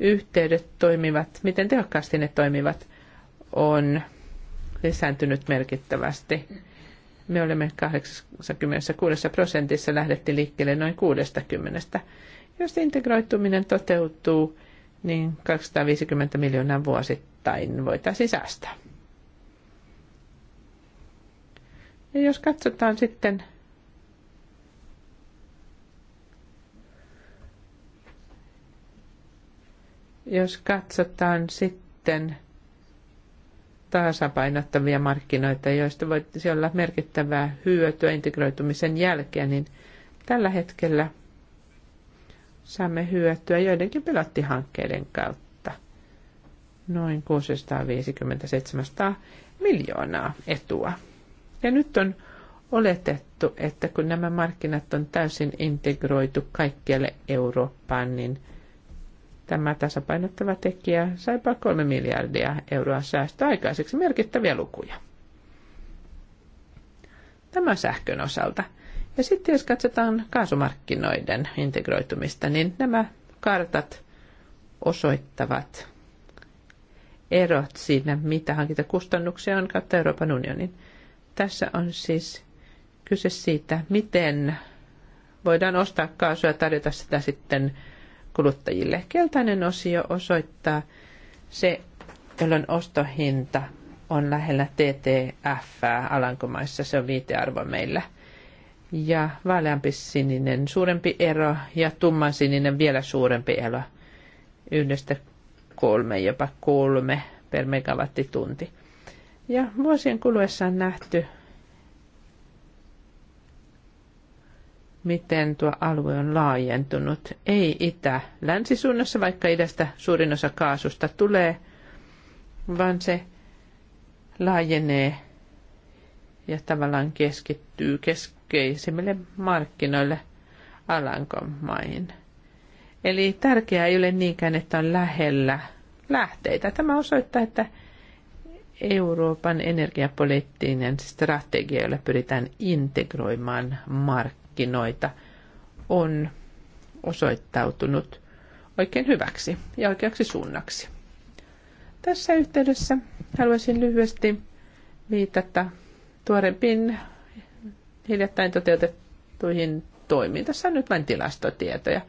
yhteydet toimivat, miten tehokkaasti ne toimivat, on lisääntynyt merkittävästi. Me olemme 86 prosentissa, lähdettiin liikkeelle noin 60. Jos integroituminen toteutuu, niin 250 miljoonaa vuosittain voitaisiin säästää. Ja jos katsotaan sitten jos katsotaan sitten tasapainottavia markkinoita, joista voisi olla merkittävää hyötyä integroitumisen jälkeen, niin tällä hetkellä saamme hyötyä joidenkin pilottihankkeiden kautta noin 650-700 miljoonaa etua. Ja nyt on oletettu, että kun nämä markkinat on täysin integroitu kaikkialle Eurooppaan, niin tämä tasapainottava tekijä saipa kolme miljardia euroa säästöä aikaiseksi merkittäviä lukuja. Tämä sähkön osalta. Ja sitten jos katsotaan kaasumarkkinoiden integroitumista, niin nämä kartat osoittavat erot siinä, mitä hankintakustannuksia on kautta Euroopan unionin. Tässä on siis kyse siitä, miten voidaan ostaa kaasua ja tarjota sitä sitten kuluttajille. Keltainen osio osoittaa se, jolloin ostohinta on lähellä TTF Alankomaissa, se on viitearvo meillä. Ja vaaleampi sininen suurempi ero ja tumman sininen vielä suurempi ero. Yhdestä kolme, jopa kolme per megawattitunti. Ja vuosien kuluessa on nähty, miten tuo alue on laajentunut. Ei itä-länsisuunnassa, vaikka idästä suurin osa kaasusta tulee, vaan se laajenee ja tavallaan keskittyy keskeisimmille markkinoille Alankomaihin. Eli tärkeää ei ole niinkään, että on lähellä lähteitä. Tämä osoittaa, että Euroopan energiapoliittinen strategia, jolla pyritään integroimaan markkinoita, on osoittautunut oikein hyväksi ja oikeaksi suunnaksi. Tässä yhteydessä haluaisin lyhyesti viitata tuorempiin hiljattain toteutettuihin toimiin. Tässä on nyt vain tilastotietoja.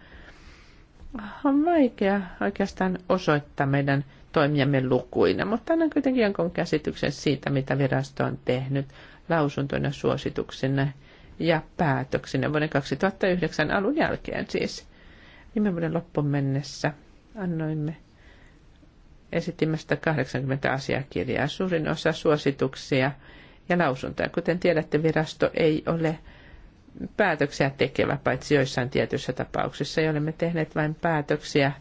On vaikea oikeastaan osoittaa meidän toimijamme lukuina, mutta annan kuitenkin jonkun käsityksen siitä, mitä virasto on tehnyt lausuntoina, suosituksina ja päätöksinä vuoden 2009 alun jälkeen siis. Viime vuoden loppuun mennessä annoimme esitimme 80 asiakirjaa, suurin osa suosituksia ja lausuntoja. Kuten tiedätte, virasto ei ole päätöksiä tekevä, paitsi joissain tietyissä tapauksissa, ja olemme tehneet vain päätöksiä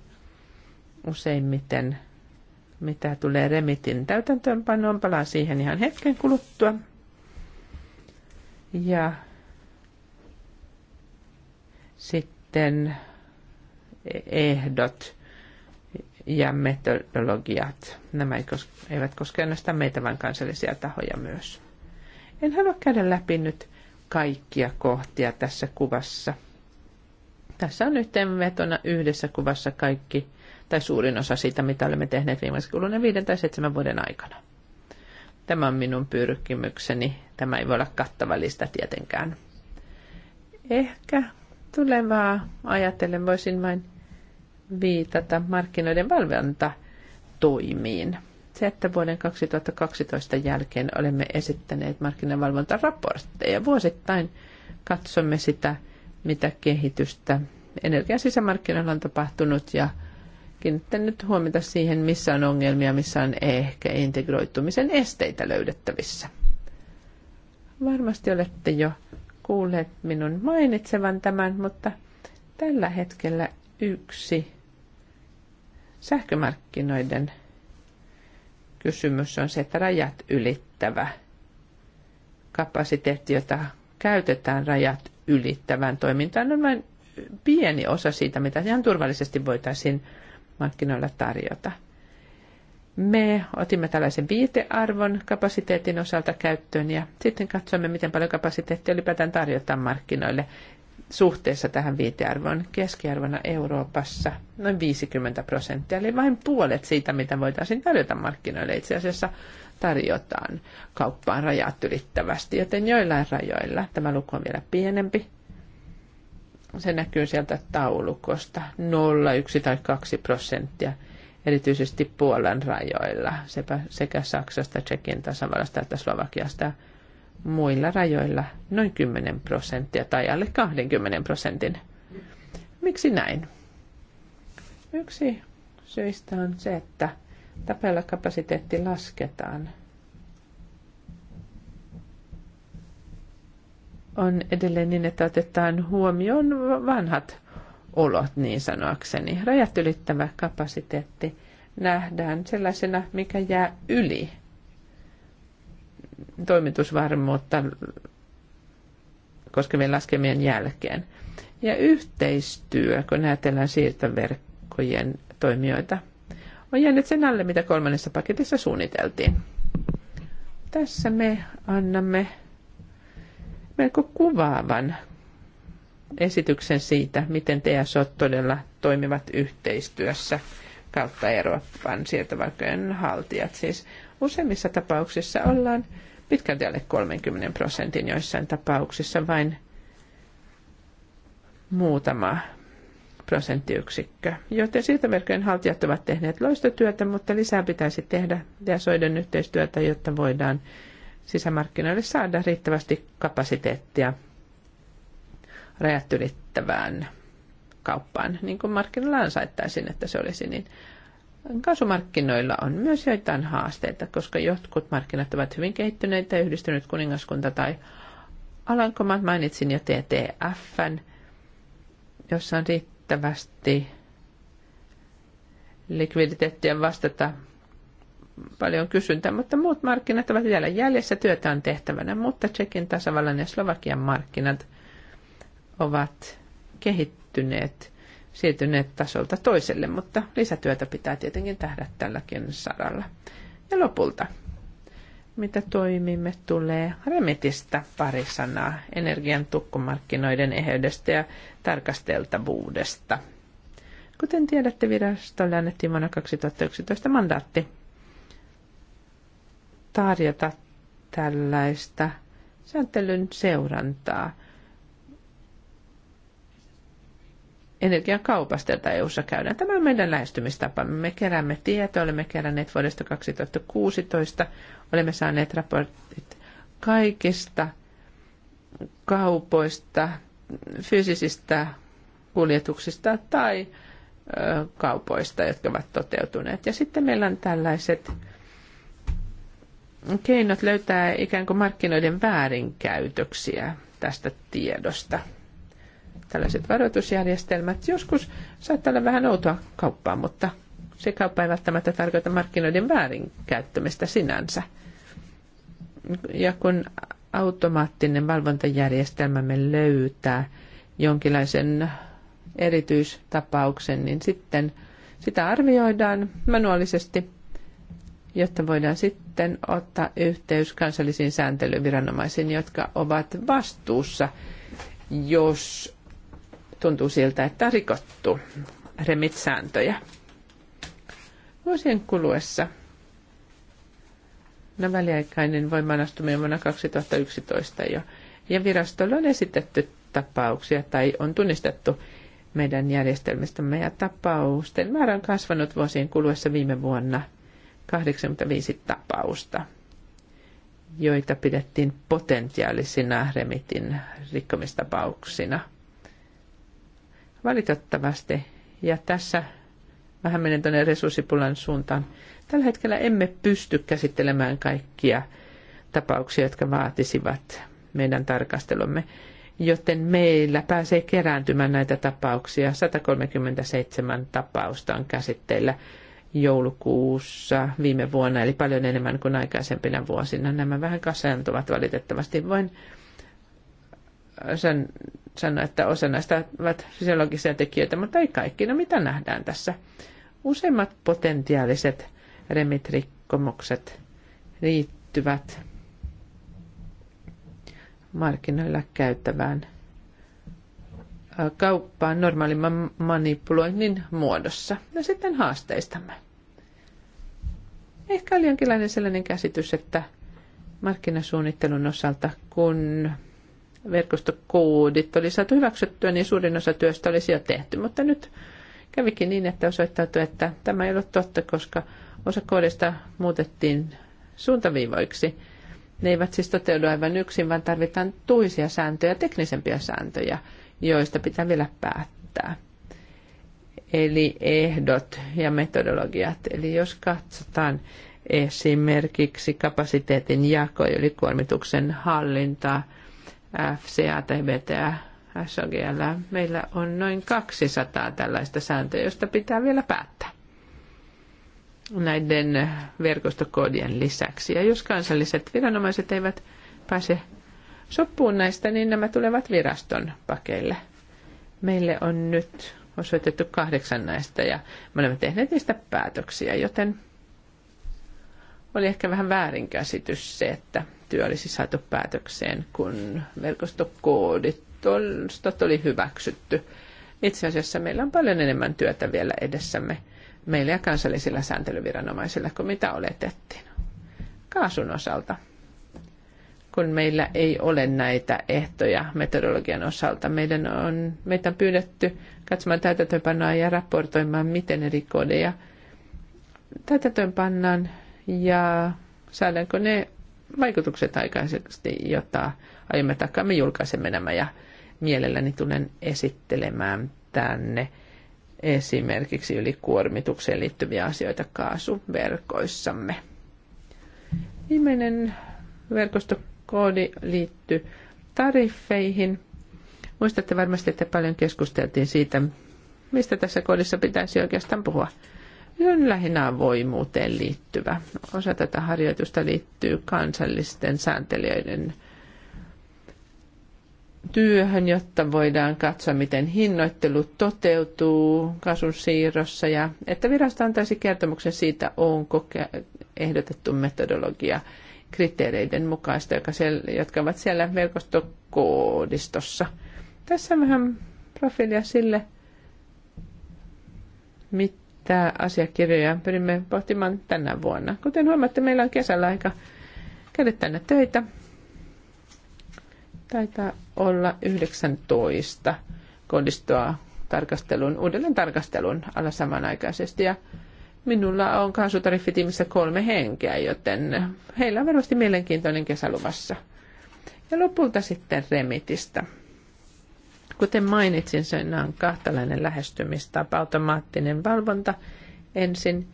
useimmiten – mitä tulee Remitin täytäntöönpanoon. Palaan siihen ihan hetken kuluttua. Ja sitten ehdot ja metodologiat. Nämä eivät koske ainoastaan meitä, vaan kansallisia tahoja myös. En halua käydä läpi nyt kaikkia kohtia tässä kuvassa. Tässä on yhteenvetona yhdessä kuvassa kaikki – tai suurin osa siitä, mitä olemme tehneet viimeksi kuluneen viiden tai seitsemän vuoden aikana. Tämä on minun pyrkimykseni. Tämä ei voi olla kattava lista tietenkään. Ehkä tulevaa ajatellen voisin vain viitata markkinoiden valvonta-toimiin. Se, että vuoden 2012 jälkeen olemme esittäneet markkinavalvontaraportteja. Vuosittain katsomme sitä, mitä kehitystä energian sisämarkkinoilla on tapahtunut ja kiinnittänyt huomiota siihen, missä on ongelmia, missä on ehkä integroitumisen esteitä löydettävissä. Varmasti olette jo kuulleet minun mainitsevan tämän, mutta tällä hetkellä yksi sähkömarkkinoiden kysymys on se, että rajat ylittävä kapasiteetti, jota käytetään rajat ylittävän toimintaan, on vain pieni osa siitä, mitä ihan turvallisesti voitaisiin markkinoilla tarjota. Me otimme tällaisen viitearvon kapasiteetin osalta käyttöön ja sitten katsomme, miten paljon kapasiteettia ylipäätään tarjotaan markkinoille suhteessa tähän viitearvoon keskiarvona Euroopassa noin 50 prosenttia, eli vain puolet siitä, mitä voitaisiin tarjota markkinoille itse asiassa tarjotaan kauppaan rajat ylittävästi, joten joillain rajoilla tämä luku on vielä pienempi, se näkyy sieltä taulukosta 0, 1 tai 2 prosenttia, erityisesti Puolan rajoilla, sekä Saksasta, Tsekin tasavallasta että Slovakiasta. Muilla rajoilla noin 10 prosenttia tai alle 20 prosentin. Miksi näin? Yksi syistä on se, että tapella kapasiteetti lasketaan – on edelleen niin, että otetaan huomioon vanhat olot niin sanoakseni. Rajat ylittävä kapasiteetti nähdään sellaisena, mikä jää yli toimitusvarmuutta koskevien laskemien jälkeen. Ja yhteistyö, kun ajatellaan siirtoverkkojen toimijoita, on jäänyt sen alle, mitä kolmannessa paketissa suunniteltiin. Tässä me annamme melko kuvaavan esityksen siitä, miten TSO todella toimivat yhteistyössä kautta Euroopan siirtovakojen haltijat. Siis useimmissa tapauksissa ollaan pitkälti alle 30 prosentin, joissain tapauksissa vain muutama prosenttiyksikkö. Joten siirtoverkkojen haltijat ovat tehneet loistotyötä, mutta lisää pitäisi tehdä ja soiden yhteistyötä, jotta voidaan sisämarkkinoille saada riittävästi kapasiteettia rajat ylittävään kauppaan, niin kuin markkinoilla ansaittaisiin, että se olisi niin. Kaasumarkkinoilla on myös joitain haasteita, koska jotkut markkinat ovat hyvin kehittyneitä, yhdistynyt kuningaskunta tai Alankomaat mainitsin jo TTFn, jossa on riittävästi likviditeettiä vastata paljon kysyntää, mutta muut markkinat ovat vielä jäljessä, työtä on tehtävänä, mutta Tsekin tasavallan ja Slovakian markkinat ovat kehittyneet, siirtyneet tasolta toiselle, mutta lisätyötä pitää tietenkin tehdä tälläkin saralla. Ja lopulta, mitä toimimme tulee Remitistä pari sanaa energian tukkumarkkinoiden eheydestä ja tarkasteltavuudesta. Kuten tiedätte, virastolle annettiin vuonna 2011 mandaatti tarjota tällaista sääntelyn seurantaa kaupasta, jota EU-ssa käydään. Tämä on meidän lähestymistapamme. Me keräämme tietoa, olemme keränneet vuodesta 2016, olemme saaneet raportit kaikista kaupoista, fyysisistä kuljetuksista tai kaupoista, jotka ovat toteutuneet. Ja sitten meillä on tällaiset keinot löytää ikään kuin markkinoiden väärinkäytöksiä tästä tiedosta. Tällaiset varoitusjärjestelmät joskus saattaa olla vähän outoa kauppaa, mutta se kauppa ei välttämättä tarkoita markkinoiden väärinkäyttämistä sinänsä. Ja kun automaattinen valvontajärjestelmämme löytää jonkinlaisen erityistapauksen, niin sitten sitä arvioidaan manuaalisesti – jotta voidaan sitten ottaa yhteys kansallisiin sääntelyviranomaisiin, jotka ovat vastuussa, jos tuntuu siltä, että on rikottu remit-sääntöjä. Vuosien kuluessa no väliaikainen voimaan astuminen vuonna 2011 jo, ja virastolle on esitetty tapauksia tai on tunnistettu meidän järjestelmistämme ja tapausten määrä on kasvanut vuosien kuluessa viime vuonna – 85 tapausta, joita pidettiin potentiaalisina remitin rikkomistapauksina. Valitettavasti, ja tässä vähän menen tuonne resurssipulan suuntaan, tällä hetkellä emme pysty käsittelemään kaikkia tapauksia, jotka vaatisivat meidän tarkastelumme, joten meillä pääsee kerääntymään näitä tapauksia. 137 tapausta on käsitteillä joulukuussa viime vuonna, eli paljon enemmän kuin aikaisempina vuosina. Nämä vähän kasaantuvat valitettavasti. Voin sen sanoa, että osa näistä ovat fysiologisia tekijöitä, mutta ei kaikki. No mitä nähdään tässä? Useimmat potentiaaliset remitrikkomukset liittyvät markkinoilla käyttävään kauppaan normaalimman manipuloinnin muodossa. Ja no sitten haasteistamme. Ehkä oli jonkinlainen sellainen käsitys, että markkinasuunnittelun osalta, kun verkostokoodit oli saatu hyväksyttyä, niin suurin osa työstä olisi jo tehty. Mutta nyt kävikin niin, että osoittautui, että tämä ei ollut totta, koska osa koodista muutettiin suuntaviivoiksi. Ne eivät siis toteudu aivan yksin, vaan tarvitaan tuisia sääntöjä, teknisempiä sääntöjä – joista pitää vielä päättää. Eli ehdot ja metodologiat. Eli jos katsotaan esimerkiksi kapasiteetin jako, eli kuormituksen hallinta, FCA tai BTA, SOGL, meillä on noin 200 tällaista sääntöä, joista pitää vielä päättää näiden verkostokoodien lisäksi. Ja jos kansalliset viranomaiset eivät pääse sopuun näistä, niin nämä tulevat viraston pakeille. Meille on nyt osoitettu kahdeksan näistä ja me olemme tehneet niistä päätöksiä, joten oli ehkä vähän väärinkäsitys se, että työ olisi saatu päätökseen, kun verkostokoodit oli hyväksytty. Itse asiassa meillä on paljon enemmän työtä vielä edessämme meillä ja kansallisilla sääntelyviranomaisilla kuin mitä oletettiin. Kaasun osalta – kun meillä ei ole näitä ehtoja metodologian osalta. Meidän on, meitä on pyydetty katsomaan täytäntöönpanoa ja raportoimaan, miten eri kodeja täytäntöönpannaan ja saadaanko ne vaikutukset aikaisesti, jota aiomme takaa. Me julkaisemme nämä ja mielelläni tulen esittelemään tänne esimerkiksi ylikuormitukseen liittyviä asioita kaasuverkoissamme. Viimeinen verkosto koodi liittyi tariffeihin. Muistatte varmasti, että paljon keskusteltiin siitä, mistä tässä koodissa pitäisi oikeastaan puhua. Se on lähinnä avoimuuteen liittyvä. Osa tätä harjoitusta liittyy kansallisten sääntelijöiden työhön, jotta voidaan katsoa, miten hinnoittelu toteutuu kasun siirrossa ja että virasto antaisi kertomuksen siitä, onko ehdotettu metodologia kriteereiden mukaista, jotka, siellä, jotka ovat siellä verkostokoodistossa. Tässä vähän profiilia sille, mitä asiakirjoja pyrimme pohtimaan tänä vuonna. Kuten huomaatte, meillä on kesällä aika käydä tänne töitä. Taitaa olla 19 koodistoa tarkastelun, uudelleen tarkastelun alla samanaikaisesti. Ja Minulla on kansutariffitiimissä kolme henkeä, joten heillä on varmasti mielenkiintoinen kesäluvassa. Ja lopulta sitten remitistä. Kuten mainitsin, se on kahtalainen lähestymistapa, automaattinen valvonta ensin,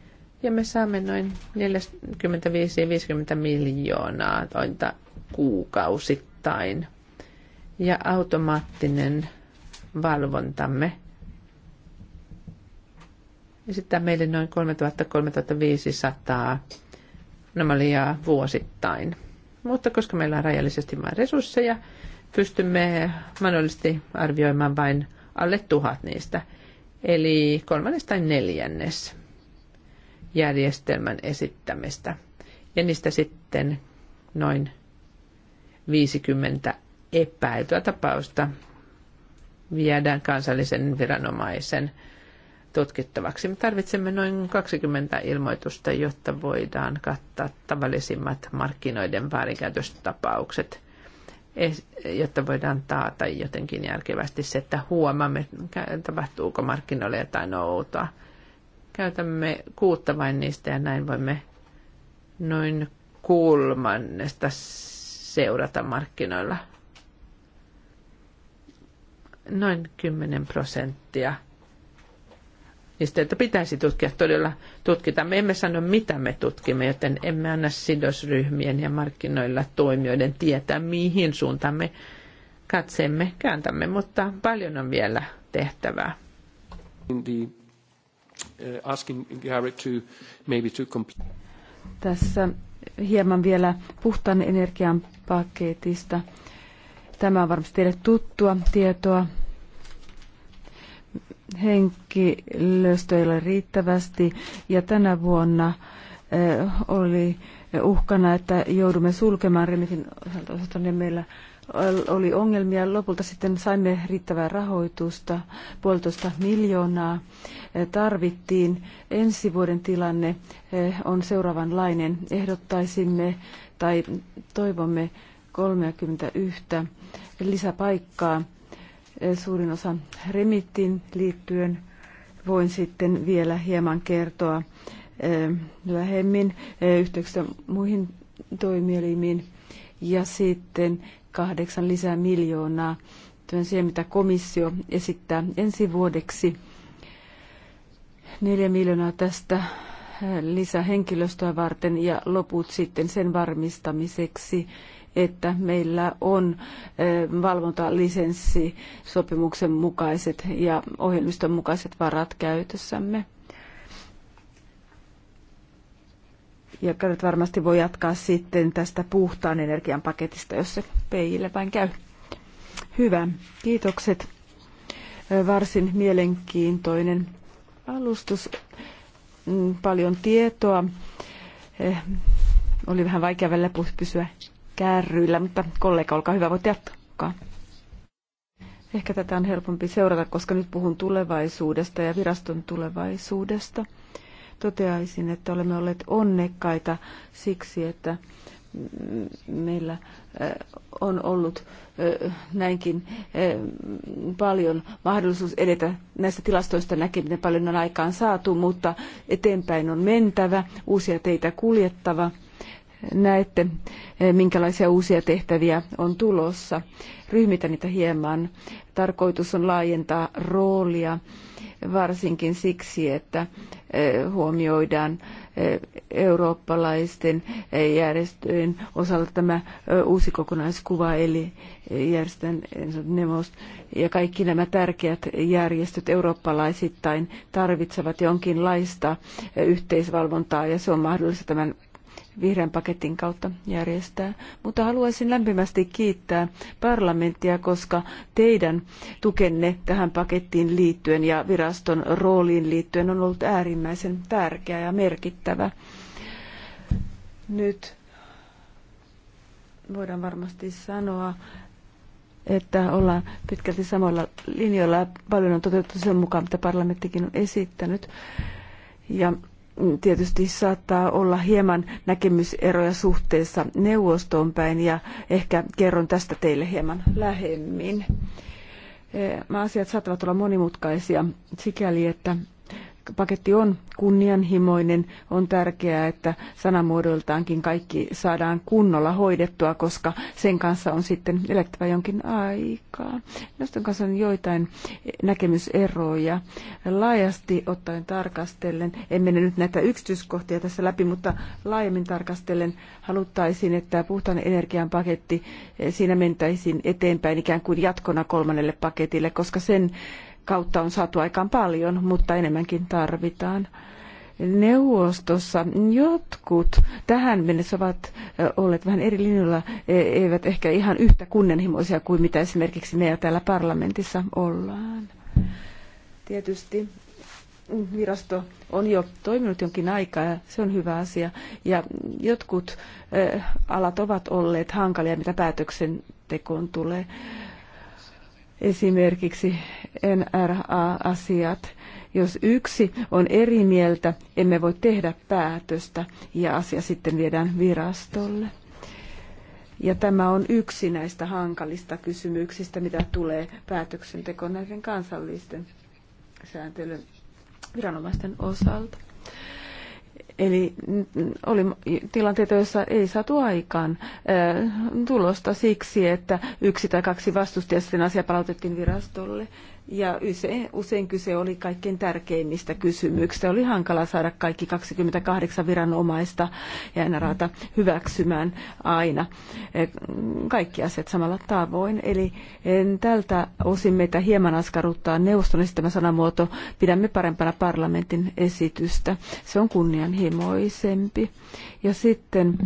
ja me saamme noin 45-50 miljoonaa tointa kuukausittain. Ja automaattinen valvontamme esittää meille noin 3000-3500 anomaliaa vuosittain. Mutta koska meillä on rajallisesti vain resursseja, pystymme mahdollisesti arvioimaan vain alle tuhat niistä, eli kolmannes tai neljännes järjestelmän esittämistä. Ja niistä sitten noin 50 epäiltyä tapausta viedään kansallisen viranomaisen tutkittavaksi. Me tarvitsemme noin 20 ilmoitusta, jotta voidaan kattaa tavallisimmat markkinoiden väärinkäytöstapaukset, jotta voidaan taata jotenkin järkevästi se, että huomaamme, tapahtuuko markkinoille jotain outoa. Käytämme kuutta vain niistä ja näin voimme noin kulmannesta seurata markkinoilla. Noin 10 prosenttia – niin että pitäisi tutkia todella tutkita. Me emme sano, mitä me tutkimme, joten emme anna sidosryhmien ja markkinoilla toimijoiden tietää, mihin suuntaan me katsemme, kääntämme, mutta paljon on vielä tehtävää. Uh, Tässä hieman vielä puhtaan energian paketista. Tämä on varmasti teille tuttua tietoa, henkilöstöä ei ole riittävästi ja tänä vuonna eh, oli uhkana, että joudumme sulkemaan Remitin osaston ja meillä oli ongelmia. Lopulta sitten saimme riittävää rahoitusta, puolitoista miljoonaa eh, tarvittiin. Ensi vuoden tilanne eh, on seuraavanlainen. Ehdottaisimme tai toivomme 31 lisäpaikkaa suurin osa remittiin liittyen. Voin sitten vielä hieman kertoa lähemmin yhteyksistä muihin toimielimiin ja sitten kahdeksan lisää miljoonaa siihen, mitä komissio esittää ensi vuodeksi. Neljä miljoonaa tästä lisähenkilöstöä varten ja loput sitten sen varmistamiseksi, että meillä on valvontalisenssi sopimuksen mukaiset ja ohjelmiston mukaiset varat käytössämme. Ja nyt varmasti voi jatkaa sitten tästä puhtaan energian paketista, jos se peille vain käy. Hyvä, kiitokset. Varsin mielenkiintoinen alustus. Mm, paljon tietoa. Oli vähän vaikea välillä pysyä kärryillä, mutta kollega, olkaa hyvä, voit jatkaa. Ehkä tätä on helpompi seurata, koska nyt puhun tulevaisuudesta ja viraston tulevaisuudesta. Toteaisin, että olemme olleet onnekkaita siksi, että meillä äh, on ollut äh, näinkin äh, paljon mahdollisuus edetä näistä tilastoista näkee, miten paljon on aikaan saatu, mutta eteenpäin on mentävä, uusia teitä kuljettava – näette, eh, minkälaisia uusia tehtäviä on tulossa. Ryhmitä niitä hieman. Tarkoitus on laajentaa roolia varsinkin siksi, että eh, huomioidaan eh, eurooppalaisten järjestöjen osalta tämä uusi kokonaiskuva, eli järjestön neuvos ja kaikki nämä tärkeät järjestöt eurooppalaisittain tarvitsevat jonkinlaista yhteisvalvontaa, ja se on mahdollista tämän vihreän paketin kautta järjestää. Mutta haluaisin lämpimästi kiittää parlamenttia, koska teidän tukenne tähän pakettiin liittyen ja viraston rooliin liittyen on ollut äärimmäisen tärkeä ja merkittävä. Nyt voidaan varmasti sanoa, että ollaan pitkälti samalla linjoilla ja paljon on toteutettu sen mukaan, mitä parlamenttikin on esittänyt. Ja tietysti saattaa olla hieman näkemyseroja suhteessa neuvostoon päin ja ehkä kerron tästä teille hieman lähemmin. Nämä asiat saattavat olla monimutkaisia sikäli, että paketti on kunnianhimoinen. On tärkeää, että sanamuodoiltaankin kaikki saadaan kunnolla hoidettua, koska sen kanssa on sitten elettävä jonkin aikaa. Nostan kanssa on joitain näkemyseroja. Laajasti ottaen tarkastellen, en mene nyt näitä yksityiskohtia tässä läpi, mutta laajemmin tarkastellen haluttaisiin, että puhtaan energian paketti, eh, siinä mentäisiin eteenpäin ikään kuin jatkona kolmannelle paketille, koska sen kautta on saatu aikaan paljon, mutta enemmänkin tarvitaan. Neuvostossa jotkut tähän mennessä ovat olleet vähän eri linjoilla, e, eivät ehkä ihan yhtä kunnianhimoisia kuin mitä esimerkiksi meillä täällä parlamentissa ollaan. Tietysti virasto on jo toiminut jonkin aikaa ja se on hyvä asia. Ja jotkut alat ovat olleet hankalia, mitä päätöksentekoon tulee esimerkiksi NRA-asiat. Jos yksi on eri mieltä, emme voi tehdä päätöstä ja asia sitten viedään virastolle. Ja tämä on yksi näistä hankalista kysymyksistä, mitä tulee päätöksentekoon näiden kansallisten sääntelyviranomaisten osalta. Eli oli tilanteita, joissa ei saatu aikaan äh, tulosta siksi, että yksi tai kaksi vastusti asia palautettiin virastolle. Ja usein kyse oli kaikkein tärkeimmistä kysymyksistä. Oli hankala saada kaikki 28 viranomaista ja NRAta hyväksymään aina eh, kaikki asiat samalla tavoin. Eli eh, tältä osin meitä hieman askarruttaa neuvoston esittämä sanamuoto. Pidämme parempana parlamentin esitystä. Se on kunnianhimoisempi. Ja sitten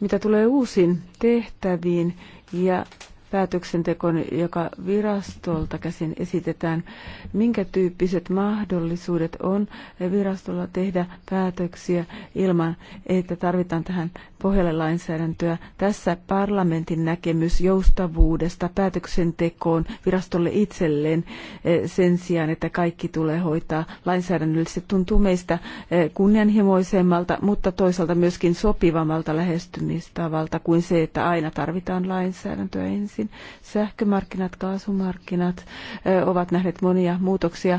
mitä tulee uusiin tehtäviin ja päätöksentekoon, joka virastolta käsin esitetään. Minkä tyyppiset mahdollisuudet on virastolla tehdä päätöksiä ilman, että tarvitaan tähän pohjalle lainsäädäntöä. Tässä parlamentin näkemys joustavuudesta päätöksentekoon virastolle itselleen eh, sen sijaan, että kaikki tulee hoitaa lainsäädännöllisesti, tuntuu meistä eh, kunnianhimoisemmalta, mutta toisaalta myöskin sopivammalta lähestymistavalta kuin se, että aina tarvitaan lainsäädäntöä ensin. Sähkömarkkinat, kaasumarkkinat eh, ovat nähneet monia muutoksia,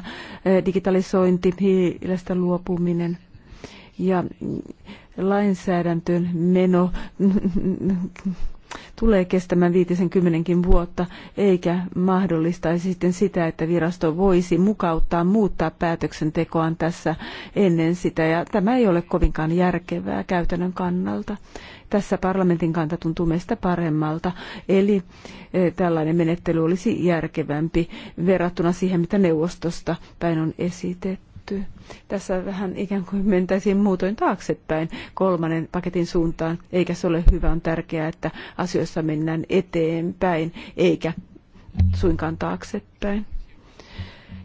digitalisointi, hiilestä luopuminen – ja lainsäädäntöön meno tulee kestämään viitisen kymmenenkin vuotta, eikä mahdollistaisi sitten sitä, että virasto voisi mukauttaa, muuttaa päätöksentekoaan tässä ennen sitä. Ja tämä ei ole kovinkaan järkevää käytännön kannalta. Tässä parlamentin kanta tuntuu meistä paremmalta, eli e, tällainen menettely olisi järkevämpi verrattuna siihen, mitä neuvostosta päin on esitetty hyväksytty. Tässä vähän ikään kuin mentäisiin muutoin taaksepäin kolmannen paketin suuntaan, eikä se ole hyvä. On tärkeää, että asioissa mennään eteenpäin, eikä suinkaan taaksepäin.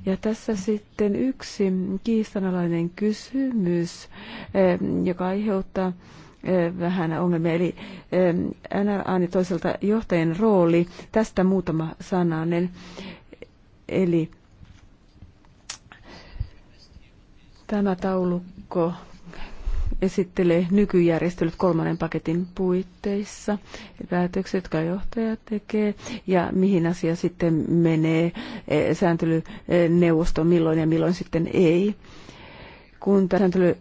Ja tässä sitten yksi kiistanalainen kysymys, eh, joka aiheuttaa eh, vähän ongelmia, eli eh, NRA toiselta johtajan rooli. Tästä muutama sananen. Eli Tämä taulukko esittelee nykyjärjestelyt kolmannen paketin puitteissa, päätökset, jotka johtaja tekee, ja mihin asia sitten menee e, sääntelyneuvosto e, milloin ja milloin sitten ei. Kun sääntely e,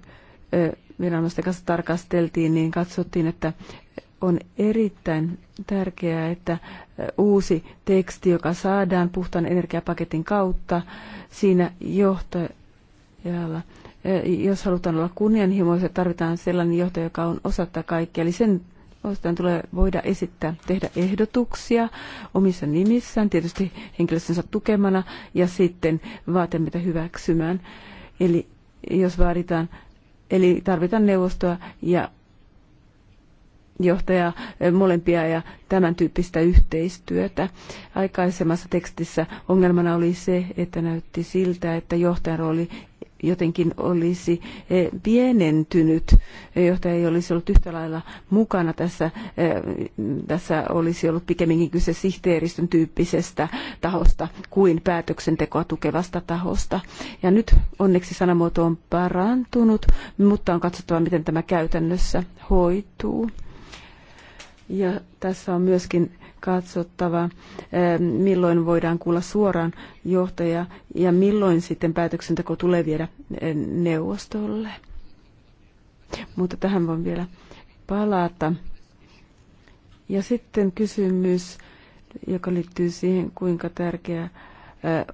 viranomaisten kanssa tarkasteltiin, niin katsottiin, että on erittäin tärkeää, että uusi teksti, joka saadaan puhtaan energiapaketin kautta, siinä johtajalla – jos halutaan olla kunnianhimoisia, tarvitaan sellainen johtaja, joka on osatta kaikkea. Eli sen osittain tulee voida esittää, tehdä ehdotuksia omissa nimissään, tietysti henkilöstönsä tukemana, ja sitten vaatemita hyväksymään. Eli jos vaaditaan, eli tarvitaan neuvostoa ja johtaja molempia ja tämän tyyppistä yhteistyötä. Aikaisemmassa tekstissä ongelmana oli se, että näytti siltä, että johtajan rooli jotenkin olisi eh, pienentynyt, eh, johtaja ei olisi ollut yhtä lailla mukana tässä, eh, tässä olisi ollut pikemminkin kyse sihteeristön tyyppisestä tahosta kuin päätöksentekoa tukevasta tahosta. Ja nyt onneksi sanamuoto on parantunut, mutta on katsottava, miten tämä käytännössä hoituu. Ja tässä on myöskin katsottava, eh, milloin voidaan kuulla suoraan johtaja ja milloin sitten päätöksenteko tulee viedä eh, neuvostolle. Mutta tähän voin vielä palata. Ja sitten kysymys, joka liittyy siihen, kuinka tärkeää eh,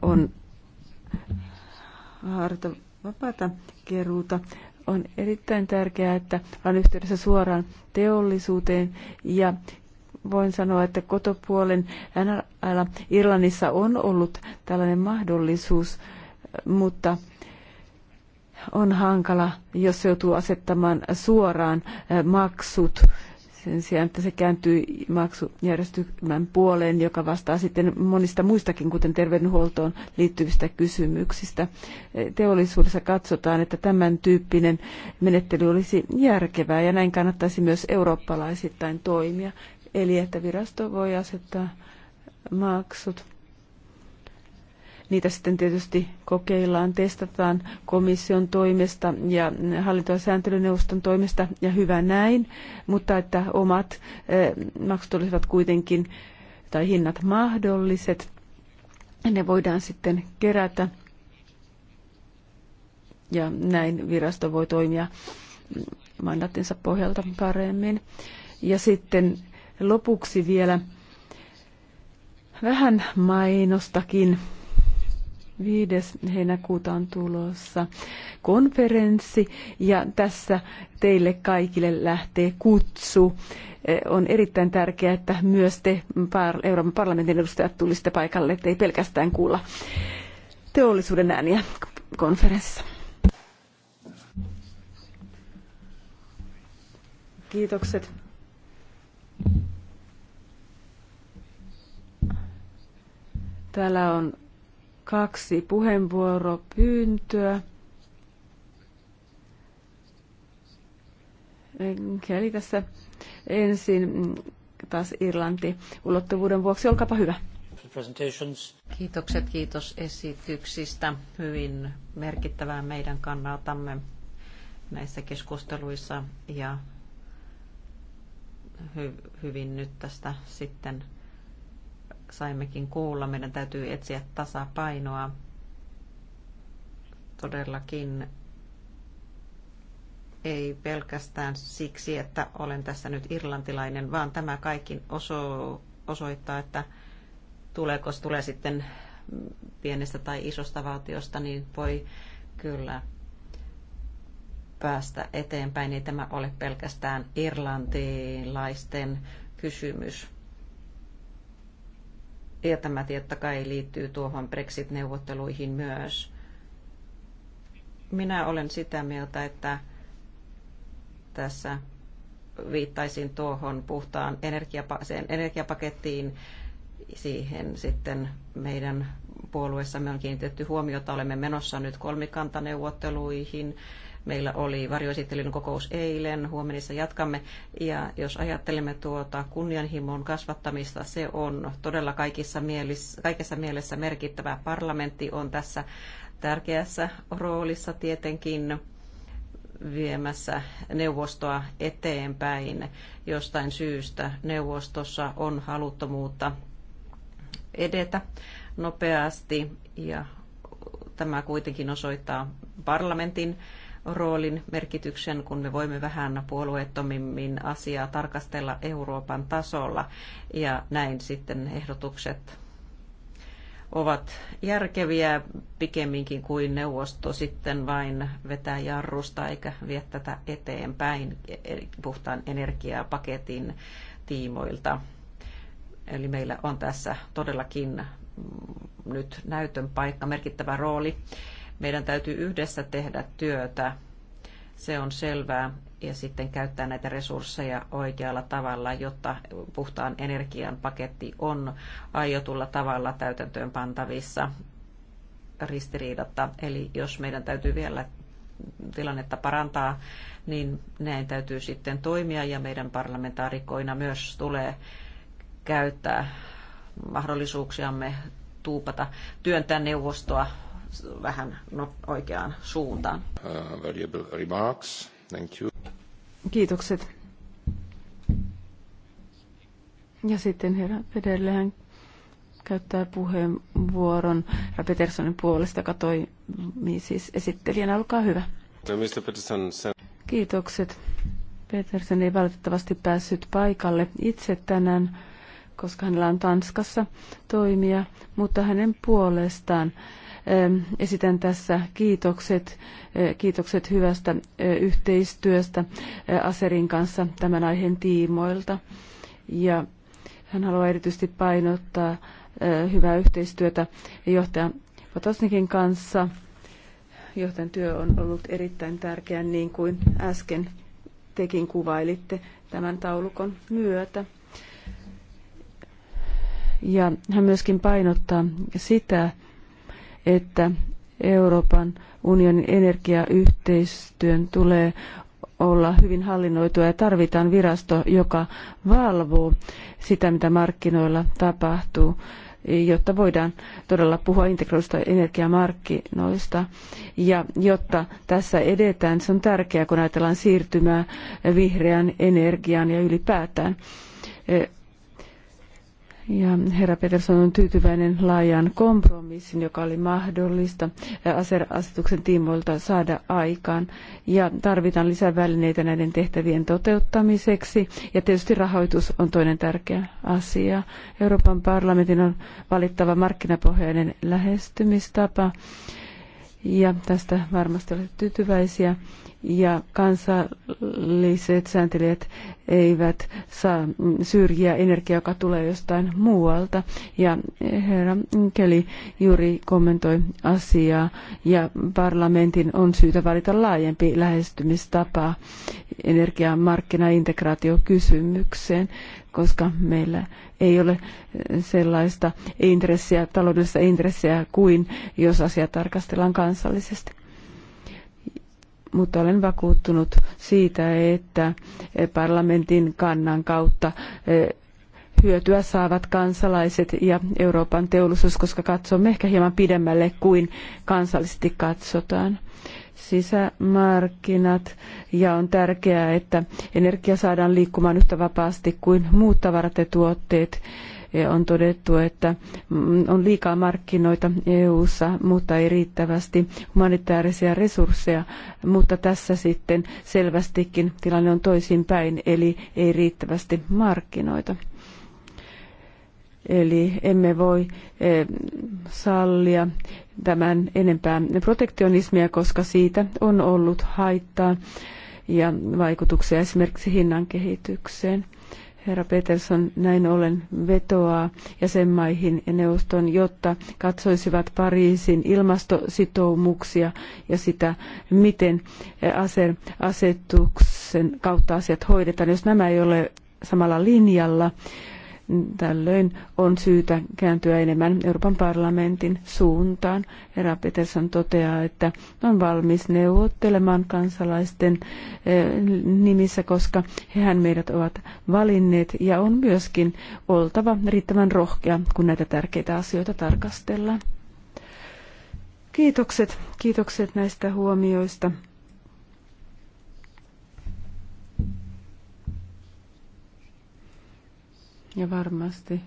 on harta vapaata keruuta on erittäin tärkeää, että on yhteydessä suoraan teollisuuteen ja voin sanoa, että kotopuolen NRL Irlannissa on ollut tällainen mahdollisuus, mutta on hankala, jos joutuu asettamaan suoraan eh, maksut sen sijaan, että se kääntyy maksujärjestelmän puoleen, joka vastaa sitten monista muistakin, kuten terveydenhuoltoon liittyvistä kysymyksistä. Eh, teollisuudessa katsotaan, että tämän tyyppinen menettely olisi järkevää ja näin kannattaisi myös eurooppalaisittain toimia. Eli että virasto voi asettaa maksut. Niitä sitten tietysti kokeillaan, testataan komission toimesta ja hallinto- ja sääntelyneuvoston toimesta ja hyvä näin, mutta että omat eh, maksut olisivat kuitenkin tai hinnat mahdolliset. Ne voidaan sitten kerätä ja näin virasto voi toimia mm, mandaattinsa pohjalta paremmin. Ja sitten Lopuksi vielä vähän mainostakin. 5. heinäkuuta on tulossa konferenssi ja tässä teille kaikille lähtee kutsu. E, on erittäin tärkeää, että myös te Euroopan parlamentin edustajat tulisitte paikalle, ettei pelkästään kuulla teollisuuden ääniä konferenssissa. Kiitokset. Täällä on kaksi puheenvuoropyyntöä. Eli tässä ensin taas Irlanti ulottuvuuden vuoksi. Olkaapa hyvä. Kiitokset, kiitos esityksistä. Hyvin merkittävää meidän kannaltamme näissä keskusteluissa ja hy- hyvin nyt tästä sitten saimmekin kuulla. Meidän täytyy etsiä tasapainoa todellakin ei pelkästään siksi, että olen tässä nyt irlantilainen, vaan tämä kaikki oso- osoittaa, että tuleeko tulee sitten pienestä tai isosta valtiosta, niin voi kyllä päästä eteenpäin, ei niin tämä ole pelkästään irlantilaisten kysymys. Ja tämä totta kai liittyy tuohon Brexit-neuvotteluihin myös. Minä olen sitä mieltä, että tässä viittaisin tuohon puhtaan energiapa- energiapakettiin. Siihen sitten meidän puolueessamme on kiinnitetty huomiota. Olemme menossa nyt kolmikantaneuvotteluihin Meillä oli varjoesittelyn kokous eilen, huomenissa jatkamme. Ja jos ajattelemme tuota kunnianhimon kasvattamista, se on todella kaikissa mielissä, kaikessa mielessä merkittävä. Parlamentti on tässä tärkeässä roolissa tietenkin viemässä neuvostoa eteenpäin. Jostain syystä neuvostossa on haluttomuutta edetä nopeasti ja tämä kuitenkin osoittaa parlamentin roolin merkityksen, kun me voimme vähän puolueettomimmin asiaa tarkastella Euroopan tasolla. Ja näin sitten ehdotukset ovat järkeviä pikemminkin kuin neuvosto sitten vain vetää jarrusta eikä vie tätä eteenpäin puhtaan energiapaketin tiimoilta. Eli meillä on tässä todellakin nyt näytön paikka, merkittävä rooli meidän täytyy yhdessä tehdä työtä, se on selvää, ja sitten käyttää näitä resursseja oikealla tavalla, jotta puhtaan energian paketti on aiotulla tavalla täytäntöön pantavissa ristiriidatta. Eli jos meidän täytyy vielä tilannetta parantaa, niin näin täytyy sitten toimia ja meidän parlamentaarikoina myös tulee käyttää mahdollisuuksiamme tuupata, työntää neuvostoa vähän no, oikeaan suuntaan. Uh, valuable remarks. Thank you. Kiitokset. Ja sitten herra Pederlehän käyttää puheenvuoron herra Petersonin puolesta, joka toimii siis esittelijänä. Olkaa hyvä. No, Mr. Peterson, sen... Kiitokset. Petersen ei valitettavasti päässyt paikalle itse tänään, koska hänellä on Tanskassa toimia, mutta hänen puolestaan Esitän tässä kiitokset, kiitokset hyvästä yhteistyöstä Aserin kanssa tämän aiheen tiimoilta. Ja hän haluaa erityisesti painottaa hyvää yhteistyötä johtajan Potosnikin kanssa. Johtajan työ on ollut erittäin tärkeä, niin kuin äsken tekin kuvailitte tämän taulukon myötä. Ja hän myöskin painottaa sitä, että Euroopan unionin energiayhteistyön tulee olla hyvin hallinnoitua ja tarvitaan virasto, joka valvoo sitä, mitä markkinoilla tapahtuu, jotta voidaan todella puhua integroidusta energiamarkkinoista. Ja jotta tässä edetään, se on tärkeää, kun ajatellaan siirtymää vihreään energiaan ja ylipäätään ja herra Peterson on tyytyväinen laajaan kompromissin, joka oli mahdollista asetuksen tiimoilta saada aikaan. Ja tarvitaan lisää välineitä näiden tehtävien toteuttamiseksi. Ja tietysti rahoitus on toinen tärkeä asia. Euroopan parlamentin on valittava markkinapohjainen lähestymistapa ja tästä varmasti olette tyytyväisiä. Ja kansalliset sääntelijät eivät saa syrjiä energiaa, joka tulee jostain muualta. Ja herra Keli juuri kommentoi asiaa ja parlamentin on syytä valita laajempi lähestymistapa energiamarkkinaintegraatiokysymykseen koska meillä ei ole eh, sellaista intressiä, taloudellista intressiä kuin jos asia tarkastellaan kansallisesti mutta olen vakuuttunut siitä, että eh, parlamentin kannan kautta eh, hyötyä saavat kansalaiset ja Euroopan teollisuus, koska katsomme ehkä hieman pidemmälle kuin kansallisesti katsotaan sisämarkkinat ja on tärkeää, että energia saadaan liikkumaan yhtä vapaasti kuin muut tavarat ja tuotteet. On todettu, että mm, on liikaa markkinoita EU-ssa, mutta ei riittävästi humanitaarisia resursseja, mutta tässä sitten selvästikin tilanne on toisinpäin, eli ei riittävästi markkinoita. Eli emme voi eh, sallia tämän enempää protektionismia, koska siitä on ollut haittaa ja vaikutuksia esimerkiksi hinnan kehitykseen. Herra Peterson näin ollen vetoaa jäsenmaihin ja neuvoston, jotta katsoisivat Pariisin ilmastositoumuksia ja sitä, miten eh, asetuksen kautta asiat hoidetaan. Jos nämä ei ole samalla linjalla, Tällöin on syytä kääntyä enemmän Euroopan parlamentin suuntaan. Herra Peterson toteaa, että on valmis neuvottelemaan kansalaisten eh, nimissä, koska hehän meidät ovat valinneet ja on myöskin oltava riittävän rohkea, kun näitä tärkeitä asioita tarkastellaan. Kiitokset, kiitokset näistä huomioista. Ja varmasti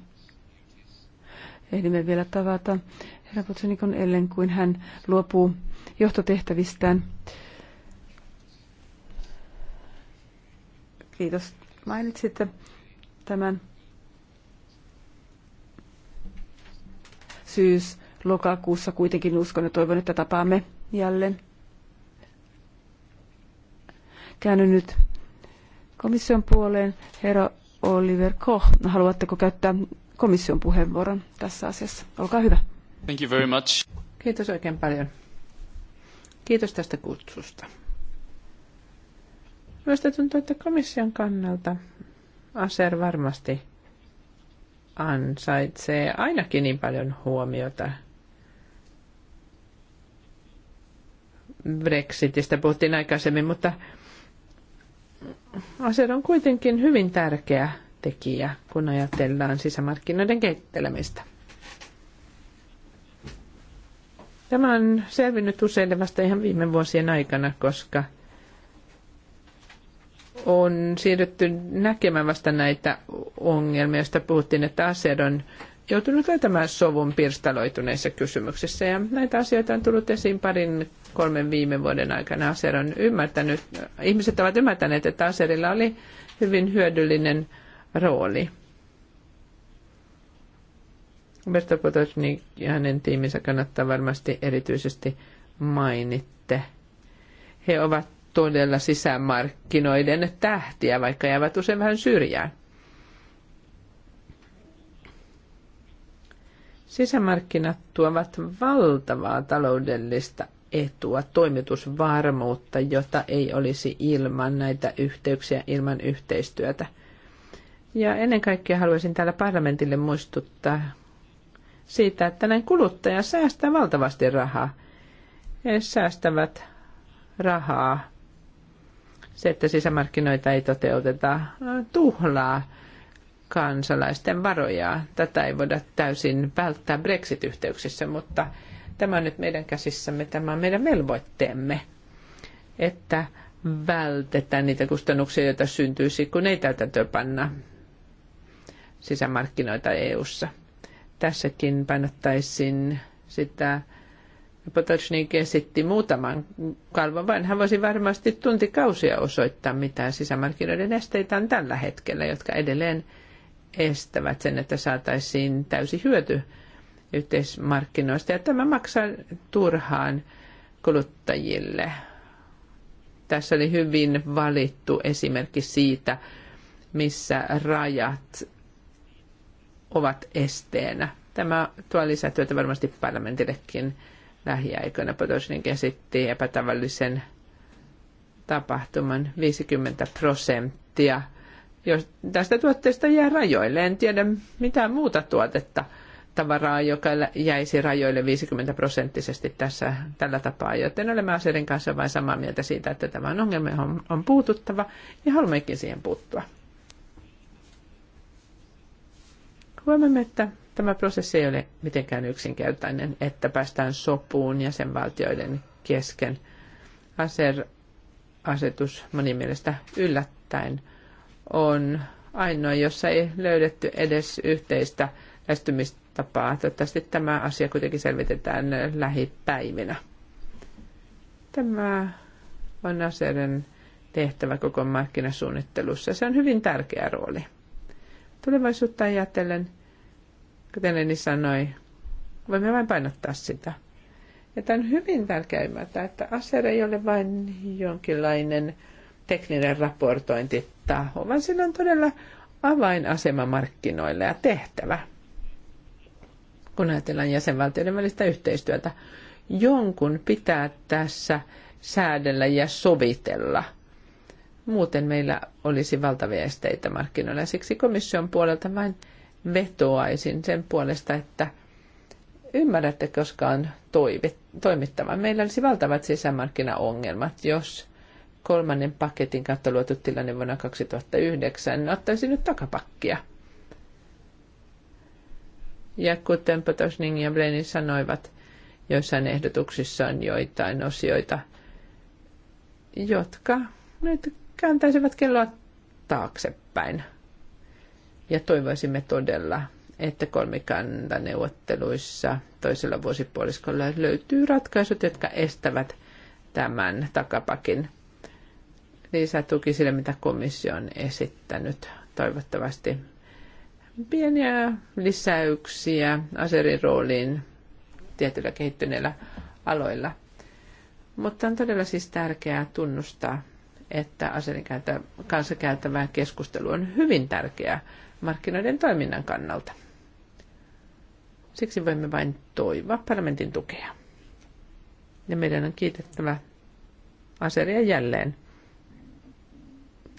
ehdimme vielä tavata herra Potsonikon ellen kuin hän luopuu johtotehtävistään. Kiitos. Mainitsitte tämän syys-lokakuussa kuitenkin uskon ja toivon, että tapaamme jälleen. Käännyn nyt komission puoleen. Herra Oliver Koch, haluatteko käyttää komission puheenvuoron tässä asiassa? Olkaa hyvä. Thank you very much. Kiitos oikein paljon. Kiitos tästä kutsusta. Minusta tuntuu, että komission kannalta ASER varmasti ansaitsee ainakin niin paljon huomiota. Brexitistä puhuttiin aikaisemmin, mutta Aser on kuitenkin hyvin tärkeä tekijä, kun ajatellaan sisämarkkinoiden kehittelemistä. Tämä on selvinnyt useille vasta ihan viime vuosien aikana, koska on siirrytty näkemään vasta näitä ongelmia, joista puhuttiin, että ASER on joutunut löytämään sovun pirstaloituneissa kysymyksissä. Ja näitä asioita on tullut esiin parin kolmen viime vuoden aikana. Aser on ymmärtänyt, ihmiset ovat ymmärtäneet, että Aserilla oli hyvin hyödyllinen rooli. Berta Potosnik ja hänen tiiminsä kannattaa varmasti erityisesti mainitte. He ovat todella sisämarkkinoiden tähtiä, vaikka jäävät usein vähän syrjään. Sisämarkkinat tuovat valtavaa taloudellista etua, toimitusvarmuutta, jota ei olisi ilman näitä yhteyksiä, ilman yhteistyötä. Ja ennen kaikkea haluaisin täällä parlamentille muistuttaa siitä, että näin kuluttaja säästää valtavasti rahaa. He säästävät rahaa. Se, että sisämarkkinoita ei toteuteta, tuhlaa kansalaisten varoja. Tätä ei voida täysin välttää Brexit-yhteyksissä, mutta tämä on nyt meidän käsissämme, tämä on meidän velvoitteemme, että vältetään niitä kustannuksia, joita syntyisi, kun ei panna sisämarkkinoita EU-ssa. Tässäkin painottaisin sitä, Potocnik esitti muutaman kalvon, vaan hän voisi varmasti tuntikausia osoittaa, mitä sisämarkkinoiden esteitä on tällä hetkellä, jotka edelleen estävät sen, että saataisiin täysi hyöty yhteismarkkinoista. Ja tämä maksaa turhaan kuluttajille. Tässä oli hyvin valittu esimerkki siitä, missä rajat ovat esteenä. Tämä tuo lisätyötä varmasti parlamentillekin lähiaikoina. Potosnik esitti epätavallisen tapahtuman 50 prosenttia – jos tästä tuotteesta jää rajoille. En tiedä mitään muuta tuotetta tavaraa, joka jäisi rajoille 50 prosenttisesti tässä, tällä tapaa, joten olemme aseiden kanssa vain samaa mieltä siitä, että tämä on ongelma, johon on puututtava, ja haluammekin siihen puuttua. Huomaamme, että tämä prosessi ei ole mitenkään yksinkertainen, että päästään sopuun jäsenvaltioiden kesken. ASER-asetus monin mielestä yllättäen – on ainoa, jossa ei löydetty edes yhteistä lähestymistapaa. Toivottavasti tämä asia kuitenkin selvitetään lähipäivinä. Tämä on aseiden tehtävä koko markkinasuunnittelussa. Se on hyvin tärkeä rooli. Tulevaisuutta ajatellen, kuten Eni sanoi, voimme vain painottaa sitä. Ja tämä on hyvin tärkeää ymmärtää, että asia, ei ole vain jonkinlainen tekninen raportointitaho, vaan sillä on todella avainasema markkinoille ja tehtävä, kun ajatellaan jäsenvaltioiden välistä yhteistyötä. Jonkun pitää tässä säädellä ja sovitella. Muuten meillä olisi valtavia esteitä markkinoilla. Siksi komission puolelta vain vetoaisin sen puolesta, että ymmärrätte, koskaan toimittavan Meillä olisi valtavat sisämarkkinaongelmat, jos kolmannen paketin kautta luotu tilanne vuonna 2009, no, ottaisi nyt takapakkia. Ja kuten Potosning ja Blenin sanoivat, joissain ehdotuksissa on joitain osioita, jotka nyt kääntäisivät kelloa taaksepäin. Ja toivoisimme todella, että kolmikantaneuvotteluissa toisella vuosipuoliskolla löytyy ratkaisut, jotka estävät tämän takapakin tuki sille, mitä komissio on esittänyt. Toivottavasti pieniä lisäyksiä aserin rooliin tietyillä kehittyneillä aloilla. Mutta on todella siis tärkeää tunnustaa, että aserin kanssa käytävä keskustelu on hyvin tärkeää markkinoiden toiminnan kannalta. Siksi voimme vain toivoa parlamentin tukea. Ja meidän on kiitettävä aseria jälleen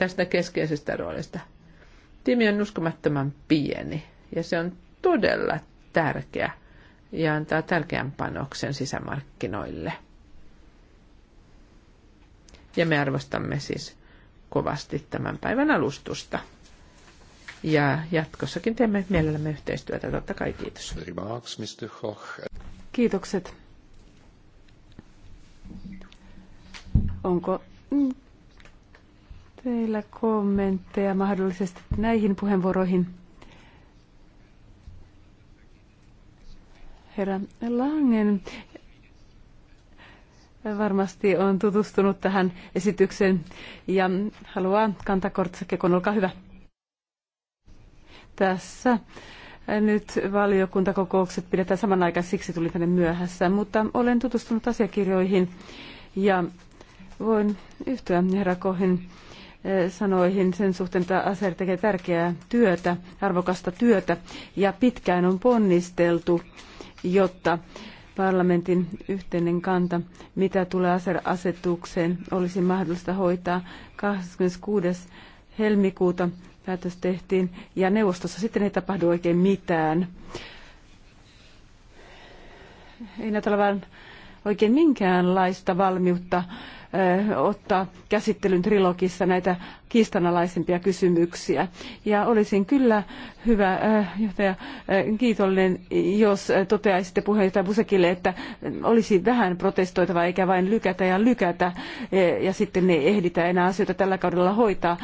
tästä keskeisestä roolista. Timi on uskomattoman pieni ja se on todella tärkeä ja antaa tärkeän panoksen sisämarkkinoille. Ja me arvostamme siis kovasti tämän päivän alustusta. Ja jatkossakin teemme mielellämme yhteistyötä, totta kai kiitos. Kiitokset. Onko teillä kommentteja mahdollisesti näihin puheenvuoroihin? Herra Langen varmasti on tutustunut tähän esitykseen ja haluaa kantaa kortsa kekoon. Olkaa hyvä. Tässä nyt valiokuntakokoukset pidetään aikaan, siksi tulin tänne myöhässä, mutta olen tutustunut asiakirjoihin ja voin yhtyä herra Kohin sanoihin sen suhteen, että ASER tekee tärkeää työtä, arvokasta työtä ja pitkään on ponnisteltu, jotta parlamentin yhteinen kanta, mitä tulee ASER-asetukseen, olisi mahdollista hoitaa 26. helmikuuta päätös tehtiin ja neuvostossa sitten ei tapahdu oikein mitään. Ei näytä olevan oikein minkäänlaista valmiutta Eh, ottaa käsittelyn trilogissa näitä kiistanalaisimpia kysymyksiä. Ja olisin kyllä hyvä eh, johtaja eh, kiitollinen, jos toteaisitte puheenjohtaja Busekille, että olisi vähän protestoitava eikä vain lykätä ja lykätä ja sitten ei ehditä enää asioita tällä kaudella hoitaa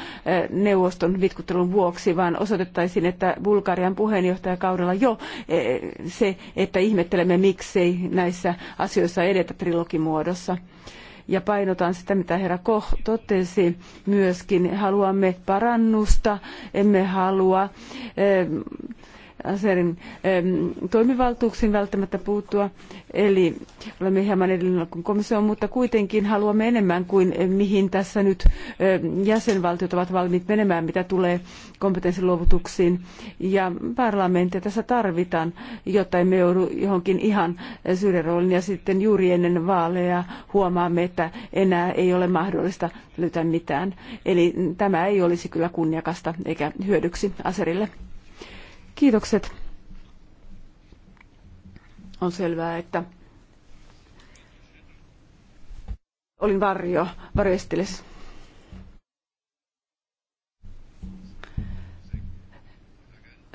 neuvoston vitkuttelun vuoksi, vaan osoitettaisiin, että Bulgarian puheenjohtajakaudella jo se, että ihmettelemme miksei näissä asioissa edetä trilogimuodossa. muodossa ja painotan sitä, mitä herra Koch totesi myöskin. Haluamme parannusta, emme halua eh, aserin toimivaltuuksiin välttämättä puuttua, eli olemme hieman edellä kuin komissio, mutta kuitenkin haluamme enemmän kuin mihin tässä nyt jäsenvaltiot ovat valmiit menemään, mitä tulee kompetenssiluovutuksiin. Ja parlamenttia tässä tarvitaan, jotta emme joudu johonkin ihan syrjäroolin ja sitten juuri ennen vaaleja huomaamme, että enää ei ole mahdollista löytää mitään. Eli tämä ei olisi kyllä kunniakasta eikä hyödyksi aserille. Kiitokset. On selvää, että olin varjo, varjoestilis.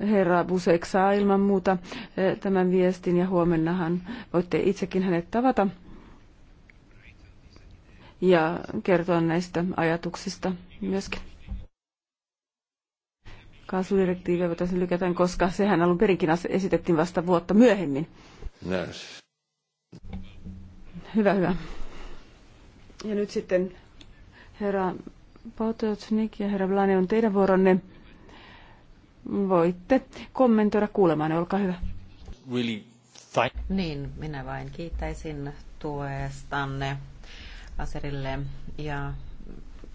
Herra Busek saa ilman muuta eh, tämän viestin ja huomennahan voitte itsekin hänet tavata ja kertoa näistä ajatuksista myöskin kaasudirektiiviä voitaisiin lykätä, koska sehän alun perinkin esitettiin vasta vuotta myöhemmin. Yes. Hyvä, hyvä. Ja nyt sitten herra Potocnik ja herra Blane on teidän vuoronne. Voitte kommentoida kuulemaan, olkaa hyvä. Really thank. Niin, minä vain kiittäisin tuestanne Aserille ja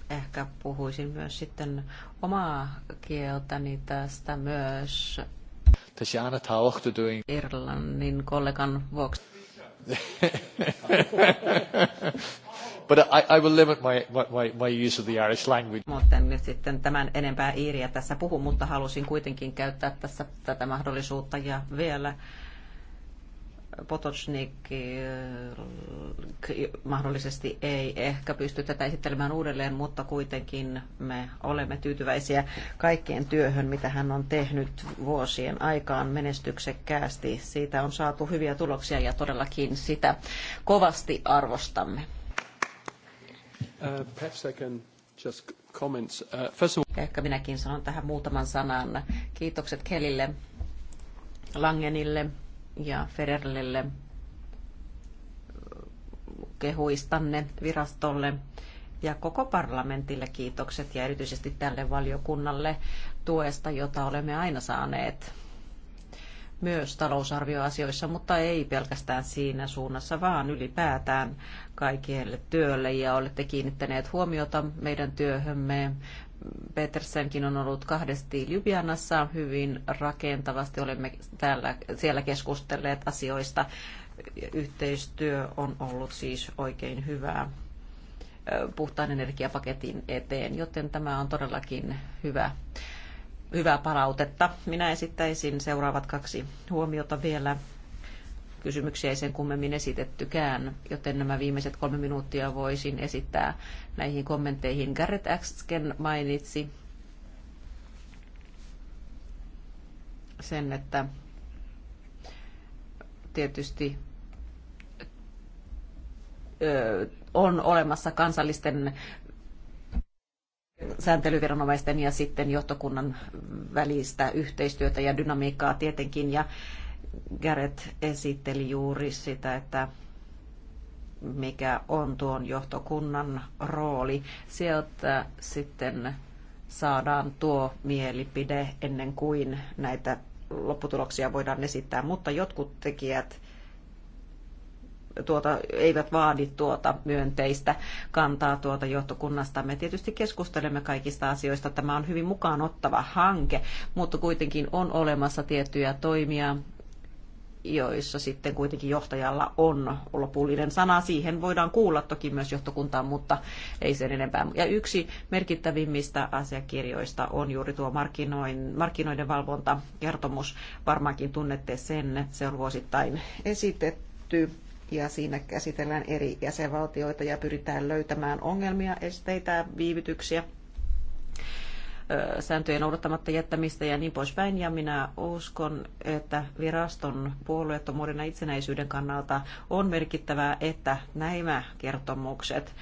ehkä puhuisin myös sitten omaa kieltäni tästä myös. Tosiaan Irlannin kollegan vuoksi. But I, I will limit my, my, my use of the Irish language. Mutta nyt sitten tämän enempää Iiriä tässä puhu, mutta halusin kuitenkin käyttää tässä tätä mahdollisuutta ja vielä Potocnikki mahdollisesti ei ehkä pysty tätä esittelemään uudelleen, mutta kuitenkin me olemme tyytyväisiä kaikkien työhön, mitä hän on tehnyt vuosien aikaan menestyksekkäästi. Siitä on saatu hyviä tuloksia ja todellakin sitä kovasti arvostamme. Uh, uh, ehkä minäkin sanon tähän muutaman sanan. Kiitokset Kelille, Langenille, ja Federlelle kehuistanne virastolle ja koko parlamentille kiitokset ja erityisesti tälle valiokunnalle tuesta, jota olemme aina saaneet myös talousarvioasioissa, mutta ei pelkästään siinä suunnassa, vaan ylipäätään kaikille työlle ja olette kiinnittäneet huomiota meidän työhömme Petersenkin on ollut kahdesti Ljubljanassa hyvin rakentavasti. Olemme täällä, siellä keskustelleet asioista. Yhteistyö on ollut siis oikein hyvää puhtaan energiapaketin eteen, joten tämä on todellakin hyvä, hyvää palautetta. Minä esittäisin seuraavat kaksi huomiota vielä kysymyksiä ei sen kummemmin esitettykään, joten nämä viimeiset kolme minuuttia voisin esittää näihin kommentteihin. Garrett äsken mainitsi sen, että tietysti on olemassa kansallisten sääntelyviranomaisten ja sitten johtokunnan välistä yhteistyötä ja dynamiikkaa tietenkin. Ja Garrett esitteli juuri sitä, että mikä on tuon johtokunnan rooli. Sieltä sitten saadaan tuo mielipide ennen kuin näitä lopputuloksia voidaan esittää, mutta jotkut tekijät tuota, eivät vaadi tuota myönteistä kantaa tuota johtokunnasta. Me tietysti keskustelemme kaikista asioista. Tämä on hyvin mukaanottava hanke, mutta kuitenkin on olemassa tiettyjä toimia, joissa sitten kuitenkin johtajalla on lopullinen sana. Siihen voidaan kuulla toki myös johtokuntaan, mutta ei sen enempää. Ja yksi merkittävimmistä asiakirjoista on juuri tuo markkinoiden valvontakertomus. Varmaankin tunnette sen, se on vuosittain esitetty ja siinä käsitellään eri jäsenvaltioita ja pyritään löytämään ongelmia, esteitä, viivytyksiä sääntöjen noudattamatta jättämistä ja niin poispäin. Ja minä uskon, että viraston puolueettomuuden ja itsenäisyyden kannalta on merkittävää, että nämä kertomukset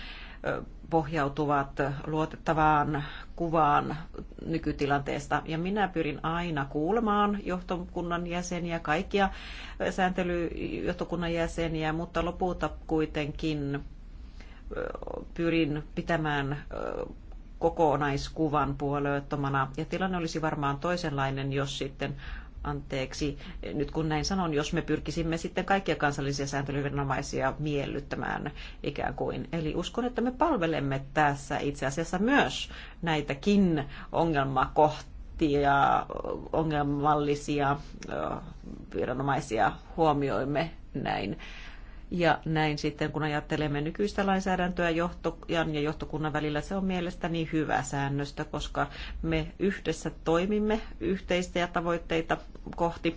pohjautuvat luotettavaan kuvaan nykytilanteesta. Ja minä pyrin aina kuulemaan johtokunnan jäseniä, kaikkia sääntelyjohtokunnan jäseniä, mutta lopulta kuitenkin pyrin pitämään kokonaiskuvan puolueettomana. Ja tilanne olisi varmaan toisenlainen, jos sitten anteeksi, nyt kun näin sanon, jos me pyrkisimme sitten kaikkia kansallisia sääntelyviranomaisia miellyttämään ikään kuin. Eli uskon, että me palvelemme tässä itse asiassa myös näitäkin ongelmakohtia, ongelmallisia viranomaisia huomioimme näin. Ja näin sitten, kun ajattelemme nykyistä lainsäädäntöä johtojan ja johtokunnan välillä, se on mielestäni hyvä säännöstä koska me yhdessä toimimme yhteisiä tavoitteita kohti.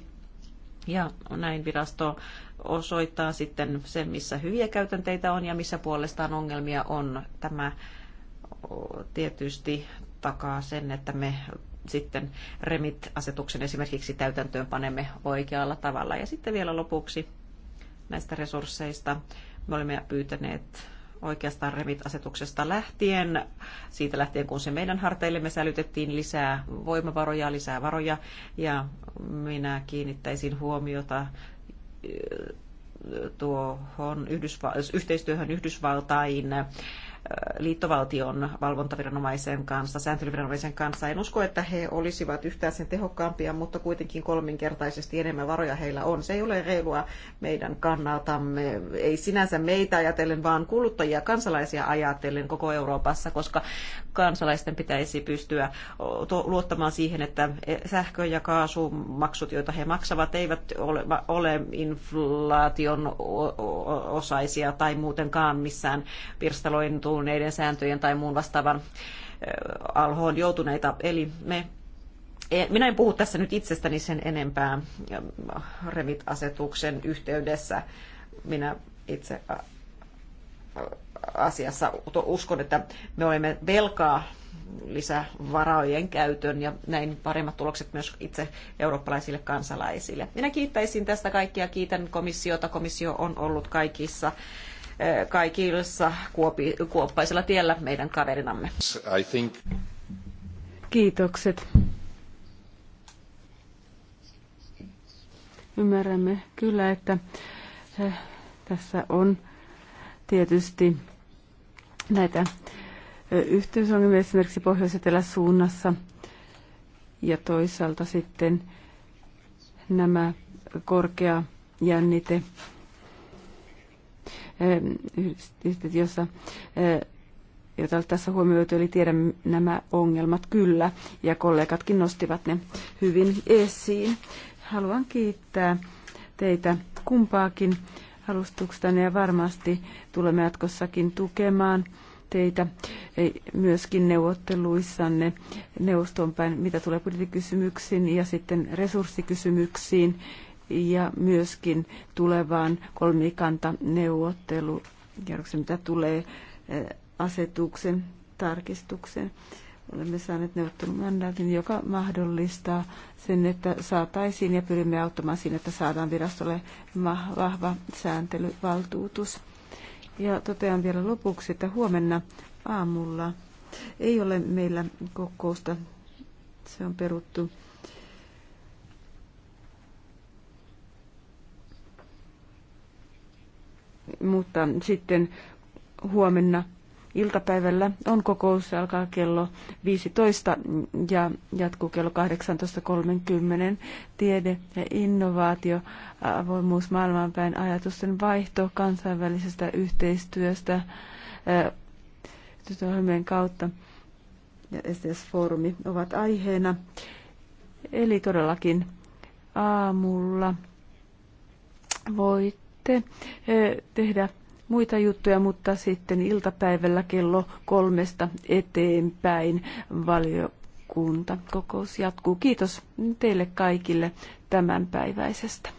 Ja näin virasto osoittaa sitten sen, missä hyviä käytänteitä on ja missä puolestaan ongelmia on. Tämä tietysti takaa sen, että me sitten remit-asetuksen esimerkiksi täytäntöön panemme oikealla tavalla. Ja sitten vielä lopuksi näistä resursseista. Me olemme pyytäneet oikeastaan Revit-asetuksesta lähtien, siitä lähtien kun se meidän me sälytettiin lisää voimavaroja, lisää varoja, ja minä kiinnittäisin huomiota äh, tuohon Yhdysva- yhteistyöhön Yhdysvaltain liittovaltion valvontaviranomaisen kanssa, sääntelyviranomaisen kanssa. En usko, että he olisivat yhtään sen tehokkaampia, mutta kuitenkin kolminkertaisesti enemmän varoja heillä on. Se ei ole reilua meidän kannaltamme, ei sinänsä meitä ajatellen, vaan kuluttajia, kansalaisia ajatellen koko Euroopassa, koska kansalaisten pitäisi pystyä luottamaan siihen, että sähkö- ja kaasumaksut, joita he maksavat, eivät ole, ole inflaation osaisia tai muutenkaan missään pirstalointu kuluneiden sääntöjen tai muun vastaavan alhoon joutuneita. Eli me e, minä en puhu tässä nyt itsestäni sen enempää äh, Revit-asetuksen yhteydessä. Minä itse asiassa uskon, että me olemme velkaa lisävarojen käytön ja näin paremmat tulokset myös itse eurooppalaisille kansalaisille. Minä kiittäisin tästä kaikkia. Kiitän komissiota. Komissio on ollut kaikissa kaikilla kuoppaisella tiellä meidän kaverinamme. Kiitokset. Ymmärrämme kyllä, että eh, tässä on tietysti näitä eh, yhteysongelmia esimerkiksi pohjois suunnassa ja toisaalta sitten nämä korkea jännite jossa e, jota tässä huomioitu, eli tiedän nämä ongelmat kyllä, ja kollegatkin nostivat ne hyvin esiin. Haluan kiittää teitä kumpaakin alustuksestanne ja varmasti tulemme jatkossakin tukemaan teitä e, myöskin neuvotteluissanne neuvoston päin, mitä tulee budjettikysymyksiin ja sitten resurssikysymyksiin ja myöskin tulevaan kolmikantaneuvottelukierrokseen, mitä tulee eh, asetuksen tarkistuksen. Olemme saaneet neuvottelumandaatin, joka mahdollistaa sen, että saataisiin ja pyrimme auttamaan siinä, että saadaan virastolle vahva sääntelyvaltuutus. Ja totean vielä lopuksi, että huomenna aamulla ei ole meillä kokousta. Se on peruttu mutta sitten huomenna iltapäivällä on kokous, se alkaa kello 15 ja jatkuu kello 18.30. Tiede ja innovaatio, avoimuus maailmanpäin, ajatusten vaihto kansainvälisestä yhteistyöstä ohjelmien kautta ja STS-foorumi ovat aiheena. Eli todellakin aamulla voit sitten tehdä muita juttuja, mutta sitten iltapäivällä kello kolmesta eteenpäin valiokunta kokous jatkuu. Kiitos teille kaikille tämänpäiväisestä.